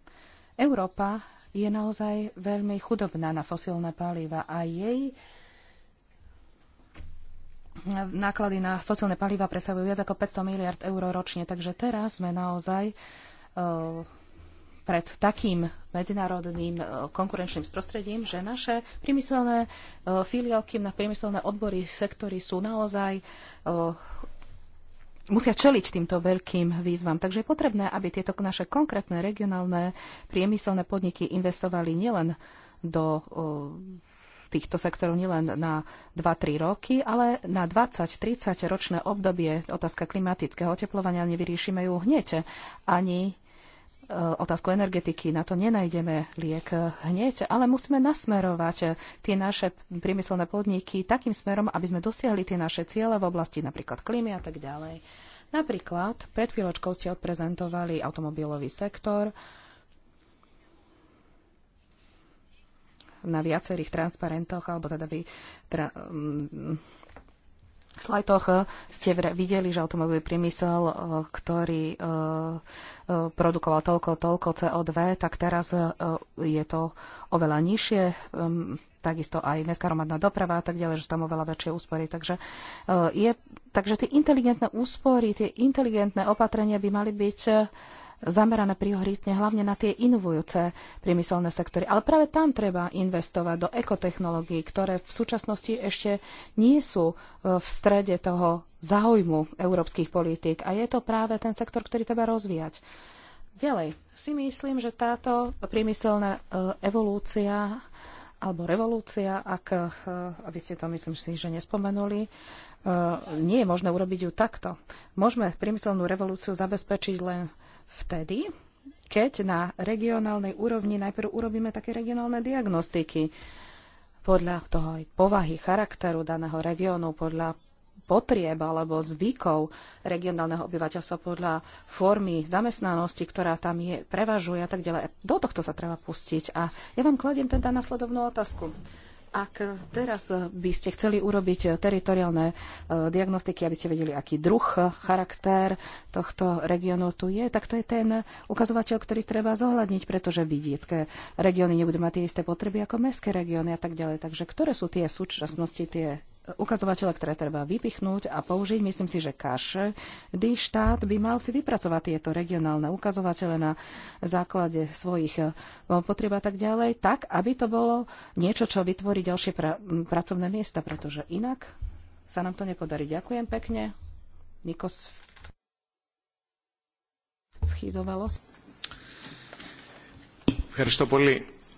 Európa je naozaj veľmi chudobná na fosílne paliva a jej náklady na fosilné paliva presahujú viac ako 500 miliard eur ročne. Takže teraz sme naozaj e, pred takým medzinárodným e, konkurenčným prostredím, že naše priemyselné e, filiálky na priemyselné odbory, sektory sú naozaj musia čeliť týmto veľkým výzvam. Takže je potrebné, aby tieto naše konkrétne regionálne priemyselné podniky investovali nielen do týchto sektorov nielen na 2-3 roky, ale na 20-30 ročné obdobie otázka klimatického oteplovania nevyriešime ju hneď ani e, otázku energetiky, na to nenajdeme liek hneď, ale musíme nasmerovať tie naše priemyselné podniky takým smerom, aby sme dosiahli tie naše ciele v oblasti napríklad klímy a tak ďalej. Napríklad, pred chvíľočkou ste odprezentovali automobilový sektor, na viacerých transparentoch, alebo teda vy tra, um, slajtoch eh, ste videli, že automobilový priemysel, eh, ktorý eh, produkoval toľko, toľko CO2, tak teraz je to oveľa nižšie, mm, takisto aj mestská hromadná doprava a tak ďalej, že tam oveľa väčšie úspory. Takže, je, takže tie inteligentné úspory, tie inteligentné opatrenia by mali byť zamerané prioritne hlavne na tie inovujúce priemyselné sektory. Ale práve tam treba investovať do ekotechnológií, ktoré v súčasnosti ešte nie sú e, v strede toho záujmu európskych politík. A je to práve ten sektor, ktorý treba rozvíjať. Ďalej, si myslím, že táto priemyselná e, evolúcia alebo revolúcia, ak, e, aby ste to myslím si, že nespomenuli, nie je možné urobiť ju takto. Môžeme priemyselnú revolúciu zabezpečiť len vtedy, keď na regionálnej úrovni najprv urobíme také regionálne diagnostiky podľa toho aj povahy, charakteru daného regiónu, podľa potrieb alebo zvykov regionálneho obyvateľstva, podľa formy zamestnanosti, ktorá tam je, prevažuje a tak ďalej. Do tohto sa treba pustiť. A ja vám kladiem teda nasledovnú otázku. Ak teraz by ste chceli urobiť eh, teritoriálne eh, diagnostiky, aby ste vedeli, aký druh, eh, charakter tohto regiónu tu je, tak to je ten ukazovateľ, ktorý treba zohľadniť, pretože vidiecké regióny nebudú mať tie isté potreby ako mestské regióny a tak ďalej. Takže ktoré sú tie v súčasnosti tie ukazovateľa, ktoré treba vypichnúť a použiť. Myslím si, že každý štát by mal si vypracovať tieto regionálne ukazovatele na základe svojich eh, potrieb a tak ďalej, tak, aby to bolo niečo, čo vytvorí ďalšie pra- pracovné miesta, pretože inak sa nám to nepodarí. Ďakujem pekne. Nikos schýzovalosť.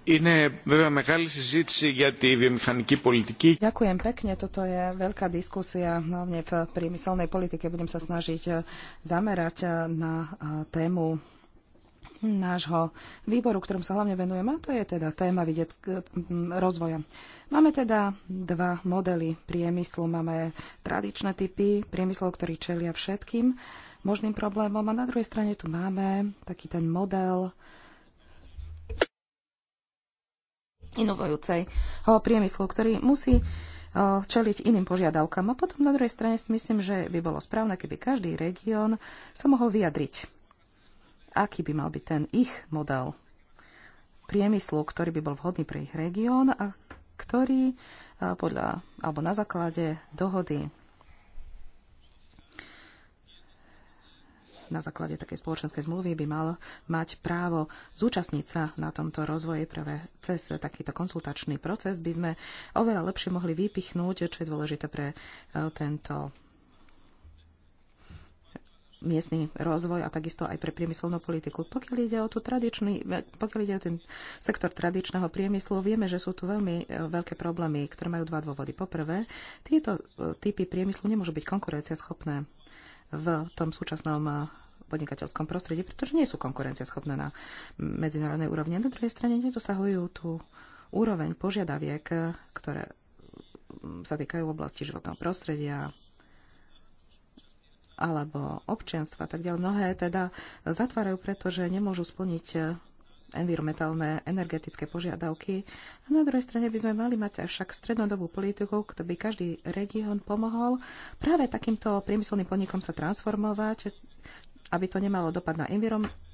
Είναι βέβαια μεγάλη συζήτηση για τη βιομηχανική πολιτική. Ďakujem pekne, toto je veľká diskusia, hlavne v priemyselnej politike. Budem sa snažiť eh, zamerať eh, na eh, tému nášho výboru, ktorom sa hlavne venujeme, a to je teda téma vidieť rozvoja. Máme teda dva modely priemyslu. Máme tradičné typy priemyslov, ktorí čelia všetkým možným problémom a na druhej strane tu máme taký ten model inovujúceho priemyslu, ktorý musí e, čeliť iným požiadavkám. A potom na druhej strane si myslím, že by bolo správne, keby každý región sa mohol vyjadriť, aký by mal byť ten ich model priemyslu, ktorý by bol vhodný pre ich región a ktorý e, podľa, alebo na základe dohody na základe takej spoločenskej zmluvy by mal mať právo zúčastniť sa na tomto rozvoji práve cez takýto konsultačný proces, by sme oveľa lepšie mohli vypichnúť, čo je dôležité pre e, tento miestny rozvoj a takisto aj pre priemyselnú politiku. Pokiaľ ide o, tú tradičný, e, pokiaľ ide o ten sektor tradičného priemyslu, vieme, že sú tu veľmi e, veľké problémy, ktoré majú dva dôvody. Poprvé, tieto typy priemyslu nemôžu byť schopné v tom súčasnom eh, podnikateľskom prostredí, pretože nie sú konkurenciaschopné na medzinárodnej úrovni. A na druhej strane nedosahujú tú úroveň požiadaviek, eh, ktoré mm, sa týkajú oblasti životného prostredia alebo občianstva a tak ďalej. Mnohé teda zatvárajú, pretože nemôžu splniť eh, environmentálne, energetické požiadavky. A na druhej strane by sme mali mať však strednodobú politiku, kto by každý región pomohol práve takýmto priemyselným podnikom sa transformovať, aby to nemalo dopad na environmentálne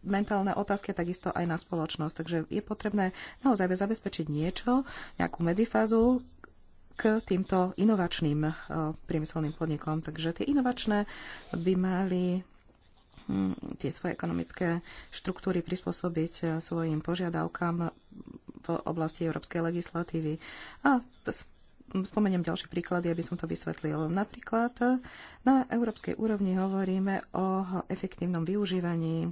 mentálne otázky, takisto aj na spoločnosť. Takže je potrebné naozaj zabezpečiť niečo, nejakú medzifázu k týmto inovačným eh, priemyselným podnikom. Takže tie inovačné by mali tie svoje ekonomické štruktúry prispôsobiť e, svojim požiadavkám v oblasti európskej legislatívy. A spomeniem ďalšie príklady, aby som to vysvetlil. Napríklad e, na európskej úrovni hovoríme o efektívnom využívaní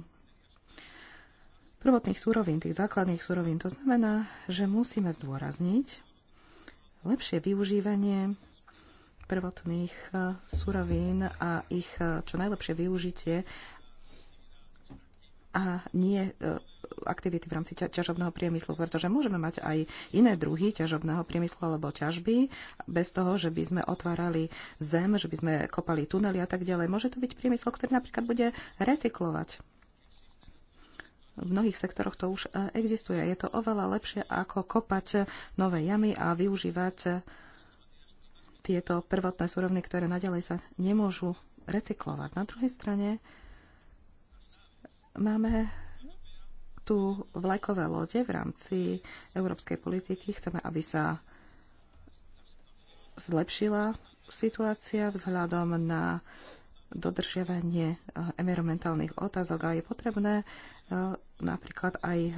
prvotných súrovín, tých základných súrovín. To znamená, že musíme zdôrazniť lepšie využívanie prvotných e, surovín a ich čo najlepšie využitie a nie e, aktivity v rámci ťažobného priemyslu, pretože môžeme mať aj iné druhy ťažobného priemyslu alebo ťažby, bez toho, že by sme otvárali zem, že by sme kopali tunely a tak ďalej. Môže to byť priemysel, ktorý napríklad bude recyklovať. V mnohých sektoroch to už e, existuje. Je to oveľa lepšie, ako kopať nové jamy a využívať tieto prvotné súrovny, ktoré nadalej sa nemôžu recyklovať. Na druhej strane Máme tu vlajkové lode v rámci európskej politiky. Chceme, aby sa zlepšila situácia vzhľadom na dodržiavanie eh, environmentálnych otázok a je potrebné eh, napríklad aj eh,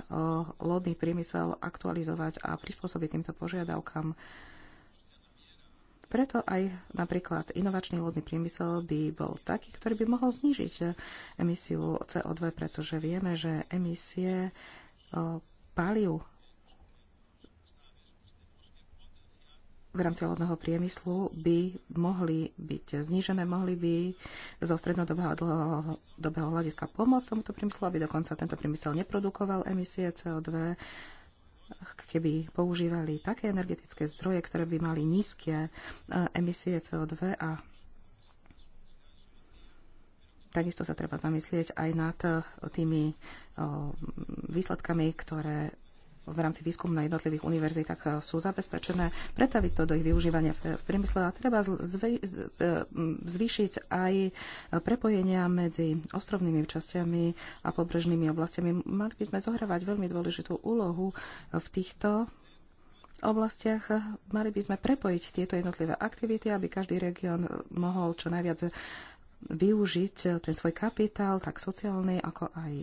lodný priemysel aktualizovať a prispôsobiť týmto požiadavkám. Preto aj napríklad inovačný lodný priemysel by bol taký, ktorý by mohol znížiť emisiu CO2, pretože vieme, že emisie paliu v rámci lodného priemyslu by mohli byť znížené, mohli by zo strednodobého a dlhodobého hľadiska pomôcť tomuto priemyslu, aby dokonca tento priemysel neprodukoval emisie CO2 keby používali také energetické zdroje, ktoré by mali nízke e, emisie CO2 a takisto sa treba zamyslieť aj nad e, tými výsledkami, ktoré v rámci výskumu na jednotlivých univerzitách eh, sú zabezpečené, pretaviť to do ich využívania v priemysle a treba eh, zvýšiť aj prepojenia medzi ostrovnými častiami a pobrežnými oblastiami. Mali by sme zohrávať veľmi dôležitú úlohu eh, v týchto oblastiach mali by sme prepojiť tieto jednotlivé aktivity, aby každý región mohol čo najviac využiť ten svoj kapitál, tak sociálny, ako aj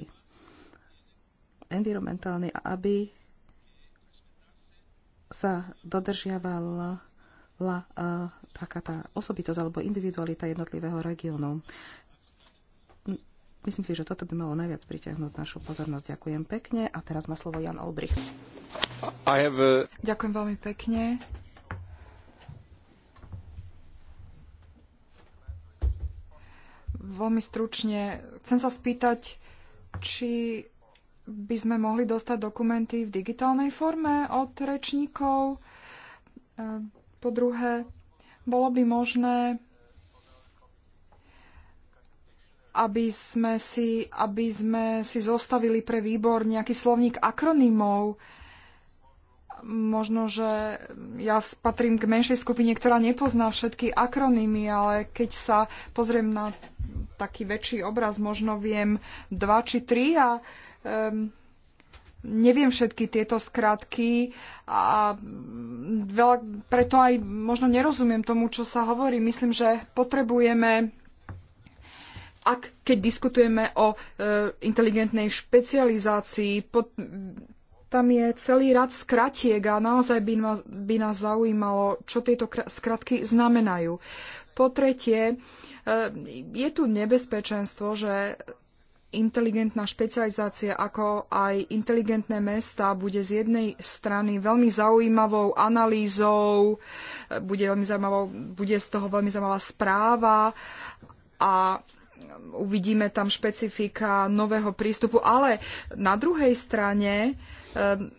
environmentálny, aby sa dodržiavala la, e, uh, taká tá osobitosť alebo individualita jednotlivého regiónu. Myslím si, že toto by malo najviac pritiahnuť našu pozornosť. Ďakujem pekne. A teraz má slovo Jan Olbricht. I have a... Ďakujem veľmi pekne. Veľmi stručne chcem sa spýtať, či by sme mohli dostať dokumenty v digitálnej forme od rečníkov. E, po druhé, bolo by možné, aby sme si, aby sme si zostavili pre výbor nejaký slovník akronymov. Možno, že ja patrím k menšej skupine, ktorá nepozná všetky akronymy, ale keď sa pozriem na taký väčší obraz, možno viem dva či tri a uh, um, neviem všetky tieto skratky a veľa, preto aj možno nerozumiem tomu, čo sa hovorí. Myslím, že potrebujeme ak keď diskutujeme o e, inteligentnej špecializácii, pod, tam je celý rad skratiek a naozaj by, ma, by nás zaujímalo, čo tieto skratky znamenajú. Po tretie, e, je tu nebezpečenstvo, že inteligentná špecializácia, ako aj inteligentné mestá bude z jednej strany veľmi zaujímavou analýzou, bude, veľmi zaujímavou, bude z toho veľmi zaujímavá správa a uvidíme tam špecifika nového prístupu, ale na druhej strane ehm,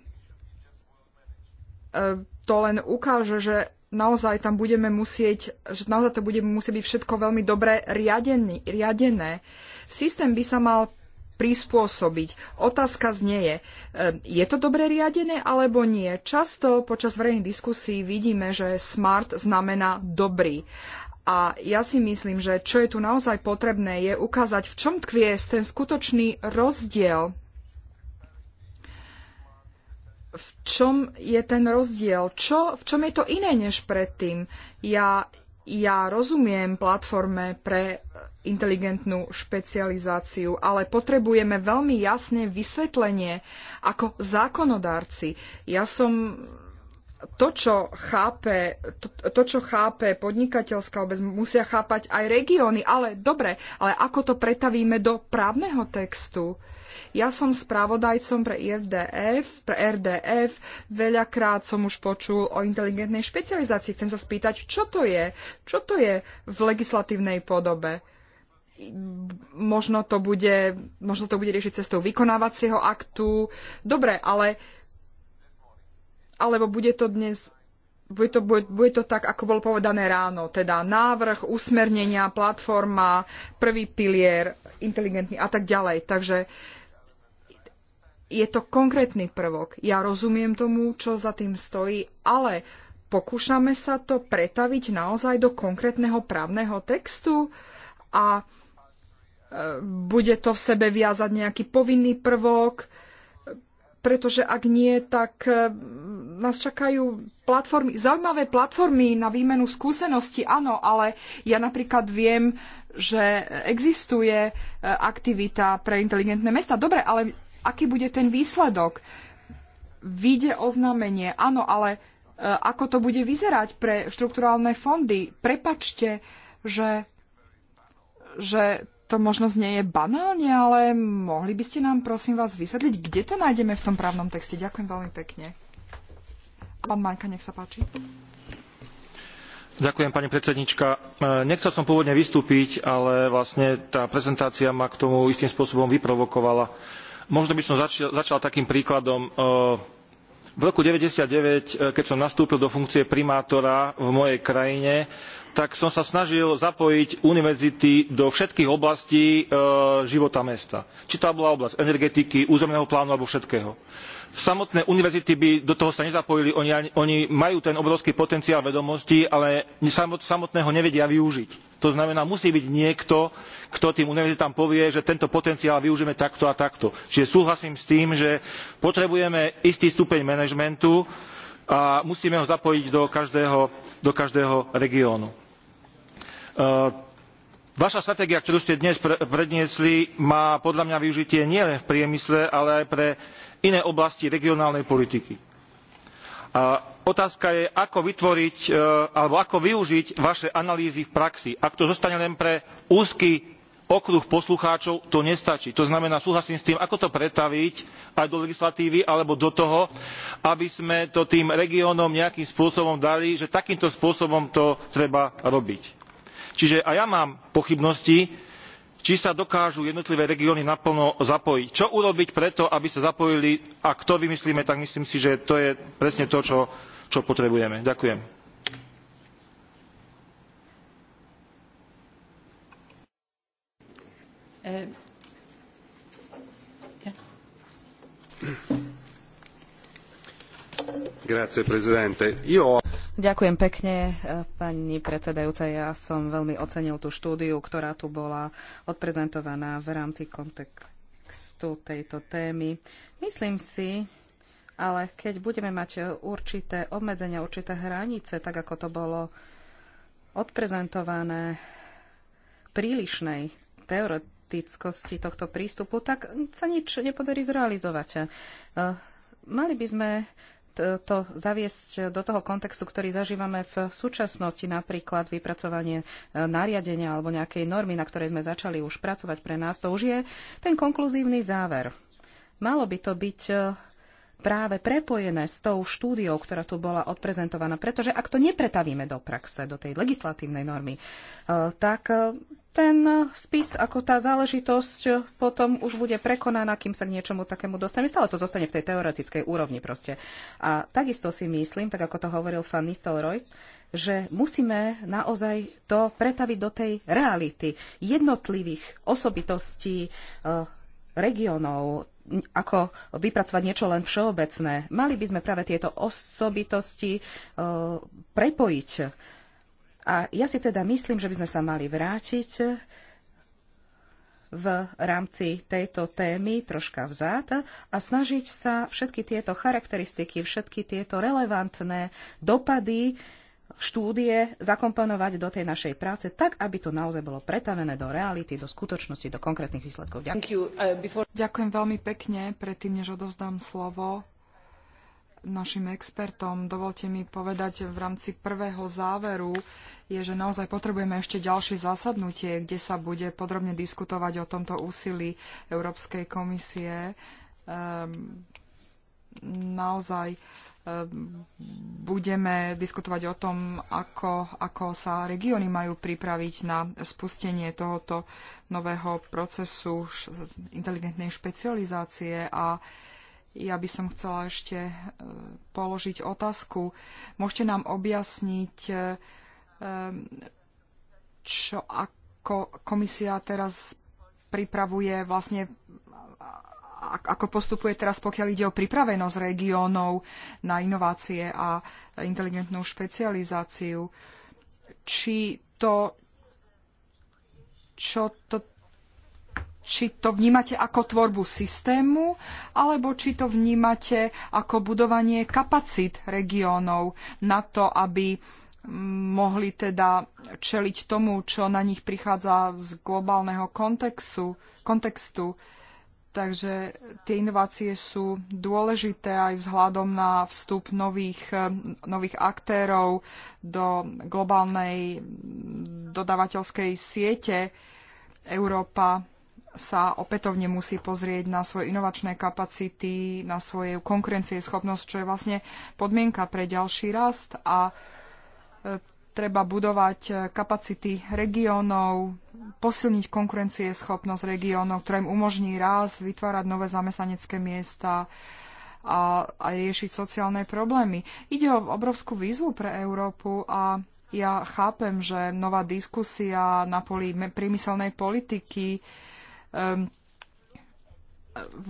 ehm, to len ukáže, že naozaj tam budeme musieť, že naozaj to bude musieť byť všetko veľmi dobre riadený, riadené. Systém by sa mal prispôsobiť. Otázka znie je, e, je to dobre riadené alebo nie? Často počas verejných diskusí vidíme, že smart znamená dobrý. A ja si myslím, že čo je tu naozaj potrebné, je ukázať, v čom tkvie ten skutočný rozdiel v čom je ten rozdiel? Čo, v čom je to iné než predtým? Ja, ja rozumiem platforme pre inteligentnú špecializáciu, ale potrebujeme veľmi jasné vysvetlenie ako zákonodárci. Ja som to, čo chápe, to, to, čo chápe podnikateľská obec, musia chápať aj regióny. Ale dobre, ale ako to pretavíme do právneho textu? Ja som spravodajcom pre IRDF, pre RDF, veľakrát som už počul o inteligentnej špecializácii. Chcem sa spýtať, čo to je? Čo to je v legislatívnej podobe? Možno to bude, možno to bude riešiť cestou vykonávacieho aktu. Dobre, ale alebo bude to dnes bude to, bude, bude to tak, ako bolo povedané ráno, teda návrh, usmernenia, platforma, prvý pilier, inteligentný a tak ďalej. Takže je to konkrétny prvok. Ja rozumiem tomu, čo za tým stojí, ale pokúšame sa to pretaviť naozaj do konkrétneho právneho textu a e, bude to v sebe viazať nejaký povinný prvok, pretože ak nie, tak e, nás čakajú platformy, zaujímavé platformy na výmenu skúseností, áno, ale ja napríklad viem, že existuje e, aktivita pre inteligentné mesta. Dobre, ale aký bude ten výsledok? Vyjde oznámenie, áno, ale e, ako to bude vyzerať pre štrukturálne fondy? Prepačte, že, že to možno znie je banálne, ale mohli by ste nám prosím vás vysvetliť, kde to nájdeme v tom právnom texte. Ďakujem veľmi pekne. Pán Majka, nech sa páči. Ďakujem, pani predsednička. E, nechcel som pôvodne vystúpiť, ale vlastne tá prezentácia ma k tomu istým spôsobom vyprovokovala. Možno by som začal, začal takým príkladom. E, v roku 1999, e, keď som nastúpil do funkcie primátora v mojej krajine, tak som sa snažil zapojiť univerzity do všetkých oblastí e, života mesta. Či to bola oblasť energetiky, územného plánu alebo všetkého samotné univerzity by do toho sa nezapojili oni, oni majú ten obrovský potenciál vedomostí ale samotného nevedia využiť to znamená musí byť niekto kto tým univerzitám povie že tento potenciál využijeme takto a takto čiže súhlasím s tým že potrebujeme istý stupeň manažmentu a musíme ho zapojiť do každého, do každého regiónu. E, Vaša stratégia, ktorú ste dnes predniesli, má podľa mňa využitie nielen v priemysle, ale aj pre iné oblasti regionálnej politiky. A otázka je, ako vytvoriť e, alebo ako využiť vaše analýzy v praxi. Ak to zostane len pre úzky okruh poslucháčov, to nestačí. To znamená, súhlasím s tým, ako to pretaviť aj do legislatívy alebo do toho, aby sme to tým regiónom nejakým spôsobom dali, že takýmto spôsobom to treba robiť Čiže aj ja mám pochybnosti, či sa dokážu jednotlivé regióny naplno zapojiť. Čo urobiť preto, aby sa zapojili a to vymyslíme, tak myslím si, že to je presne to, čo, čo potrebujeme. Ďakujem. Eh, Grazie Presidente. Io ho Ďakujem pekne, e, pani predsedajúca. Ja som veľmi ocenil tú štúdiu, ktorá tu bola odprezentovaná v rámci kontextu tejto témy. Myslím si, ale keď budeme mať určité obmedzenia, určité hranice, tak ako to bolo odprezentované prílišnej teoretickosti tohto prístupu, tak sa nič nepodarí zrealizovať. E, mali by sme E, to zaviesť do toho kontextu, ktorý zažívame v súčasnosti, napríklad vypracovanie e, nariadenia alebo nejakej normy, na ktorej sme začali už pracovať pre nás, to už je ten konkluzívny záver. Malo by to byť e, práve prepojené s tou štúdiou, ktorá tu bola odprezentovaná. Pretože ak to nepretavíme do praxe, do tej legislatívnej normy, tak ten spis ako tá záležitosť potom už bude prekonaná, kým sa k niečomu takému dostane. Stále to zostane v tej teoretickej úrovni proste. A takisto si myslím, tak ako to hovoril fan Nistelrooy, že musíme naozaj to pretaviť do tej reality jednotlivých osobitostí e, regiónov, ako vypracovať niečo len všeobecné. Mali by sme práve tieto osobitosti e, prepojiť a ja si teda myslím, že by sme sa mali vrátiť v rámci tejto témy troška vzad a snažiť sa všetky tieto charakteristiky, všetky tieto relevantné dopady štúdie zakomponovať do tej našej práce tak, aby to naozaj bolo pretavené do reality, do skutočnosti, do konkrétnych výsledkov. Ďakujem. Uh, Ďakujem veľmi pekne. Predtým, než odovzdám slovo našim expertom. Dovolte mi povedať v rámci prvého záveru, je, že naozaj potrebujeme ešte ďalšie zasadnutie, kde sa bude podrobne diskutovať o tomto úsilí Európskej komisie. Ehm, naozaj ehm, budeme diskutovať o tom, ako, ako sa regióny majú pripraviť na spustenie tohoto nového procesu inteligentnej špecializácie a ja by som chcela ešte e, položiť otázku. Môžete nám objasniť, e, čo ako komisia teraz pripravuje vlastne ako postupuje teraz, pokiaľ ide o pripravenosť regiónov na inovácie a inteligentnú špecializáciu. Či to, čo to či to vnímate ako tvorbu systému, alebo či to vnímate ako budovanie kapacít regiónov na to, aby mohli teda čeliť tomu, čo na nich prichádza z globálneho kontextu. kontextu. Takže tie inovácie sú dôležité aj vzhľadom na vstup nových, nových aktérov do globálnej dodavateľskej siete. Európa sa opätovne musí pozrieť na svoje inovačné kapacity, na svoje konkurencieschopnosť, čo je vlastne podmienka pre ďalší rast a e, treba budovať e, kapacity regiónov, posilniť konkurencieschopnosť regiónov, ktoré im umožní rast, vytvárať nové zamestnanecké miesta a, a riešiť sociálne problémy. Ide o obrovskú výzvu pre Európu a ja chápem, že nová diskusia na poli priemyselnej politiky um,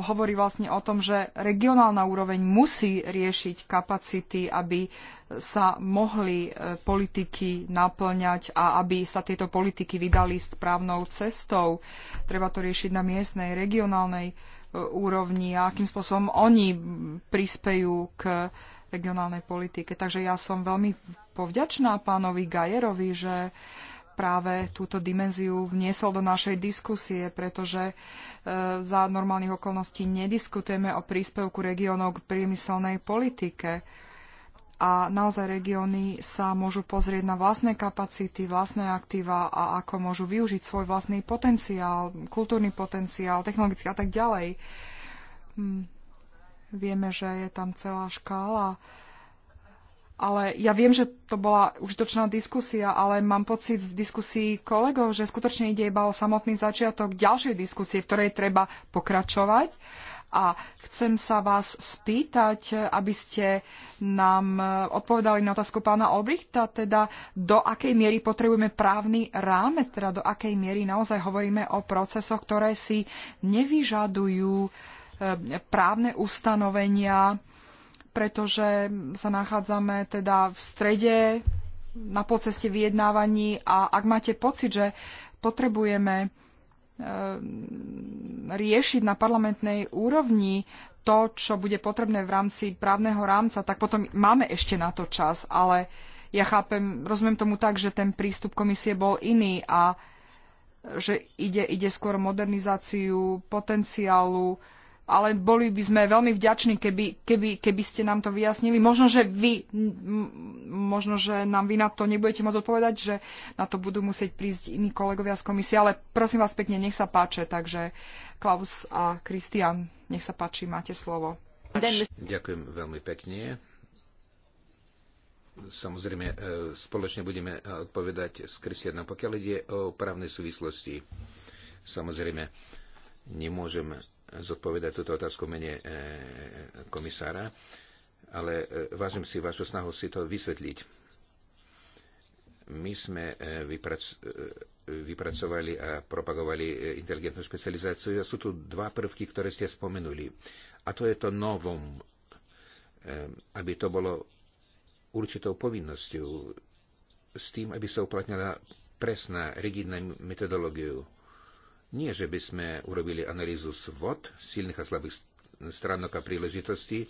hovorí vlastne o tom, že regionálna úroveň musí riešiť kapacity, aby sa mohli e, politiky naplňať a aby sa tieto politiky vydali správnou cestou. Treba to riešiť na miestnej, regionálnej e, úrovni a akým spôsobom oni prispejú k regionálnej politike. Takže ja som veľmi povďačná pánovi Gajerovi, že práve túto dimenziu vniesol do našej diskusie, pretože e, za normálnych okolností nediskutujeme o príspevku regiónov k priemyselnej politike a naozaj regióny sa môžu pozrieť na vlastné kapacity, vlastné aktíva a ako môžu využiť svoj vlastný potenciál, kultúrny potenciál, technologický a tak ďalej. Hm, vieme, že je tam celá škála ale ja viem, že to bola užitočná diskusia, ale mám pocit z diskusí kolegov, že skutočne ide iba o samotný začiatok ďalšej diskusie, v ktorej treba pokračovať. A chcem sa vás spýtať, aby ste nám e, odpovedali na otázku pána Obrichta, teda do akej miery potrebujeme právny rámec, teda do akej miery naozaj hovoríme o procesoch, ktoré si nevyžadujú e, právne ustanovenia, pretože sa nachádzame teda v strede na poceste vyjednávaní a ak máte pocit, že potrebujeme e, riešiť na parlamentnej úrovni to, čo bude potrebné v rámci právneho rámca, tak potom máme ešte na to čas, ale ja chápem, rozumiem tomu tak, že ten prístup komisie bol iný a že ide, ide skôr modernizáciu potenciálu ale boli by sme veľmi vďační, keby, keby, keby ste nám to vyjasnili. Možno, že vy, možno, že nám vy na to nebudete môcť odpovedať, že na to budú musieť prísť iní kolegovia z komisie, ale prosím vás pekne, nech sa páče. Takže Klaus a Kristian, nech sa páči, máte slovo. Ďakujem veľmi pekne. Samozrejme, e, spoločne budeme e, odpovedať s Kristianom, pokiaľ ide o právne súvislosti. Samozrejme, nemôžeme zodpovedať túto otázku mene e, komisára, ale e, vážim si vašu snahu si to vysvetliť. My sme e, vyprac- vypracovali a propagovali inteligentnú špecializáciu a sú tu dva prvky, ktoré ste spomenuli. A to je to novom, aby to bolo určitou povinnosťou s tým, aby sa uplatnila presná, rigidná metodológia nie, že by sme urobili analýzu svod silných a slabých stránok a príležitostí. E,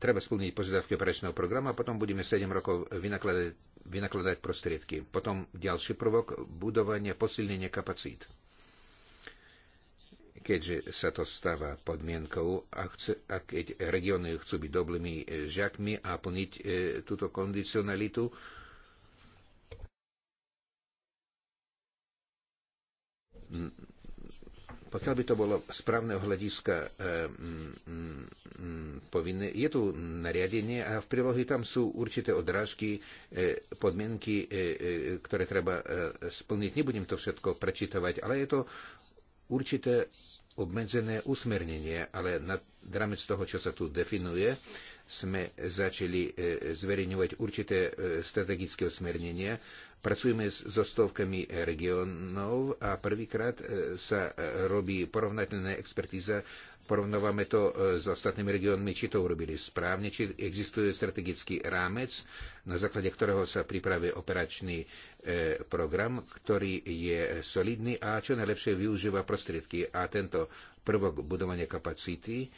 treba splniť požiadavky operačného programu a potom budeme 7 rokov vynakladať, vynakladať prostriedky. Potom ďalší prvok, budovanie, posilnenie kapacít. Keďže sa to stáva podmienkou a, chce, a keď regióny chcú byť dobrými e, žiakmi a plniť e, túto kondicionalitu, e, pokiaľ by to bolo správneho hľadiska eh, mm, mm, mm, povinné, je tu nariadenie a v prílohy tam sú určité odrážky, eh, podmienky, eh, ktoré treba splniť. Nebudem to všetko prečítavať, ale je to určité obmedzené usmernenie, ale na rámec toho, čo sa tu definuje, sme začali e, zverejňovať určité e, strategické usmernenia. Pracujeme so stovkami regionov a prvýkrát e, sa robí porovnateľná expertíza porovnávame to s ostatnými regiónmi, či to urobili správne, či existuje strategický rámec, na základe ktorého sa pripravuje operačný program, ktorý je solidný a čo najlepšie využíva prostriedky. A tento prvok budovania kapacity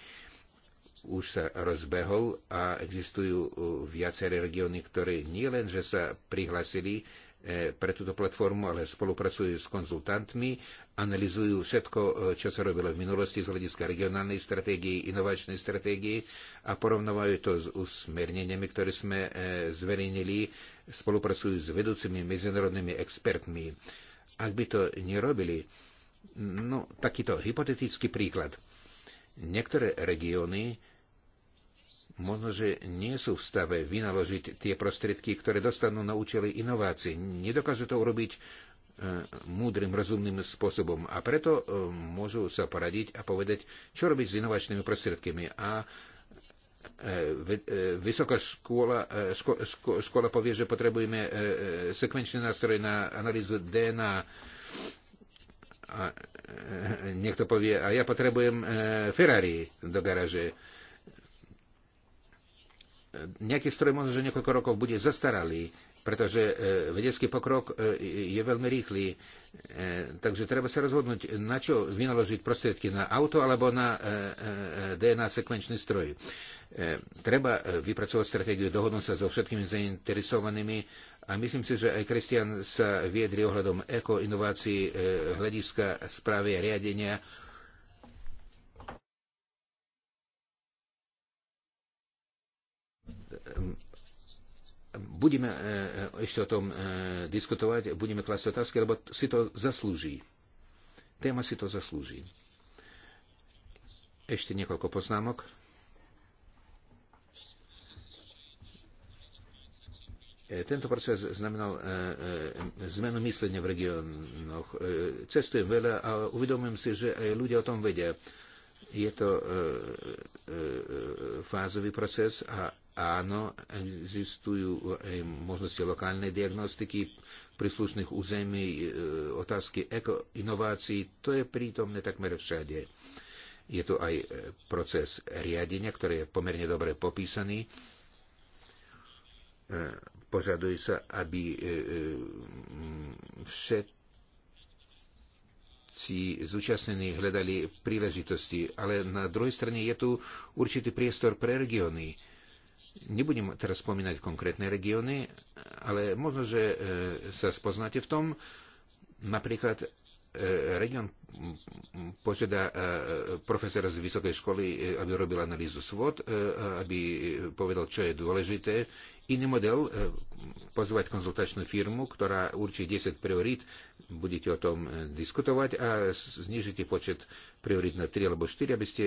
už sa rozbehol a existujú uh, viaceré regióny, ktoré nie len, že sa prihlasili uh, pre túto platformu, ale spolupracujú s konzultantmi, analizujú všetko, uh, čo sa robilo v minulosti z hľadiska regionálnej stratégie, inovačnej stratégie a porovnávajú to s usmerneniami, ktoré sme zverejnili, spolupracujú s vedúcimi medzinárodnými expertmi. Ak by to nerobili, no takýto hypotetický príklad. Niektoré regióny možno, že nie sú v stave vynaložiť tie prostriedky, ktoré dostanú na účely inovácií. Nedokážu to urobiť e, múdrym, rozumným spôsobom. A preto e, môžu sa poradiť a povedať, čo robiť s inovačnými prostriedkami. A e, vysoká škola, ško, ško, škola povie, že potrebujeme sekvenčný nástroj na analýzu DNA. A niekto povie, a ja potrebujem Ferrari do garaže nejaký stroj možno, že niekoľko rokov bude zastaralý, pretože e, vedecký pokrok e, je veľmi rýchly. E, takže treba sa rozhodnúť, na čo vynaložiť prostriedky, na auto alebo na DNA sekvenčný stroj. Treba vypracovať stratégiu, dohodnúť sa so všetkými zainteresovanými a myslím si, že aj Kristian sa viedri ohľadom ekoinovácií, hľadiska správy a riadenia budeme e, e, ešte o tom e, diskutovať, budeme klasť otázky, lebo si to zaslúži. Téma si to zaslúži. Ešte niekoľko poznámok. Tento proces znamenal zmenu myslenia v regiónoch. Cestujem veľa a uvedomujem si, že aj ľudia o tom vedia. Je to fázový proces a áno, existujú aj možnosti lokálnej diagnostiky príslušných území, e, otázky ekoinovácií, to je prítomné takmer všade. Je to aj e, proces riadenia, ktorý je pomerne dobre popísaný. E, požaduje sa, aby všetci zúčastnení hľadali príležitosti, ale na druhej strane je tu určitý priestor pre regióny Nebudem teraz spomínať konkrétne regióny, ale možno, že e, sa spoznáte v tom. Napríklad e, region požiada e, profesora z vysokej školy, aby robil analýzu svod, aby povedal, čo je dôležité. Iný model, pozvať konzultačnú firmu, ktorá určí 10 priorít, budete o tom diskutovať a znižite počet priorít na 3 alebo 4, aby ste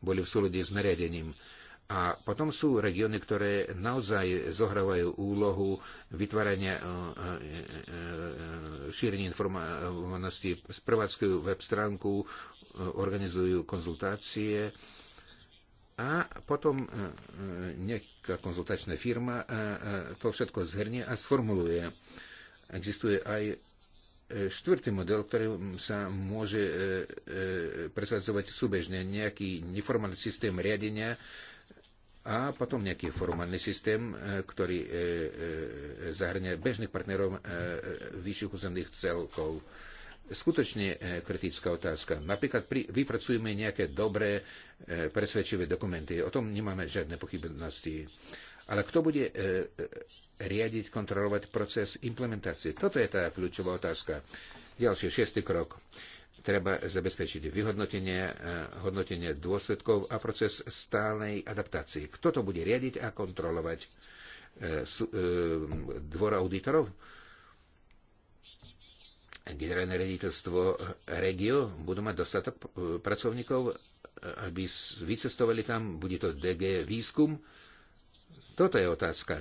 boli v súlade s nariadením. A potom sú regióny, ktoré naozaj zohrávajú úlohu vytvárania e, e, e, šírenia informovanosti, sprevádzkujú web stránku, organizujú konzultácie a potom nejaká konzultačná firma to všetko zhrnie a sformuluje. Existuje aj štvrtý model, ktorý sa môže presadzovať súbežne, nejaký neformálny systém riadenia, a potom nejaký formálny systém, e, ktorý e, e, zahrňa bežných partnerov vyšších územných celkov. Skutočne kritická otázka. Napríklad pri, vypracujeme nejaké dobré, presvedčivé dokumenty. O tom nemáme žiadne pochybnosti. Ale kto bude riadiť, kontrolovať proces implementácie? Toto je tá kľúčová otázka. Ďalší, šiestý krok Treba zabezpečiť vyhodnotenie, eh, hodnotenie dôsledkov a proces stálej adaptácie. Kto to bude riadiť a kontrolovať? Eh, eh, dvor auditorov? generálne rediteľstvo Regio budú mať dostatok pracovníkov, aby vycestovali tam, bude to DG výskum. Toto je otázka.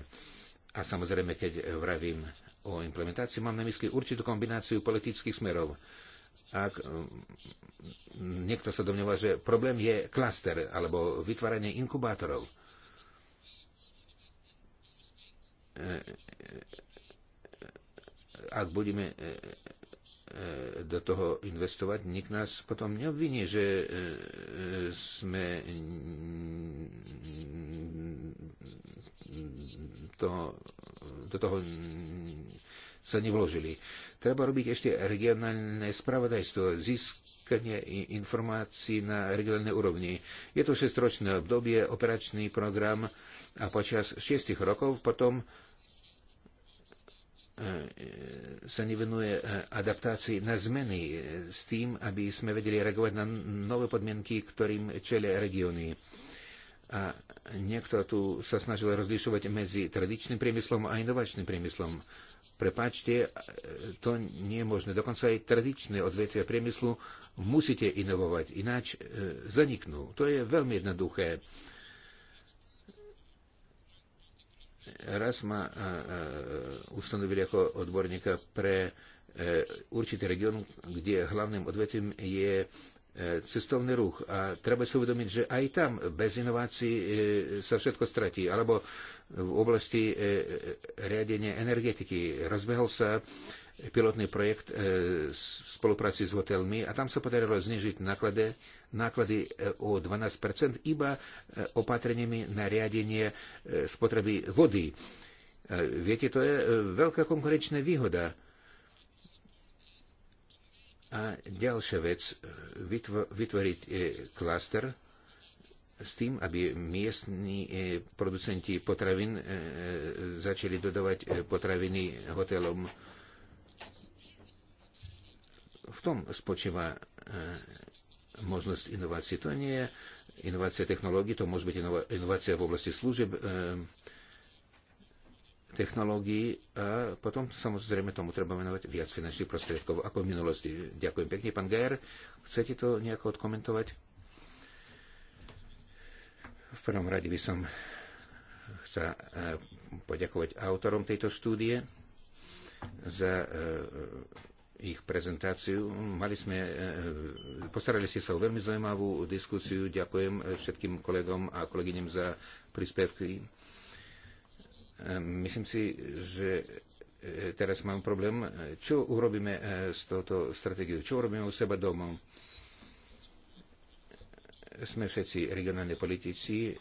A samozrejme, keď vravím o implementácii, mám na mysli určitú kombináciu politických smerov ak mm, niekto sa domnieva, že problém je klaster alebo vytváranie inkubátorov. E, e, ak budeme e, do toho investovať, nik nás potom neobviní, že sme to, do toho sa nevložili. Treba robiť ešte regionálne spravodajstvo, získanie informácií na regionálnej úrovni. Je to šestročné obdobie, operačný program a počas šiestich rokov potom e, sa nevenuje e, adaptácii na zmeny e, s tým, aby sme vedeli reagovať na nové podmienky, ktorým čelia regióny. A niekto tu sa snažil rozlišovať medzi tradičným priemyslom a inovačným priemyslom. Prepačte, to nie je možné. Dokonca aj tradičné odvetvia priemyslu musíte inovovať, ináč e, zaniknú. To je veľmi jednoduché. Raz ma e, e ustanovili ako odborníka pre e, určitý region, kde hlavným odvetvím je e, E, cestovný ruch. A treba si uvedomiť, že aj tam bez inovácií e, sa všetko stratí. Alebo v oblasti e, riadenia energetiky rozbehol sa pilotný projekt v spolupráci s hotelmi a tam sa podarilo znižiť náklady, náklady o 12 iba opatreniami na riadenie spotreby vody. Viete, to je veľká konkurenčná výhoda a ďalšia vec, vytvoriť e, klaster s tým, aby miestni e, producenti potravín e, začali dodávať potraviny hotelom. V tom spočíva možnosť inovácií. To nie je inovácia technológií, to môže byť inovácia v oblasti služieb technológií a potom samozrejme tomu treba venovať viac finančných prostriedkov ako v minulosti. Ďakujem pekne, pán Gajer. Chcete to nejako odkomentovať? V prvom rade by som chcel e, poďakovať autorom tejto štúdie za e, ich prezentáciu. Mali sme, e, postarali ste sa o veľmi zaujímavú diskusiu. Ďakujem všetkým kolegom a kolegyňam za príspevky. Myslím si, že e, teraz mám problém, čo urobíme e, s touto stratégiou, čo urobíme u seba domov. Sme všetci regionálni politici. E,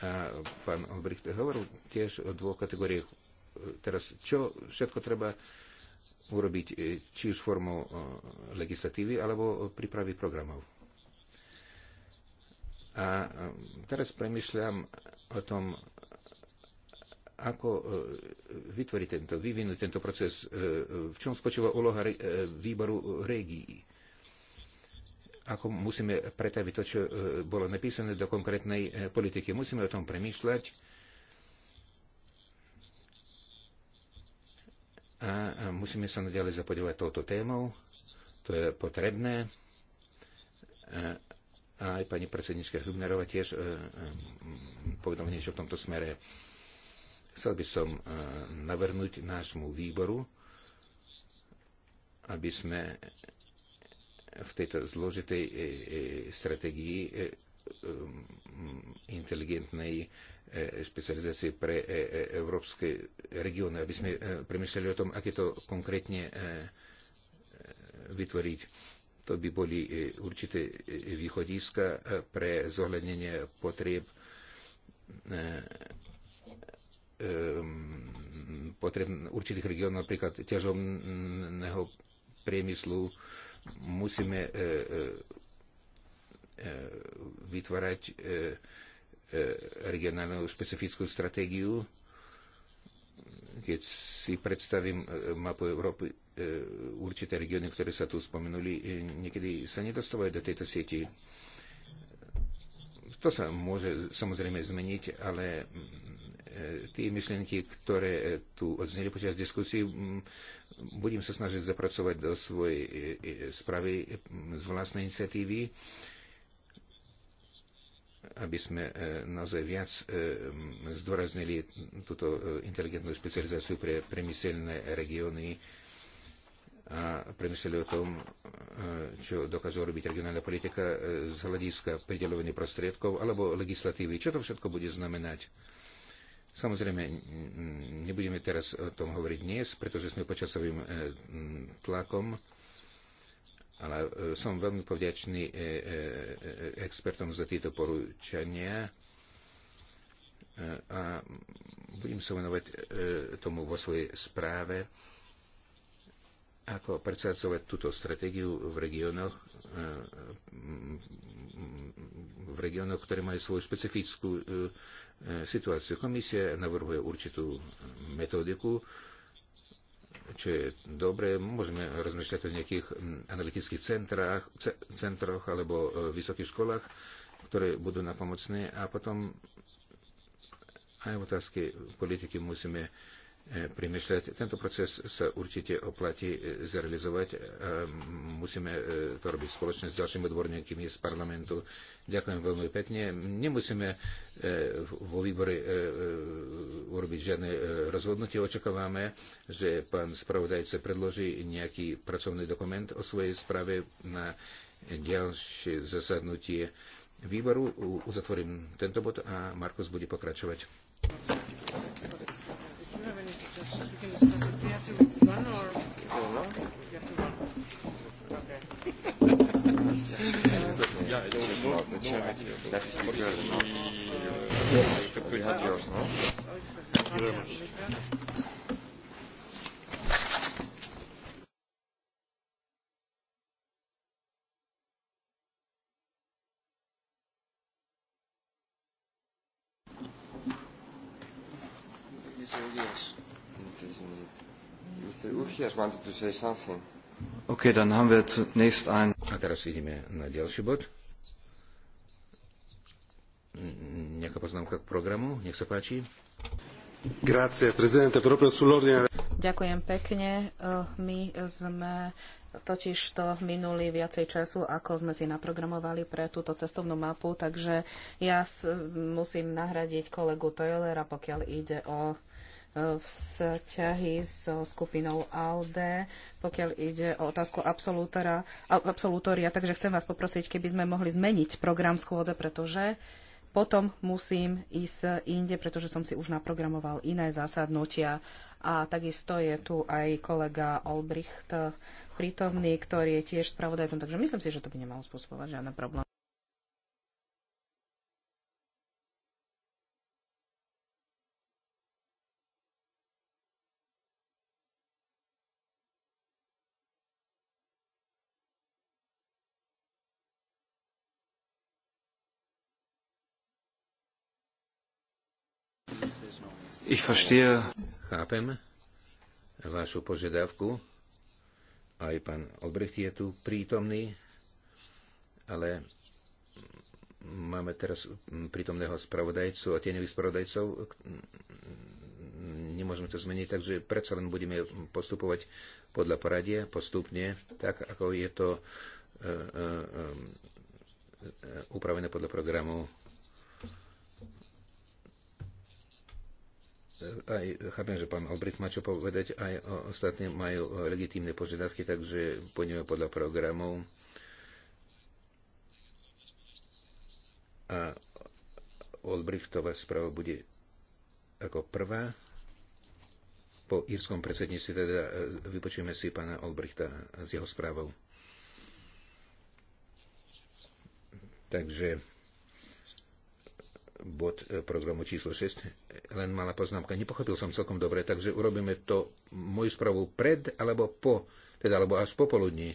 a pán Olbricht hovoril tiež o dvoch kategóriách. Teraz, čo všetko treba urobiť, či už formou legislatívy, alebo prípravy programov? A teraz premyšľam o tom, ako e, vytvoriť tento, vyvinúť tento proces, e, v čom spočíva úloha e, výboru regií. Ako musíme pretaviť to, čo bolo napísané do konkrétnej politiky. Musíme o tom premýšľať. A musíme sa nadalej zapodívať touto témou. To je potrebné a aj pani predsednička Hübnerová tiež e, e, povedala niečo v tomto smere. Chcel by som e, navrhnúť nášmu výboru, aby sme v tejto zložitej strategii inteligentnej špecializácie pre európske regióny, aby sme premyšľali o tom, aké to konkrétne vytvoriť. To by boli e, určité e, východiska e, pre zohľadnenie potrieb potreb určitých regiónov, napríklad ťažobného priemyslu, musíme vytvárať regionálnu špecifickú stratégiu. Keď si predstavím mapu Európy E, určité regióny, ktoré sa tu spomenuli, e, niekedy sa nedostávajú do tejto sieti. To sa môže samozrejme zmeniť, ale e, tie myšlienky, ktoré tu odzneli počas diskusí, budem sa snažiť zapracovať do svojej správy z vlastnej iniciatívy, aby sme naozaj viac zdôraznili túto inteligentnú špecializáciu pre priemyselné regióny a premysleli o tom, e, čo dokázala robiť regionálna politika e, z hľadiska pridelovania prostriedkov alebo legislatívy. Čo to všetko bude znamenať? Samozrejme, nebudeme teraz o tom hovoriť dnes, pretože sme pod časovým e, tlakom, ale som veľmi povďačný expertom za tieto porúčania a budem sa venovať tomu vo svojej správe ako predsadzovať túto stratégiu v regiónoch, v regiónoch, ktoré majú svoju špecifickú e, situáciu. Komisia navrhuje určitú metodiku, čo je dobré. Môžeme rozmýšľať o nejakých analytických centrách, centroch alebo e, vysokých školách, ktoré budú napomocné a potom aj v otázke politiky musíme uh, premyšľať. Tento proces sa určite oplatí e, zrealizovať. E, musíme e, to robiť spoločne s ďalšími odborníkmi z parlamentu. Ďakujem veľmi pekne. Nemusíme vo výbore urobiť žiadne rozhodnutie. Očakávame, že pán spravodajca predloží nejaký pracovný dokument o svojej správe na ďalšie zasadnutie výboru. Uzatvorím tento bod a Markus bude pokračovať. Merci for your Yes. We have yours, no? Thank you very Yes dann haben wir zunächst ein... A teraz ideme na ďalší bod. Nejaká poznámka k programu? Nech sa páči. Grazie, prezidente, proprio sull'ordine... Ďakujem pekne. Eh, my sme totiž to minuli viacej času, ako sme si naprogramovali pre túto cestovnú mapu, takže ja musím nahradiť kolegu Toilera, pokiaľ ide o vzťahy so skupinou ALDE, pokiaľ ide o otázku absolutória. Takže chcem vás poprosiť, keby sme mohli zmeniť program schôdze, pretože potom musím ísť inde, pretože som si už naprogramoval iné zasadnutia. A takisto je tu aj kolega Olbricht prítomný, ktorý je tiež spravodajcom, takže myslím si, že to by nemalo spôsobovať žiadne problémy. Ich verstehe. Chápem vašu požiadavku. Aj pán Obrecht je tu prítomný, ale máme teraz prítomného spravodajcu a tieňových spravodajcov. Nemôžeme to zmeniť, takže predsa len budeme postupovať podľa poradia, postupne, tak ako je to e, e, e, upravené podľa programu aj, chápem, že pán Albrecht má čo povedať, aj ostatní majú legitímne požiadavky, takže pôjdeme podľa programov. A Albrechtová správa bude ako prvá. Po írskom predsedníctve teda e, vypočujeme si pána Albrechta s jeho správou. Takže bod e, programu číslo 6, len malá poznámka. Nepochopil som celkom dobre, takže urobíme to moju spravu pred alebo po, teda alebo až popoludní.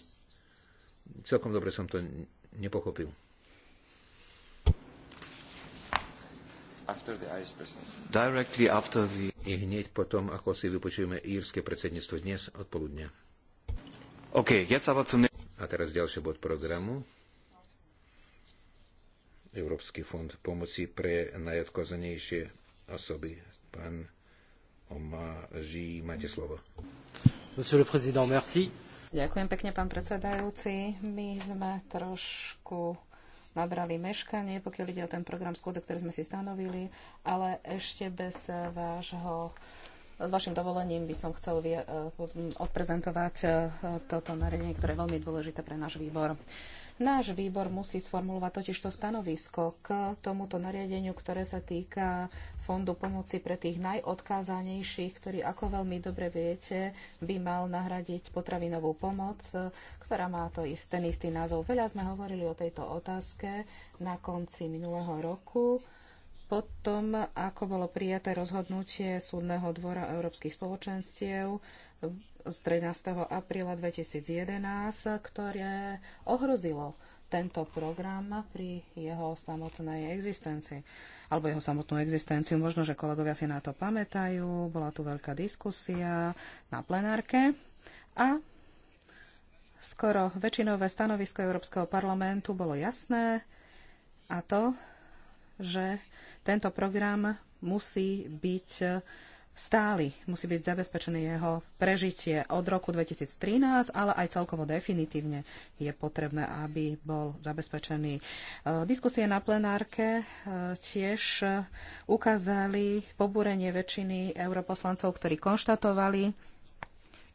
Celkom dobre som to nepochopil. After the Directly after the... I hneď potom, ako si vypočujeme írske predsedníctvo dnes odpoludne. Okay, jetzt aber zum... A teraz ďalší bod programu. Európsky fond pomoci pre najodkazanejšie osoby. Pán Omaží, máte slovo. Monsieur le Président, merci. Ďakujem pekne, pán predsedajúci. My sme trošku nabrali meškanie, pokiaľ ide o ten program skôdze, ktorý sme si stanovili, ale ešte bez vášho s vašim dovolením by som chcel odprezentovať e, toto nariadenie, ktoré je veľmi dôležité pre náš výbor. Náš výbor musí sformulovať totižto stanovisko k tomuto nariadeniu, ktoré sa týka fondu pomoci pre tých najodkázanejších, ktorý, ako veľmi dobre viete, by mal nahradiť potravinovú pomoc, ktorá má to ist, ten istý názov. Veľa sme hovorili o tejto otázke na konci minulého roku. Potom, ako bolo prijaté rozhodnutie Súdneho dvora Európskych spoločenstiev, z 13. apríla 2011, ktoré ohrozilo tento program pri jeho samotnej existencii alebo jeho samotnú existenciu. Možno, že kolegovia si na to pamätajú. Bola tu veľká diskusia na plenárke a skoro väčšinové stanovisko Európskeho parlamentu bolo jasné a to, že tento program musí byť stály. Musí byť zabezpečené jeho prežitie od roku 2013, ale aj celkovo definitívne je potrebné, aby bol zabezpečený. E, diskusie na plenárke e, tiež e, ukázali pobúrenie väčšiny europoslancov, ktorí konštatovali,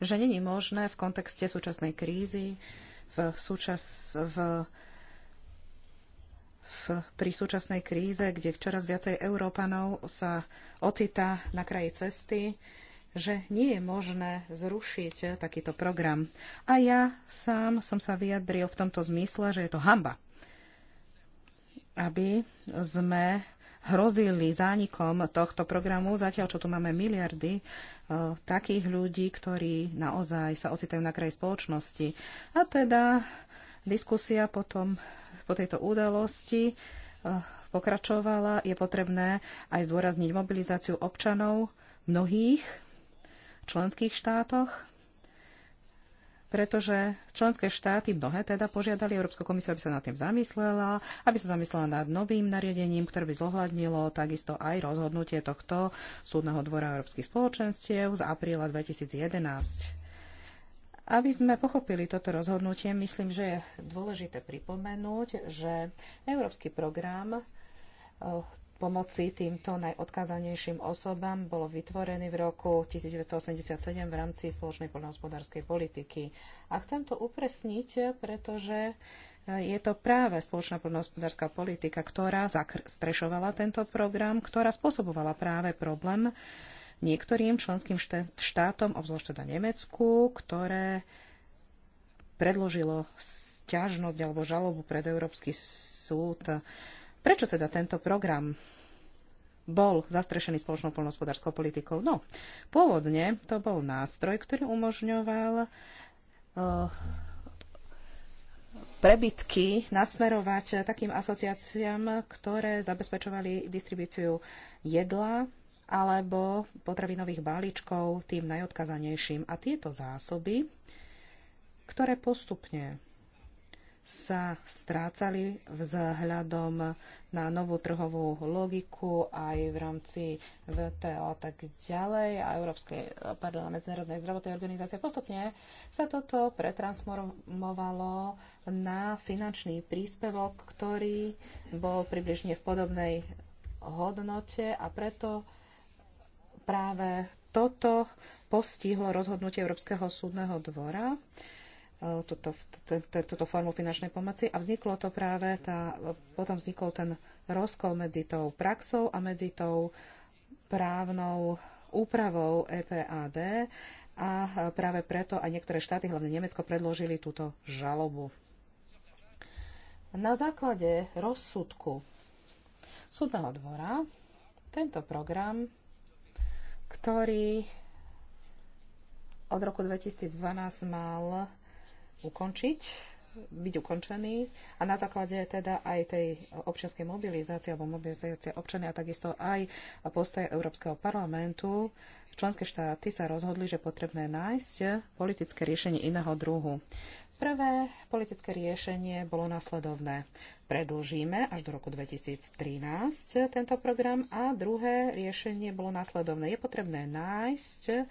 že není možné v kontexte súčasnej krízy v, súčas, v v, pri súčasnej kríze, kde čoraz viacej Európanov sa ocitá na kraji cesty, že nie je možné zrušiť takýto program. A ja sám som sa vyjadril v tomto zmysle, že je to hamba, aby sme hrozili zánikom tohto programu, zatiaľ čo tu máme miliardy e, takých ľudí, ktorí naozaj sa ocitajú na kraji spoločnosti. A teda diskusia potom po tejto udalosti eh, pokračovala, je potrebné aj zdôrazniť mobilizáciu občanov v mnohých členských štátoch, pretože členské štáty, mnohé teda, požiadali Európsku komisiu, aby sa nad tým zamyslela, aby sa zamyslela nad novým nariadením, ktoré by zohľadnilo takisto aj rozhodnutie tohto súdneho dvora Európskych spoločenstiev z apríla 2011. Aby sme pochopili toto rozhodnutie, myslím, že je dôležité pripomenúť, že Európsky program eh, pomoci týmto najodkázanejším osobám bol vytvorený v roku 1987 v rámci spoločnej poľnohospodárskej politiky. A chcem to upresniť, pretože eh, je to práve spoločná poľnohospodárska politika, ktorá zastrešovala tento program, ktorá spôsobovala práve problém, niektorým členským štátom, obzvlášť teda Nemecku, ktoré predložilo sťažnosť alebo žalobu pred Európsky súd. Prečo teda tento program bol zastrešený spoločnou poľnohospodárskou politikou? No, pôvodne to bol nástroj, ktorý umožňoval eh, prebytky nasmerovať takým asociáciám, ktoré zabezpečovali distribúciu jedla alebo potravinových balíčkov tým najodkazanejším. A tieto zásoby, ktoré postupne sa strácali vzhľadom na novú trhovú logiku aj v rámci VTO a tak ďalej a Európskej, pardon, Medzinárodnej zdravotnej organizácie. Postupne sa toto pretransformovalo na finančný príspevok, ktorý bol približne v podobnej hodnote a preto práve toto postihlo rozhodnutie Európskeho súdneho dvora, e, túto, túto formu finančnej pomoci a vzniklo to práve, tá, potom vznikol ten rozkol medzi tou praxou a medzi tou právnou úpravou EPAD a práve preto aj niektoré štáty, hlavne Nemecko, predložili túto žalobu. Na základe rozsudku súdneho dvora tento program ktorý od roku 2012 mal ukončiť, byť ukončený a na základe teda aj tej občianskej mobilizácie alebo mobilizácie občania a takisto aj postoje Európskeho parlamentu členské štáty sa rozhodli, že potrebné nájsť politické riešenie iného druhu. Prvé politické riešenie bolo následovné. Predlžíme až do roku 2013 tento program a druhé riešenie bolo následovné. Je potrebné nájsť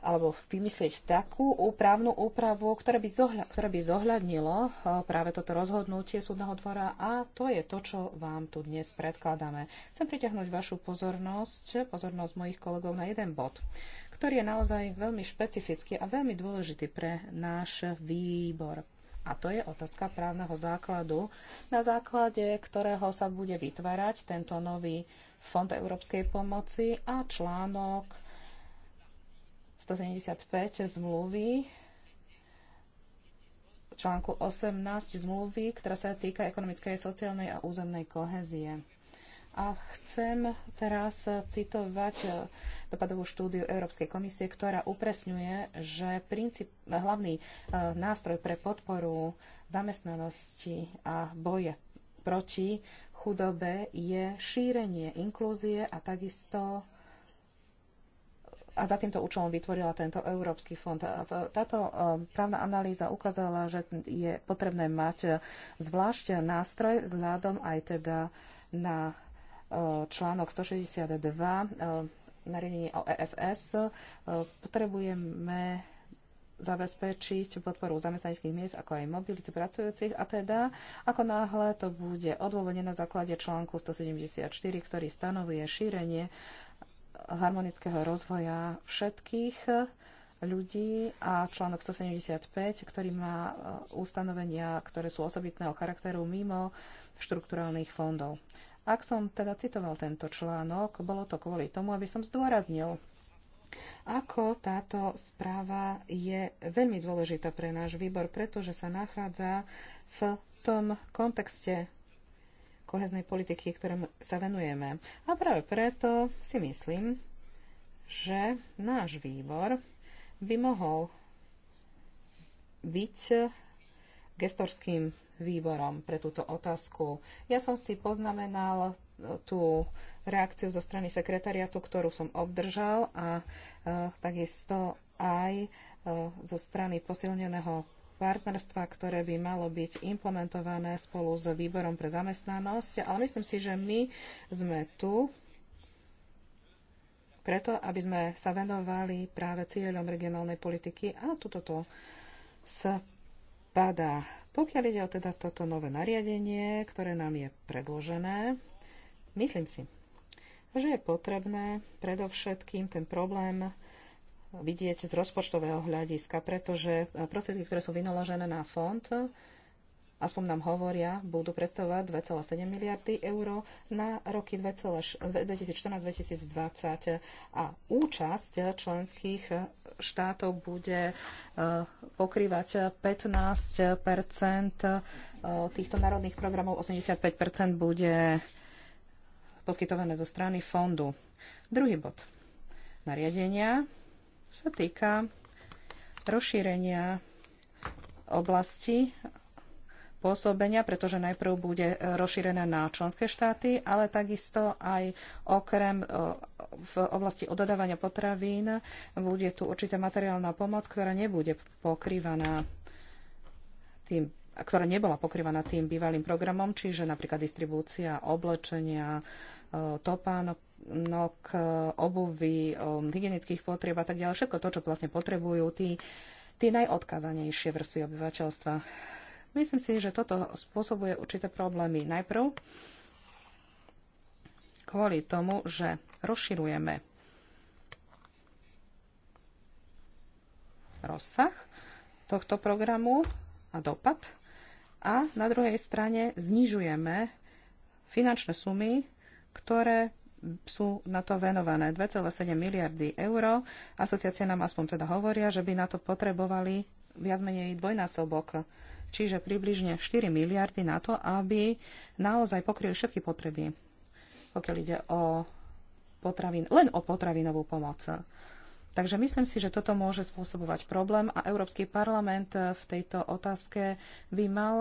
alebo vymyslieť takú právnu úpravu, ktorá by, zohľa, ktorá by zohľadnilo eh, práve toto rozhodnutie súdneho dvora a to je to, čo vám tu dnes predkladáme. Chcem priťahnuť vašu pozornosť, pozornosť mojich kolegov na jeden bod, ktorý je naozaj veľmi špecifický a veľmi dôležitý pre náš výbor. A to je otázka právneho základu, na základe ktorého sa bude vytvárať tento nový Fond Európskej pomoci a článok 175 zmluvy článku 18 zmluvy, ktorá sa týka ekonomickej, sociálnej a územnej kohezie. A chcem teraz citovať dopadovú štúdiu Európskej komisie, ktorá upresňuje, že princíp, hlavný e, nástroj pre podporu zamestnanosti a boje proti chudobe je šírenie inklúzie a takisto a za týmto účelom vytvorila tento Európsky fond. Táto e, právna analýza ukázala, že je potrebné mať e, zvlášť nástroj vzhľadom aj teda na článok 162 nariadení o EFS, e, potrebujeme zabezpečiť podporu zamestnaneckých miest, ako aj mobilitu pracujúcich a teda, ako náhle to bude odôvodnené na základe článku 174, ktorý stanovuje šírenie harmonického rozvoja všetkých ľudí a článok 175, ktorý má e, ustanovenia, ktoré sú osobitného charakteru mimo štruktúrálnych fondov. Ak som teda citoval tento článok, bolo to kvôli tomu, aby som zdôraznil, ako táto správa je veľmi dôležitá pre náš výbor, pretože sa nachádza v tom kontexte koheznej politiky, ktorým sa venujeme. A práve preto si myslím, že náš výbor by mohol byť gestorským výborom pre túto otázku. Ja som si poznamenal e, tú reakciu zo strany sekretariatu, ktorú som obdržal a e, takisto aj e, zo strany posilneného partnerstva, ktoré by malo byť implementované spolu s výborom pre zamestnanosť. Ale myslím si, že my sme tu preto, aby sme sa venovali práve cieľom regionálnej politiky a tuto to s padá. Pokiaľ ide o teda toto nové nariadenie, ktoré nám je predložené, myslím si, že je potrebné predovšetkým ten problém vidieť z rozpočtového hľadiska, pretože prostriedky, ktoré sú vynaložené na fond, aspoň nám hovoria, budú predstavovať 2,7 miliardy eur na roky 2014-2020 a účasť členských štátov bude e, pokrývať 15 e, týchto národných programov, 85 bude poskytované zo strany fondu. Druhý bod nariadenia sa týka rozšírenia oblasti pôsobenia, pretože najprv bude e, rozšírená na členské štáty, ale takisto aj okrem e, v oblasti ododávania potravín bude tu určitá materiálna pomoc, ktorá nebude pokrývaná tým ktorá nebola pokrývaná tým bývalým programom, čiže napríklad distribúcia oblečenia, e, topánok, obuvy, hygienických potrieb a tak ďalej. Všetko to, čo vlastne potrebujú tí, tí najodkázanejšie vrstvy obyvateľstva. Myslím si, že toto spôsobuje určité problémy. Najprv kvôli tomu, že rozširujeme rozsah tohto programu a dopad a na druhej strane znižujeme finančné sumy, ktoré sú na to venované 2,7 miliardy eur. Asociácie nám aspoň teda hovoria, že by na to potrebovali viac menej dvojnásobok čiže približne 4 miliardy na to, aby naozaj pokryli všetky potreby, pokiaľ ide o potravin, len o potravinovú pomoc. Takže myslím si, že toto môže spôsobovať problém a Európsky parlament v tejto otázke by mal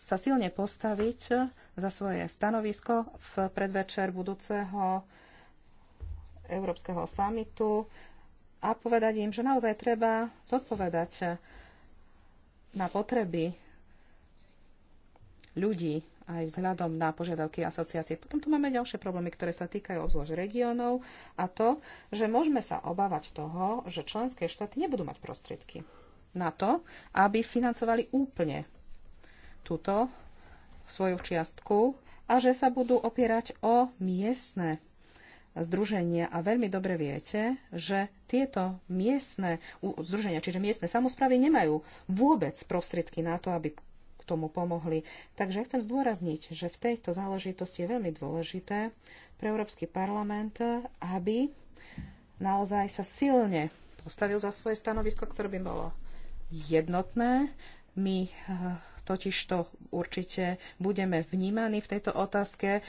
sa silne postaviť za svoje stanovisko v predvečer budúceho Európskeho samitu a povedať im, že naozaj treba zodpovedať na potreby ľudí aj vzhľadom na požiadavky asociácie. Potom tu máme ďalšie problémy, ktoré sa týkajú obzvlášť regiónov a to, že môžeme sa obávať toho, že členské štáty nebudú mať prostriedky na to, aby financovali úplne túto svoju čiastku a že sa budú opierať o miestne združenia a veľmi dobre viete, že tieto miestne združenia, čiže miestne samozprávy nemajú vôbec prostriedky na to, aby k tomu pomohli. Takže chcem zdôrazniť, že v tejto záležitosti je veľmi dôležité pre Európsky parlament, aby naozaj sa silne postavil za svoje stanovisko, ktoré by bolo jednotné my eh, totiž to určite budeme vnímaní v tejto otázke,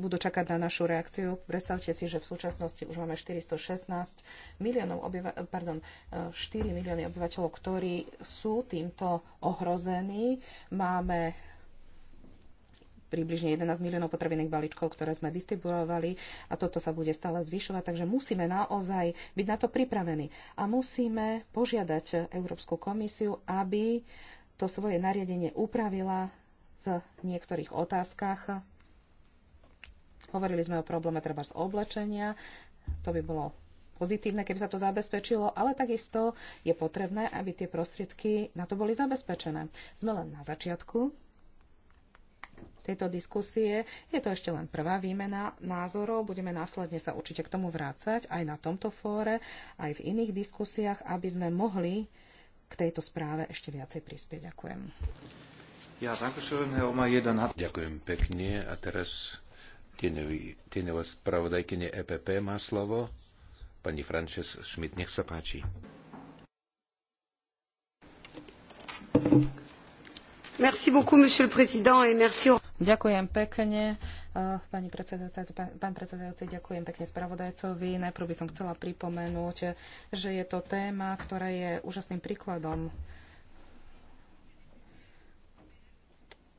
budú čakať na našu reakciu. Predstavte si, že v súčasnosti už máme 416 miliónov obyva- pardon, 4 eh, milióny obyvateľov, ktorí sú týmto ohrození. Máme približne 11 miliónov potravinných balíčkov, ktoré sme distribuovali a toto sa bude stále zvyšovať, takže musíme naozaj byť na to pripravení a musíme požiadať Európsku komisiu, aby to svoje nariadenie upravila v niektorých otázkach. Hovorili sme o probléme treba z oblečenia, to by bolo pozitívne, keby sa to zabezpečilo, ale takisto je potrebné, aby tie prostriedky na to boli zabezpečené. Sme len na začiatku tejto diskusie. Je to ešte len prvá výmena názorov. Budeme následne sa určite k tomu vrácať aj na tomto fóre, aj v iných diskusiách, aby sme mohli k tejto správe ešte viacej prispieť. Ďakujem. Ja, Ďakujem jeden. Ďakujem pekne. A teraz tieňová spravodajkyne EPP má slovo. Pani Frances Schmidt, nech sa páči. Merci Beaucoup, monsieur le président, et merci... Ďakujem pekne. Eh, pani predsedajúca, pán predsedajúci, ďakujem pekne spravodajcovi. Najprv by som chcela pripomenúť, že je to téma, ktorá je úžasným príkladom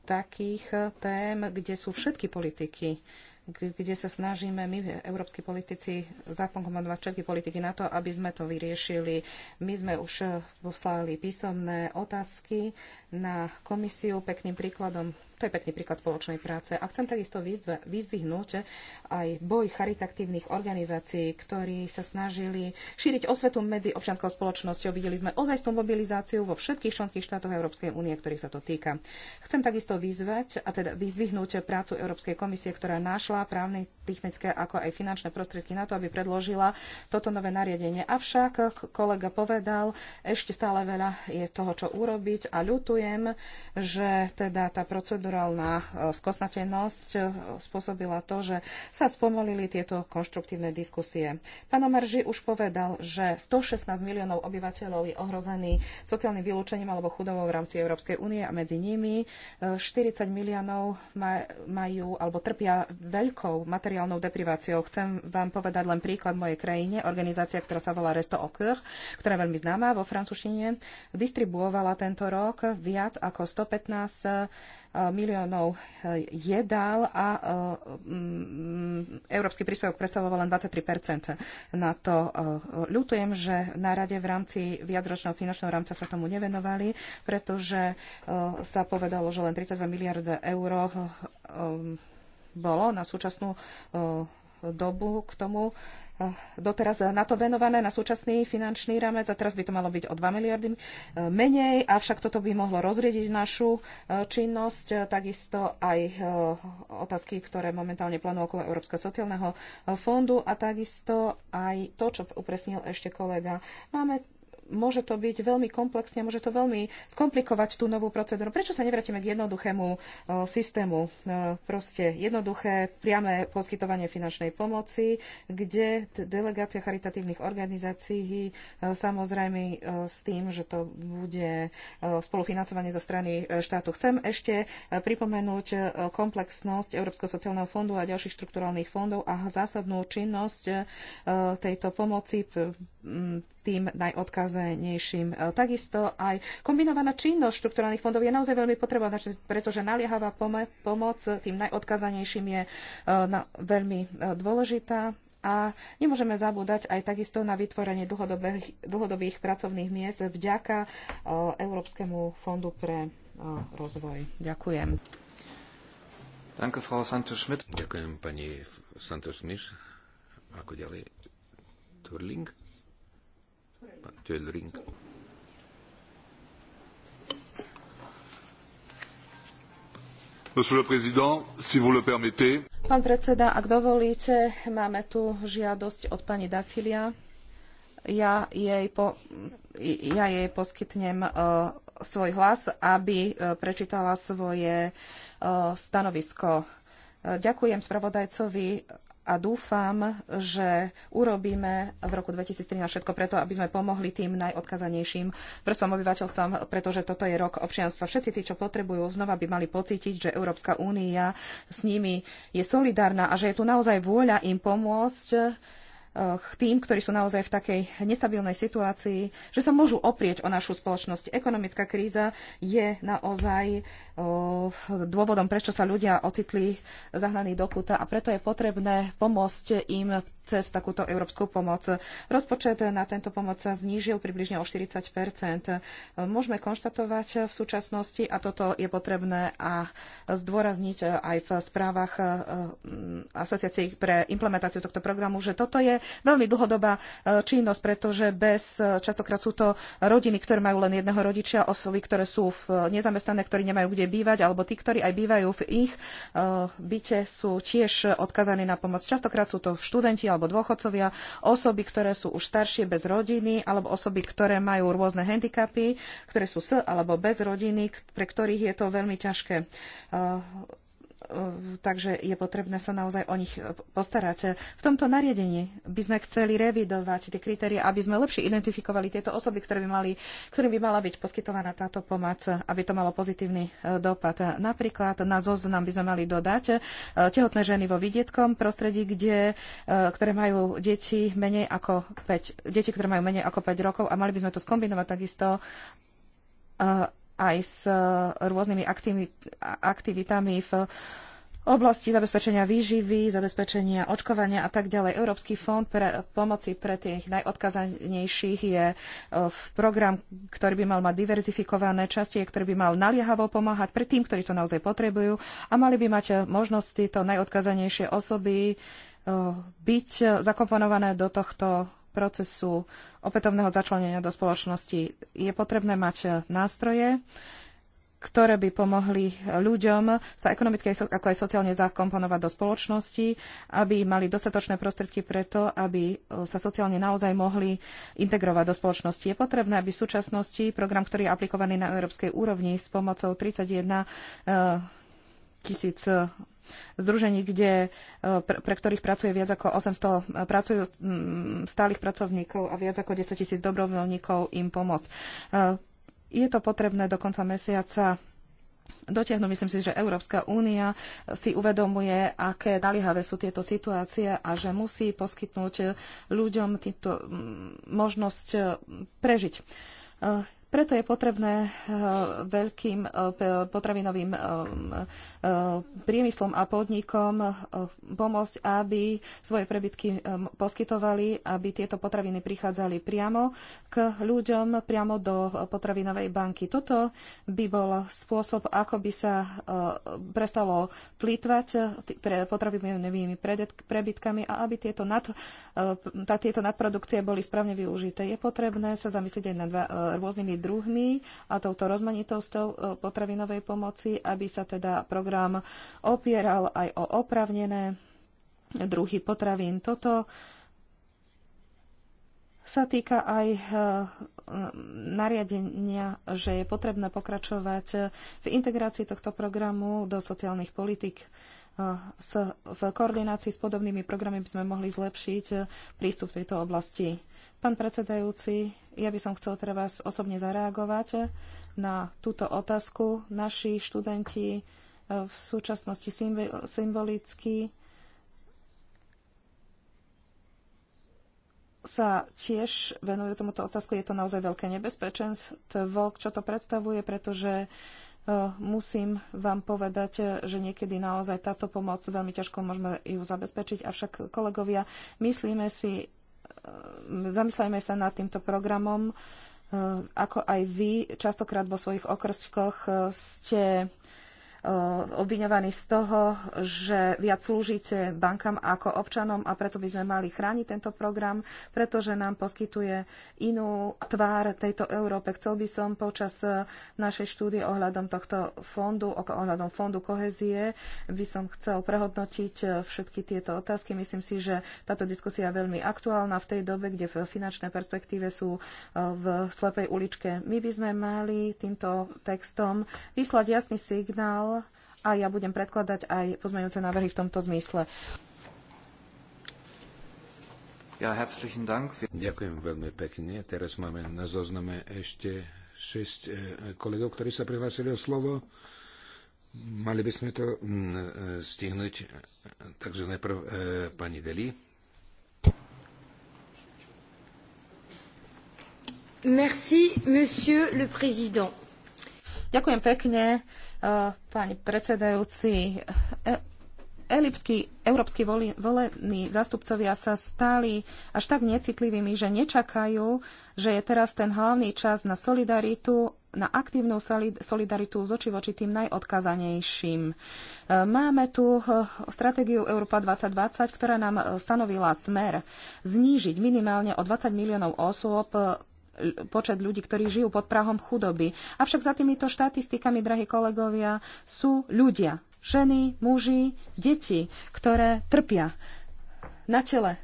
takých tém, kde sú všetky politiky, kde sa snažíme my, európski politici, zakomponovať všetky politiky na to, aby sme to vyriešili. My sme už poslali písomné otázky na komisiu. Pekným príkladom to je pekný príklad spoločnej práce. A chcem takisto vyzdvihnúť aj boj charitaktívnych organizácií, ktorí sa snažili šíriť osvetu medzi občianskou spoločnosťou. Videli sme ozajstnú mobilizáciu vo všetkých členských štátoch Európskej únie, ktorých sa to týka. Chcem takisto vyzvať, a teda vyzvihnúť prácu Európskej komisie, ktorá našla právne, technické ako aj finančné prostriedky na to, aby predložila toto nové nariadenie. Avšak kolega povedal, ešte stále veľa je toho, čo urobiť a ľutujem, že teda tá procedúra procedurálna e, skosnatenosť e, spôsobila to, že sa spomalili tieto konštruktívne diskusie. Pán Omerži už povedal, že 116 miliónov obyvateľov je ohrozený sociálnym vylúčením alebo chudobou v rámci Európskej únie a medzi nimi 40 e, miliónov majú alebo trpia veľkou materiálnou depriváciou. Chcem vám povedať len príklad mojej krajine. Organizácia, ktorá sa volá Resto Ocur, ktorá je veľmi známa vo francúzštine, distribuovala tento rok viac ako 115 Eh, miliónov eh, jedál a eh, mm, európsky príspevok predstavoval len 23 na to. Ľutujem, že na rade v rámci viacročného finančného rámca sa tomu nevenovali, pretože sa povedalo, že len 32 miliard eur bolo na súčasnú dobu k tomu eh, doteraz na to venované, na súčasný finančný rámec a teraz by to malo byť o 2 miliardy eh, menej, avšak toto by mohlo rozriediť našu eh, činnosť, takisto aj otázky, ktoré momentálne plánujú okolo Európskeho sociálneho fondu a takisto aj to, čo upresnil ešte kolega. Máme môže to byť veľmi komplexne, môže to veľmi skomplikovať tú novú procedúru. Prečo sa nevrátime k jednoduchému e, systému? E, proste jednoduché, priame poskytovanie finančnej pomoci, kde delegácia charitatívnych organizácií e, samozrejme s tým, že to bude spolufinancovanie zo strany štátu. Chcem ešte pripomenúť komplexnosť Európskeho sociálneho fondu a ďalších štrukturálnych fondov a zásadnú činnosť tejto pomoci tým najodkazeným prirodzenejším. E, takisto aj kombinovaná činnosť štrukturálnych fondov je naozaj veľmi potrebná, pretože naliehavá pomoc e, tým najodkázanejším je e, veľmi dôležitá a nemôžeme zabúdať aj takisto na vytvorenie dlhodobých, dlhodobých pracovných miest vďaka Európskemu fondu pre rozvoj. Ďakujem. Danke, Frau Santos-Schmidt. Ďakujem, pani santos Ako ďalej? Turling? Pán ring. Pán predseda, ak dovolíte, máme tu žiadosť od pani Dafilia. Ja jej, po, ja jej poskytnem uh, svoj hlas, aby uh, prečítala svoje uh, stanovisko. Ďakujem spravodajcovi a dúfam, že urobíme v roku 2013 všetko preto, aby sme pomohli tým najodkazanejším vrstvom obyvateľstvom, pretože toto je rok občianstva. Všetci tí, čo potrebujú, znova by mali pocítiť, že Európska únia s nimi je solidárna a že je tu naozaj vôľa im pomôcť Eh, k tým, ktorí sú naozaj v takej nestabilnej situácii, že sa môžu oprieť o našu spoločnosť. Ekonomická kríza je naozaj eh, dôvodom, prečo sa ľudia ocitli zahnaní do kúta a preto je potrebné pomôcť im cez takúto európsku pomoc. Rozpočet na tento pomoc sa znížil približne o 40 eh, Môžeme konštatovať v súčasnosti, a toto je potrebné a zdôrazniť aj v správach asociácií pre implementáciu tohto programu, že toto je je veľmi dlhodobá e, činnosť, pretože bez, e, častokrát sú to rodiny, ktoré majú len jedného rodičia, osoby, ktoré sú v e, nezamestnané, ktorí nemajú kde bývať, alebo tí, ktorí aj bývajú v ich byte, sú tiež odkazaní na pomoc. Častokrát sú to študenti alebo dôchodcovia, osoby, ktoré sú už staršie bez rodiny, alebo osoby, ktoré majú rôzne handicapy, ktoré sú s alebo bez rodiny, pre ktorých je to veľmi ťažké takže je potrebné sa naozaj o nich postarať. V tomto nariadení by sme chceli revidovať tie kritéria, aby sme lepšie identifikovali tieto osoby, ktoré by mali, ktorým by mala byť poskytovaná táto pomoc, aby to malo pozitívny e, dopad. Napríklad na zoznam by sme mali dodať e, tehotné ženy vo vidieckom prostredí, kde, e, ktoré majú deti menej ako 5, deti, ktoré majú menej ako 5 rokov a mali by sme to skombinovať takisto aj s eh, rôznymi aktivitami v oblasti zabezpečenia výživy, zabezpečenia očkovania a tak ďalej. Európsky fond pre pomoci pre tých najodkazanejších je eh, program, ktorý by mal mať diverzifikované častie, ktorý by mal naliehavo pomáhať pre tým, ktorí to naozaj potrebujú a mali by mať eh, možnosť tieto najodkazanejšie osoby byť zakomponované do tohto procesu opätovného začlenenia do spoločnosti. Je potrebné mať nástroje, ktoré by pomohli ľuďom sa ekonomicky ako aj sociálne zakomponovať do spoločnosti, aby mali dostatočné prostriedky preto, aby e, sa sociálne naozaj mohli integrovať do spoločnosti. Je potrebné, aby v súčasnosti program, ktorý je aplikovaný na európskej úrovni s pomocou 31 e, tisíc združení, kde, e, pre, pre ktorých pracuje viac ako 800 e, pracujú, mm, stálych pracovníkov a viac ako 10 tisíc dobrovoľníkov im pomôcť. E, je to potrebné do konca mesiaca dotiahnu. Myslím si, že Európska únia si uvedomuje, aké naliehavé sú tieto situácie a že musí poskytnúť ľuďom túto mm, možnosť prežiť. Preto je potrebné eh, veľkým eh, potravinovým eh, priemyslom a podnikom pomôcť, aby svoje prebytky poskytovali, aby tieto potraviny prichádzali priamo k ľuďom, priamo do potravinovej banky. Toto by bol spôsob, ako by sa prestalo plýtvať potravinovými prebytkami a aby tieto, nad, tá, tieto nadprodukcie boli správne využité. Je potrebné sa zamyslieť aj nad rôznymi druhmi a touto rozmanitosťou e, potravinovej pomoci, aby sa teda program opieral aj o opravnené druhy potravín. Toto sa týka aj e, nariadenia, že je potrebné pokračovať v integrácii tohto programu do sociálnych politik s, v koordinácii s podobnými programy by sme mohli zlepšiť eh, prístup v tejto oblasti. Pán predsedajúci, ja by som chcel teraz vás osobne zareagovať eh, na túto otázku. Naši študenti eh, v súčasnosti symbolicky sa tiež venujú tomuto otázku. Je to naozaj veľké nebezpečenstvo, čo to predstavuje, pretože uh, E, musím vám povedať, e, že niekedy naozaj táto pomoc veľmi ťažko môžeme ju zabezpečiť, avšak kolegovia, myslíme si, e, zamyslejme sa nad týmto programom, ako aj vy častokrát vo svojich okrskoch ste Eh, obviňovaní z toho, že viac slúžite bankám ako občanom a preto by sme mali chrániť tento program, pretože nám poskytuje inú tvár tejto Európe. Chcel by som počas eh, našej štúdie ohľadom tohto fondu, ohľadom fondu kohezie, by som chcel prehodnotiť eh, všetky tieto otázky. Myslím si, že táto diskusia je veľmi aktuálna v tej dobe, kde v finančnej perspektíve sú v slepej uličke. My by sme mali týmto textom vyslať jasný signál, zmysel a ja budem predkladať aj pozmeňujúce návrhy v tomto zmysle. Ďakujem veľmi pekne. Teraz máme na zozname ešte 6 e, kolegov, ktorí sa prihlásili o slovo. Mali by sme to mm, e, stihnúť. Takže najprv e, pani Deli. Merci, monsieur le président. Ďakujem pekne. Pani predsedajúci, e, elipskí európsky volení zástupcovia sa stali až tak necitlivými, že nečakajú, že je teraz ten hlavný čas na solidaritu, na aktívnu solidaritu z oči voči tým najodkázanejším. E, máme tu e, stratégiu Európa 2020, ktorá nám stanovila smer znížiť minimálne o 20 miliónov osôb počet ľudí, ktorí žijú pod prahom chudoby. Avšak za týmito štatistikami, drahí kolegovia, sú ľudia, ženy, muži, deti, ktoré trpia na tele.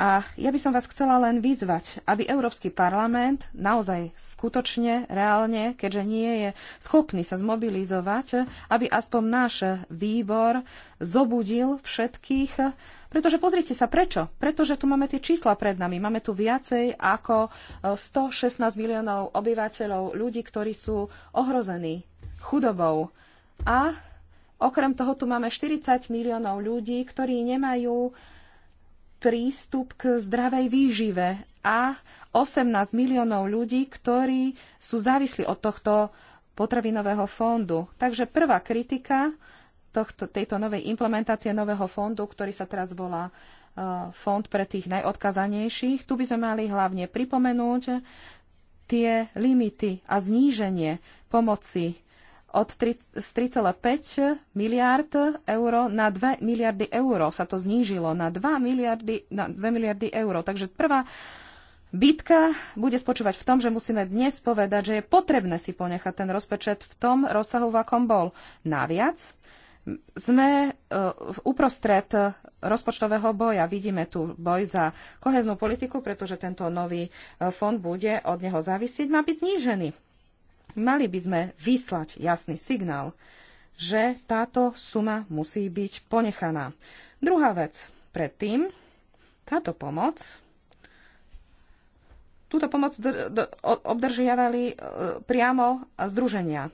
A ja by som vás chcela len vyzvať, aby Európsky parlament naozaj skutočne, reálne, keďže nie je schopný sa zmobilizovať, aby aspoň náš výbor zobudil všetkých pretože pozrite sa, prečo? Pretože tu máme tie čísla pred nami. Máme tu viacej ako 116 e, miliónov obyvateľov, ľudí, ktorí sú ohrození chudobou. A okrem toho tu máme 40 miliónov ľudí, ktorí nemajú prístup k zdravej výžive a 18 miliónov ľudí, ktorí sú závislí od tohto potravinového fondu. Takže prvá kritika tohto, tejto novej implementácie nového fondu, ktorý sa teraz volá e, fond pre tých najodkazanejších. Tu by sme mali hlavne pripomenúť tie limity a zníženie pomoci od 3, z 3,5 miliard eur na 2 miliardy eur. Sa to znížilo na 2 miliardy, na 2 miliardy eur. Takže prvá bitka bude spočívať v tom, že musíme dnes povedať, že je potrebné si ponechať ten rozpočet v tom rozsahu, v akom bol. Naviac sme e, v uprostred rozpočtového boja. Vidíme tu boj za koheznú politiku, pretože tento nový e, fond bude od neho závisieť, má byť znížený. Mali by sme vyslať jasný signál, že táto suma musí byť ponechaná. Druhá vec. Predtým táto pomoc Túto pomoc obdržiavali e, priamo združenia.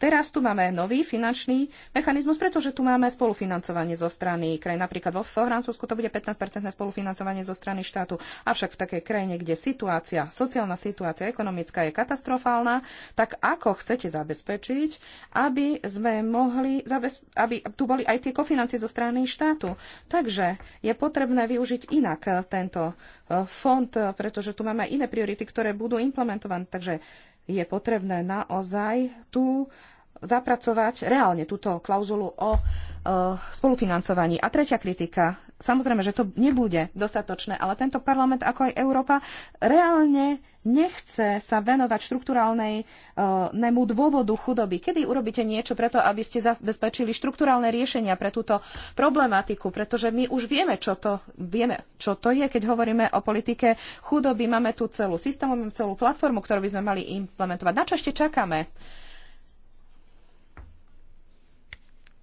Teraz tu máme nový finančný mechanizmus, pretože tu máme spolufinancovanie zo strany krajín. Napríklad vo Francúzsku to bude 15-percentné spolufinancovanie zo strany štátu. Avšak v takej krajine, kde situácia, sociálna situácia, ekonomická je katastrofálna, tak ako chcete zabezpečiť, aby sme mohli, aby tu boli aj tie kofinancie zo strany štátu. Takže je potrebné využiť inak tento eh, fond, pretože tu máme aj iné priority, ktoré budú implementované. Takže je potrebné naozaj tu zapracovať reálne túto klauzulu o e, spolufinancovaní. A tretia kritika, samozrejme, že to nebude dostatočné, ale tento parlament, ako aj Európa, reálne nechce sa venovať štruktúrálnemu e, dôvodu chudoby. Kedy urobíte niečo preto, aby ste zabezpečili štrukturálne riešenia pre túto problematiku? Pretože my už vieme čo, to, vieme, čo to je, keď hovoríme o politike chudoby. Máme tu celú systémovú, celú platformu, ktorú by sme mali implementovať. Na čo ešte čakáme?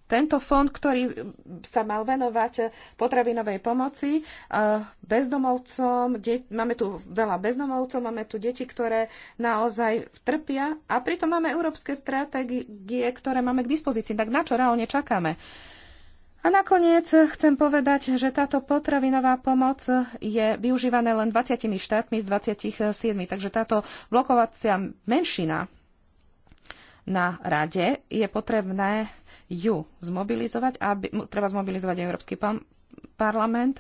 tento fond, ktorý sa mal venovať potravinovej pomoci eh, bezdomovcom, de- máme tu veľa bezdomovcov, máme tu deti, ktoré naozaj trpia a pritom máme európske stratégie, ktoré máme k dispozícii. Tak na čo reálne čakáme? A nakoniec chcem povedať, že táto potravinová pomoc je využívaná len 20 štátmi z 27, takže táto blokovacia menšina na rade je potrebné ju zmobilizovať, aby, treba zmobilizovať Európsky parlament,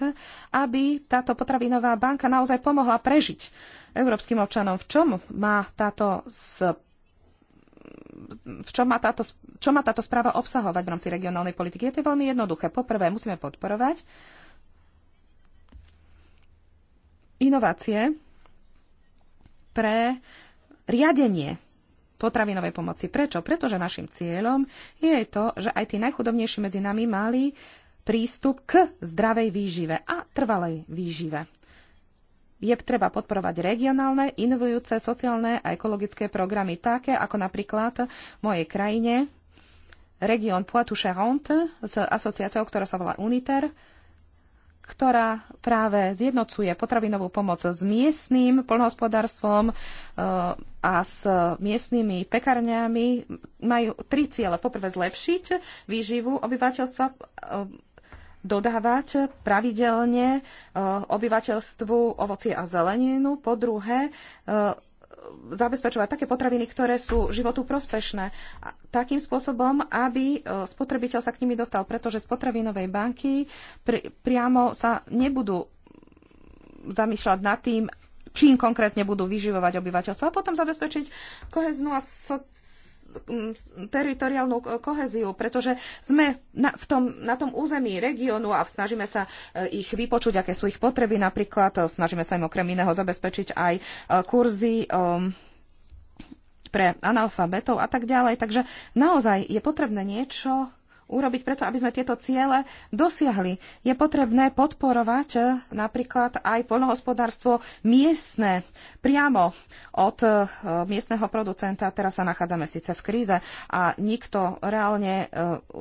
aby táto potravinová banka naozaj pomohla prežiť európskym občanom. V čom má táto v čom má, táto, čo má táto správa obsahovať v rámci regionálnej politiky? Je to veľmi jednoduché. Poprvé, musíme podporovať inovácie pre riadenie potravinovej pomoci. Prečo? Pretože našim cieľom je to, že aj tí najchudobnejší medzi nami mali prístup k zdravej výžive a trvalej výžive. Je treba podporovať regionálne, inovujúce, sociálne a ekologické programy, také ako napríklad v mojej krajine región Poitou-Charente s asociáciou, ktorá sa volá UNITER, ktorá práve zjednocuje potravinovú pomoc s miestnym poľnohospodárstvom e, a s miestnymi pekárňami. Majú tri ciele. Poprvé zlepšiť výživu obyvateľstva, e, dodávať pravidelne e, obyvateľstvu ovocie a zeleninu. Po druhé, zabezpečovať také potraviny, ktoré sú životu prospešné. Takým spôsobom, aby e, spotrebiteľ sa k nimi dostal, pretože z potravinovej banky pri, priamo sa nebudú zamýšľať nad tým, čím konkrétne budú vyživovať obyvateľstvo a potom zabezpečiť koheznú a so- Mm, teritoriálnu koheziu, pretože sme na, v tom, na tom území regiónu a snažíme sa eh, ich vypočuť, aké sú ich potreby. Napríklad eh, snažíme sa im okrem iného zabezpečiť aj eh, kurzy ehm, pre analfabetov a tak ďalej. Takže naozaj je potrebné niečo urobiť preto, aby sme tieto ciele dosiahli. Je potrebné podporovať eh, napríklad aj poľnohospodárstvo miestne, priamo od eh, miestneho producenta. Teraz sa nachádzame síce v kríze a nikto reálne eh,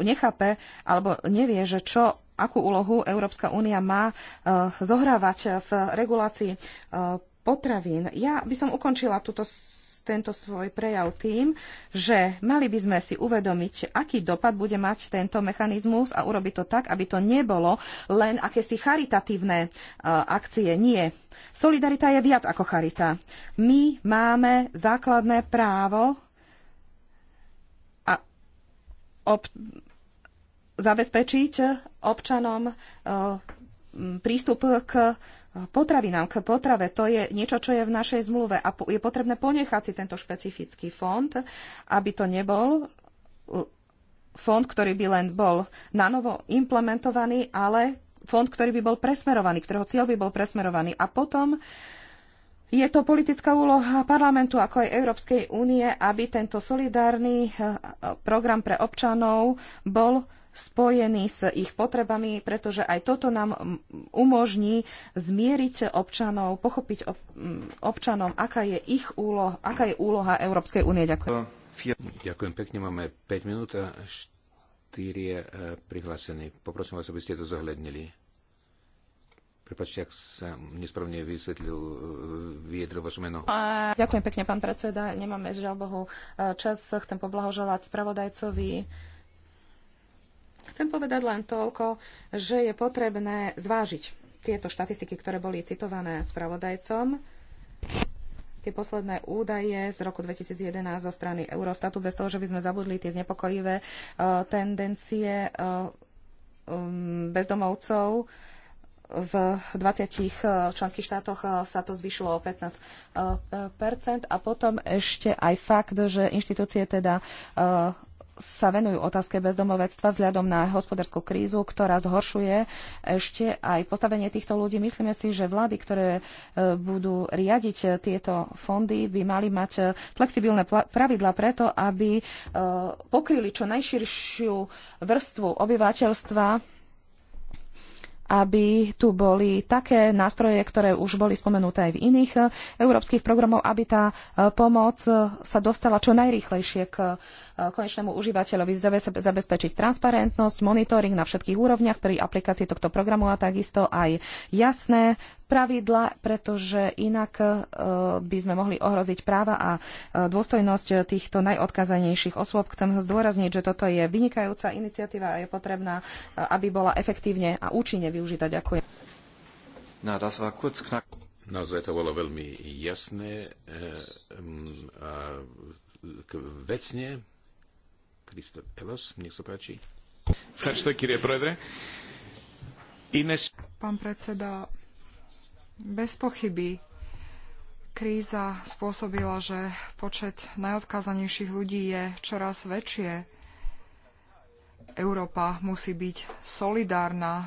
nechápe alebo nevie, že čo akú úlohu Európska únia má zohrávať v regulácii potravín. Ja by som ukončila túto tento svoj prejav tým, že mali by sme si uvedomiť, aký dopad bude mať tento mechanizmus a urobiť to tak, aby to nebolo len akési charitatívne e, akcie. Nie. Solidarita je viac ako charita. My máme základné právo a ob- zabezpečiť občanom e, prístup k potravinám, k potrave. To je niečo, čo je v našej zmluve a je potrebné ponechať si tento špecifický fond, aby to nebol fond, ktorý by len bol nanovo implementovaný, ale fond, ktorý by bol presmerovaný, ktorého cieľ by bol presmerovaný. A potom je to politická úloha parlamentu ako aj Európskej únie, aby tento solidárny eh, program pre občanov bol spojený s ich potrebami, pretože aj toto nám umožní zmieriť občanov, pochopiť mm, občanom, aká je ich úloha, aká je úloha Európskej únie. Ďakujem. Ďakujem pekne, máme 5 minút a 4 e, prihlásení. Poprosím vás, aby ste to zohľadnili. Prepačte, ak sa nespravne vysvetlil, e, vyjedril vaše meno. Ďakujem pekne, pán predseda. Nemáme, žiaľ Bohu, e, čas. Chcem poblahoželať spravodajcovi Chcem povedať len toľko, že je potrebné zvážiť tieto štatistiky, ktoré boli citované spravodajcom. Tie posledné údaje z roku 2011 zo strany Eurostatu, bez toho, že by sme zabudli tie znepokojivé uh, tendencie uh, um, bezdomovcov, v 20 e, členských štátoch sa to zvyšilo o 15 a potom ešte aj fakt, že inštitúcie teda sa venujú otázke bezdomovectva vzhľadom na hospodárskú krízu, ktorá zhoršuje ešte aj postavenie týchto ľudí. Myslíme si, že vlády, ktoré e, budú riadiť e, tieto fondy, by mali mať e, flexibilné pravidla preto, aby pokryli čo najširšiu vrstvu obyvateľstva aby tu boli také nástroje, ktoré už boli spomenuté aj v iných európskych programoch, aby tá pomoc sa dostala čo najrýchlejšie k E, konečnému užívateľovi zabezpečiť transparentnosť, monitoring na všetkých úrovniach pri aplikácii tohto programu a takisto aj jasné pravidla, pretože inak e, by sme mohli ohroziť práva a e, dôstojnosť týchto najodkázanejších osôb. Chcem zdôrazniť, že toto je vynikajúca iniciatíva a je potrebná, aby bola efektívne a účinne využitá. Ďakujem. Naozaj to bolo veľmi jasné a vecne. Elos, nech sa páči. Pán predseda, bez pochyby kríza spôsobila, že počet najodkázanejších ľudí je čoraz väčšie. Európa musí byť solidárna. E,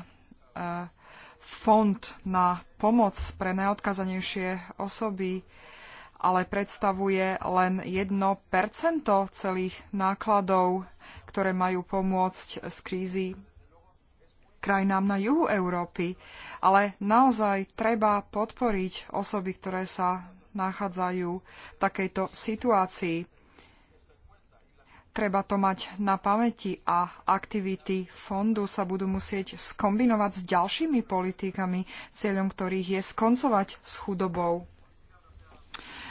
fond na pomoc pre najodkázanejšie osoby ale predstavuje len 1% celých nákladov, ktoré majú pomôcť z krízy krajinám na juhu Európy. Ale naozaj treba podporiť osoby, ktoré sa nachádzajú v takejto situácii. Treba to mať na pamäti a aktivity fondu sa budú musieť skombinovať s ďalšími politikami, cieľom ktorých je skoncovať s chudobou.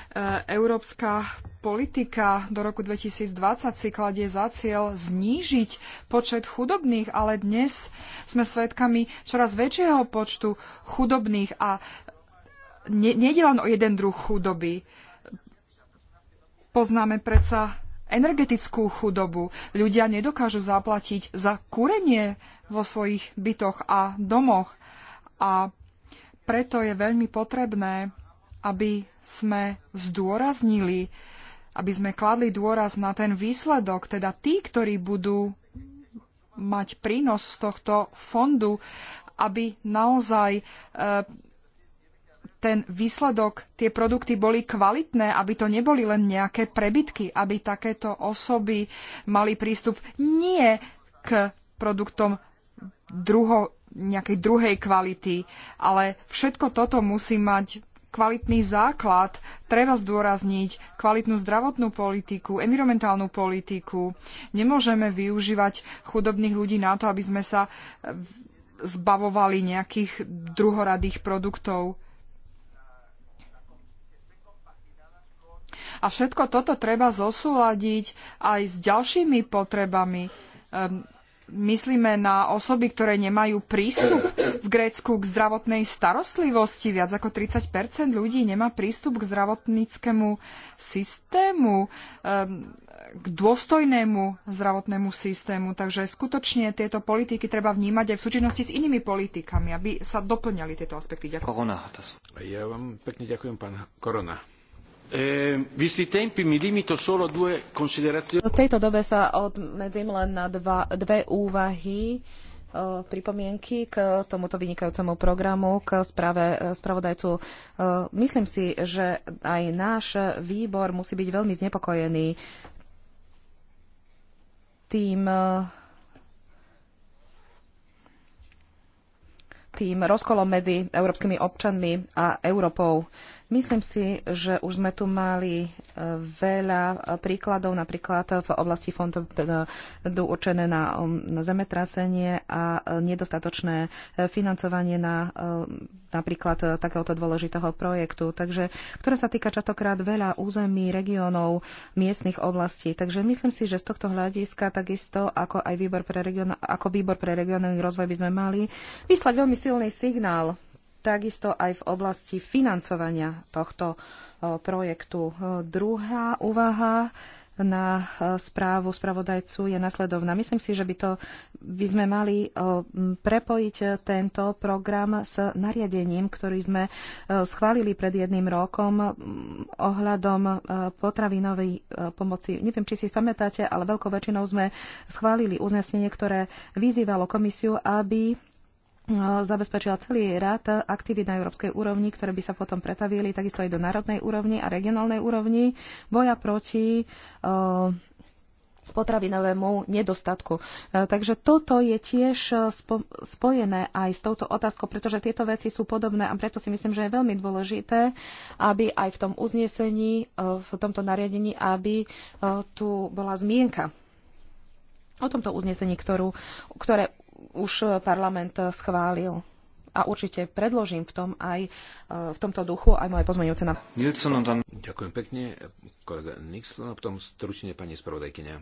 E, európska politika do roku 2020 si kladie za cieľ znížiť počet chudobných, ale dnes sme svedkami čoraz väčšieho počtu chudobných a ne, nejde len o jeden druh chudoby. Poznáme predsa energetickú chudobu. Ľudia nedokážu zaplatiť za kúrenie vo svojich bytoch a domoch. A preto je veľmi potrebné aby sme zdôraznili, aby sme kladli dôraz na ten výsledok, teda tí, ktorí budú mať prínos z tohto fondu, aby naozaj e, ten výsledok, tie produkty boli kvalitné, aby to neboli len nejaké prebytky, aby takéto osoby mali prístup nie k produktom druho, nejakej druhej kvality, ale všetko toto musí mať kvalitný základ. Treba zdôrazniť kvalitnú zdravotnú politiku, environmentálnu politiku. Nemôžeme využívať chudobných ľudí na to, aby sme sa eh, zbavovali nejakých druhoradých produktov. A všetko toto treba zosúľadiť aj s ďalšími potrebami ehm, myslíme na osoby, ktoré nemajú prístup v Grécku k zdravotnej starostlivosti. Viac ako 30 ľudí nemá prístup k zdravotníckému systému, ehm, k dôstojnému zdravotnému systému. Takže skutočne tieto politiky treba vnímať aj v súčinnosti s inými politikami, aby sa doplňali tieto aspekty. Ďakujem. Ja vám pekne ďakujem, pán Korona. Ehm, v tejto dobe sa obmedzím len na dva, dve úvahy, eh, pripomienky k tomuto vynikajúcemu programu, k správe eh, spravodajcu. Eh, myslím si, že aj náš výbor musí byť veľmi znepokojený tým tým rozkolom medzi európskymi občanmi a Európou. Myslím si, že už sme tu mali e, veľa e, príkladov, napríklad v oblasti fondov e, určené na zemetrasenie a nedostatočné financovanie na napríklad takéhoto dôležitého projektu, takže, ktoré sa týka častokrát veľa území, regiónov, miestnych oblastí. Takže myslím si, že z tohto hľadiska takisto ako aj výbor pre region, ako výbor pre regionálny rozvoj by sme mali vyslať veľmi silný silný signál takisto aj v oblasti financovania tohto e, projektu. E, druhá úvaha na e, správu spravodajcu je nasledovná. Myslím si, že by, to, by sme mali prepojiť tento program s nariadením, ktorý sme schválili pred jedným rokom ohľadom potravinovej pomoci. Neviem, či si pamätáte, ale veľkou väčšinou sme schválili uznesenie, ktoré vyzývalo komisiu, aby zabezpečila celý rád aktivít na európskej úrovni, ktoré by sa potom pretavili takisto aj do národnej úrovni a regionálnej úrovni, boja proti eh, potravinovému nedostatku. Eh, takže toto je tiež eh, spojené aj s touto otázkou, pretože tieto veci sú podobné a preto si myslím, že je veľmi dôležité, aby aj v tom uznesení, v tomto nariadení, aby tu bola zmienka o tomto uznesení, ktorú, ktoré už parlament schválil. A určite predložím v tom aj eh, v tomto duchu aj moje pozmeňujúce na... No Ďakujem pekne, kolega Nixon, a potom stručne pani spravodajkynia.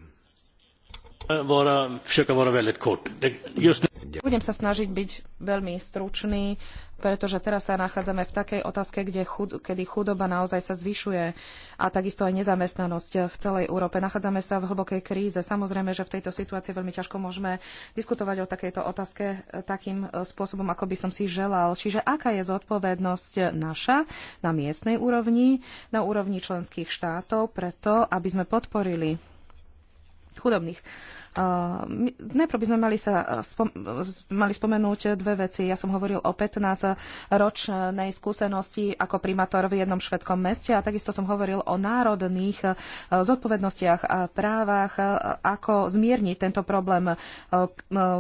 Budem sa snažiť byť veľmi stručný pretože teraz sa nachádzame v takej otázke, kde chud, kedy chudoba naozaj sa zvyšuje a takisto aj nezamestnanosť v celej Európe. Nachádzame sa v hlbokej kríze. Samozrejme, že v tejto situácii veľmi ťažko môžeme diskutovať o takejto otázke e, takým e, spôsobom, ako by som si želal. Čiže aká je zodpovednosť naša na miestnej úrovni, na úrovni členských štátov, preto aby sme podporili chudobných najprv by sme mali, sa, spom- mali spomenúť dve veci. Ja som hovoril o 15-ročnej skúsenosti ako primátor v jednom švedskom meste a takisto som hovoril o národných zodpovednostiach a právach, ako zmierniť tento problém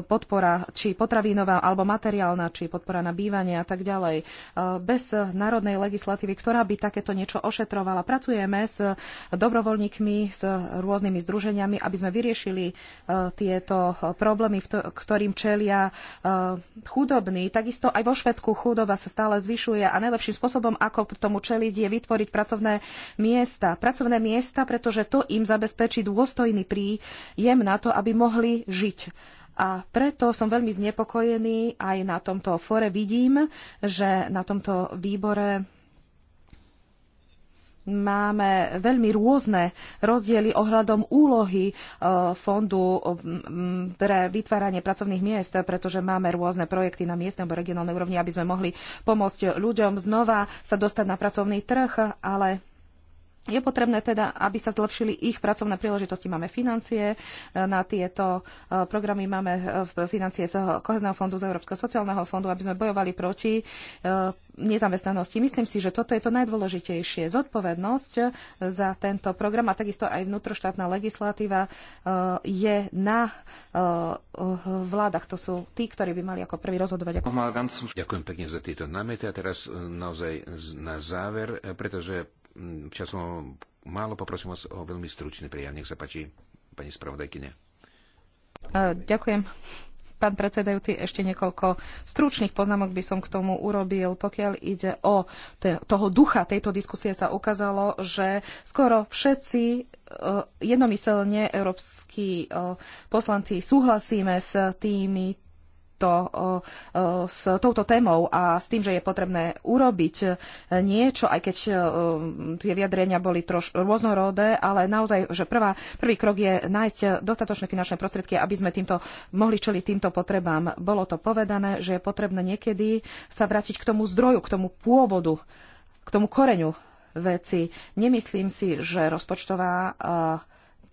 podpora či potravinová alebo materiálna, či podpora na bývanie a tak ďalej. Bez národnej legislatívy, ktorá by takéto niečo ošetrovala, pracujeme s dobrovoľníkmi, s rôznymi združeniami, aby sme vyriešili tieto problémy, ktorým čelia e, chudobní. Takisto aj vo Švedsku chudoba sa stále zvyšuje a najlepším spôsobom, ako tomu čeliť, je vytvoriť pracovné miesta. Pracovné miesta, pretože to im zabezpečí dôstojný príjem na to, aby mohli žiť. A preto som veľmi znepokojený aj na tomto fore. Vidím, že na tomto výbore máme veľmi rôzne rozdiely ohľadom úlohy e, fondu e, pre vytváranie pracovných miest, pretože máme rôzne projekty na miestnej alebo regionálnej úrovni, aby sme mohli pomôcť ľuďom znova sa dostať na pracovný trh, ale je potrebné teda, aby sa zlepšili ich pracovné príležitosti. Máme financie e, na tieto e, programy, máme e, financie z Kohezného fondu, z Európskeho sociálneho fondu, aby sme bojovali proti nezamestnanosti. Myslím si, že toto je to najdôležitejšie. Zodpovednosť za tento program a takisto aj vnútroštátna legislatíva je na vládach. To sú tí, ktorí by mali ako prvý rozhodovať. Ďakujem pekne za tieto námety a teraz naozaj na záver, pretože Mm, časom málo, poprosím vás o veľmi stručný prejav. Nech sa páči, pani spravodajkyne. Ďakujem. Pán predsedajúci, ešte niekoľko stručných poznámok by som k tomu urobil. Pokiaľ ide o te, toho ducha tejto diskusie, sa ukázalo, že skoro všetci e, jednomyselne európsky e, poslanci súhlasíme s tými s touto témou a s tým, že je potrebné urobiť e, niečo, aj keď e, tie vyjadrenia boli troš rôznorodé, ale naozaj, že prvá, prvý krok je nájsť dostatočné finančné prostriedky, aby sme týmto mohli čeliť týmto potrebám. Bolo to povedané, že je potrebné niekedy sa vrátiť k tomu zdroju, k tomu pôvodu, k tomu koreňu veci. Nemyslím si, že rozpočtová e,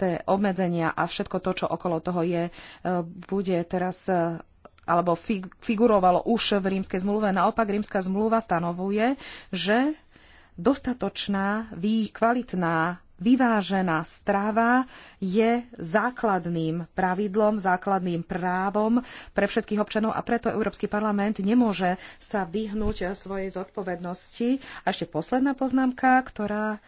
tie obmedzenia a všetko to, čo okolo toho je, bude teraz alebo figurovalo už v rímskej zmluve. Naopak rímska zmluva stanovuje, že dostatočná, kvalitná, vyvážená strava je základným pravidlom, základným právom pre všetkých občanov a preto Európsky parlament nemôže sa vyhnúť eh, svojej zodpovednosti. A ešte posledná poznámka, ktorá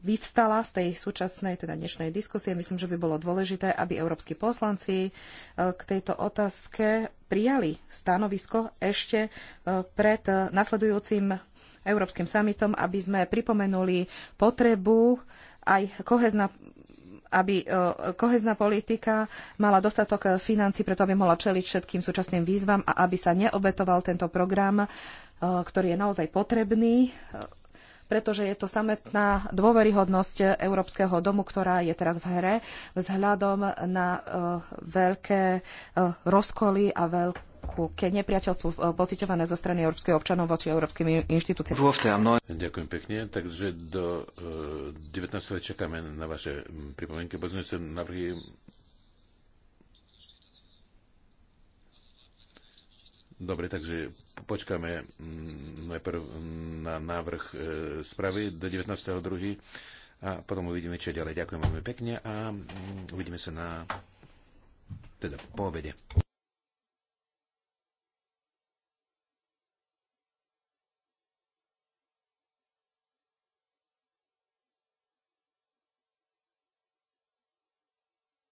vyvstala z tej súčasnej, teda dnešnej diskusie. Myslím, že by bolo dôležité, aby európsky poslanci e, k tejto otázke prijali stanovisko ešte e, pred e, nasledujúcim európskym summitom, aby sme pripomenuli potrebu aj aby kohezná politika mala dostatok financí, preto aby mohla čeliť všetkým súčasným výzvam a aby sa neobetoval tento program, ktorý je naozaj potrebný pretože je to sametná dôveryhodnosť Európskeho domu, ktorá je teraz v hre vzhľadom na uh, veľké uh, rozkoly a veľké nepriateľstvo eh, pociťované zo strany európskych občanov voči európskym inštitúciám. Ďakujem pekne. Takže do uh, 19. čakáme na vaše mm, pripomienky. Pozrieme návrhy Dobre, takže počkáme mm, najprv mm, na návrh e, spravy do 19.2. a potom uvidíme, čo ďalej. Ďakujem veľmi pekne a mm, uvidíme sa na teda po obede.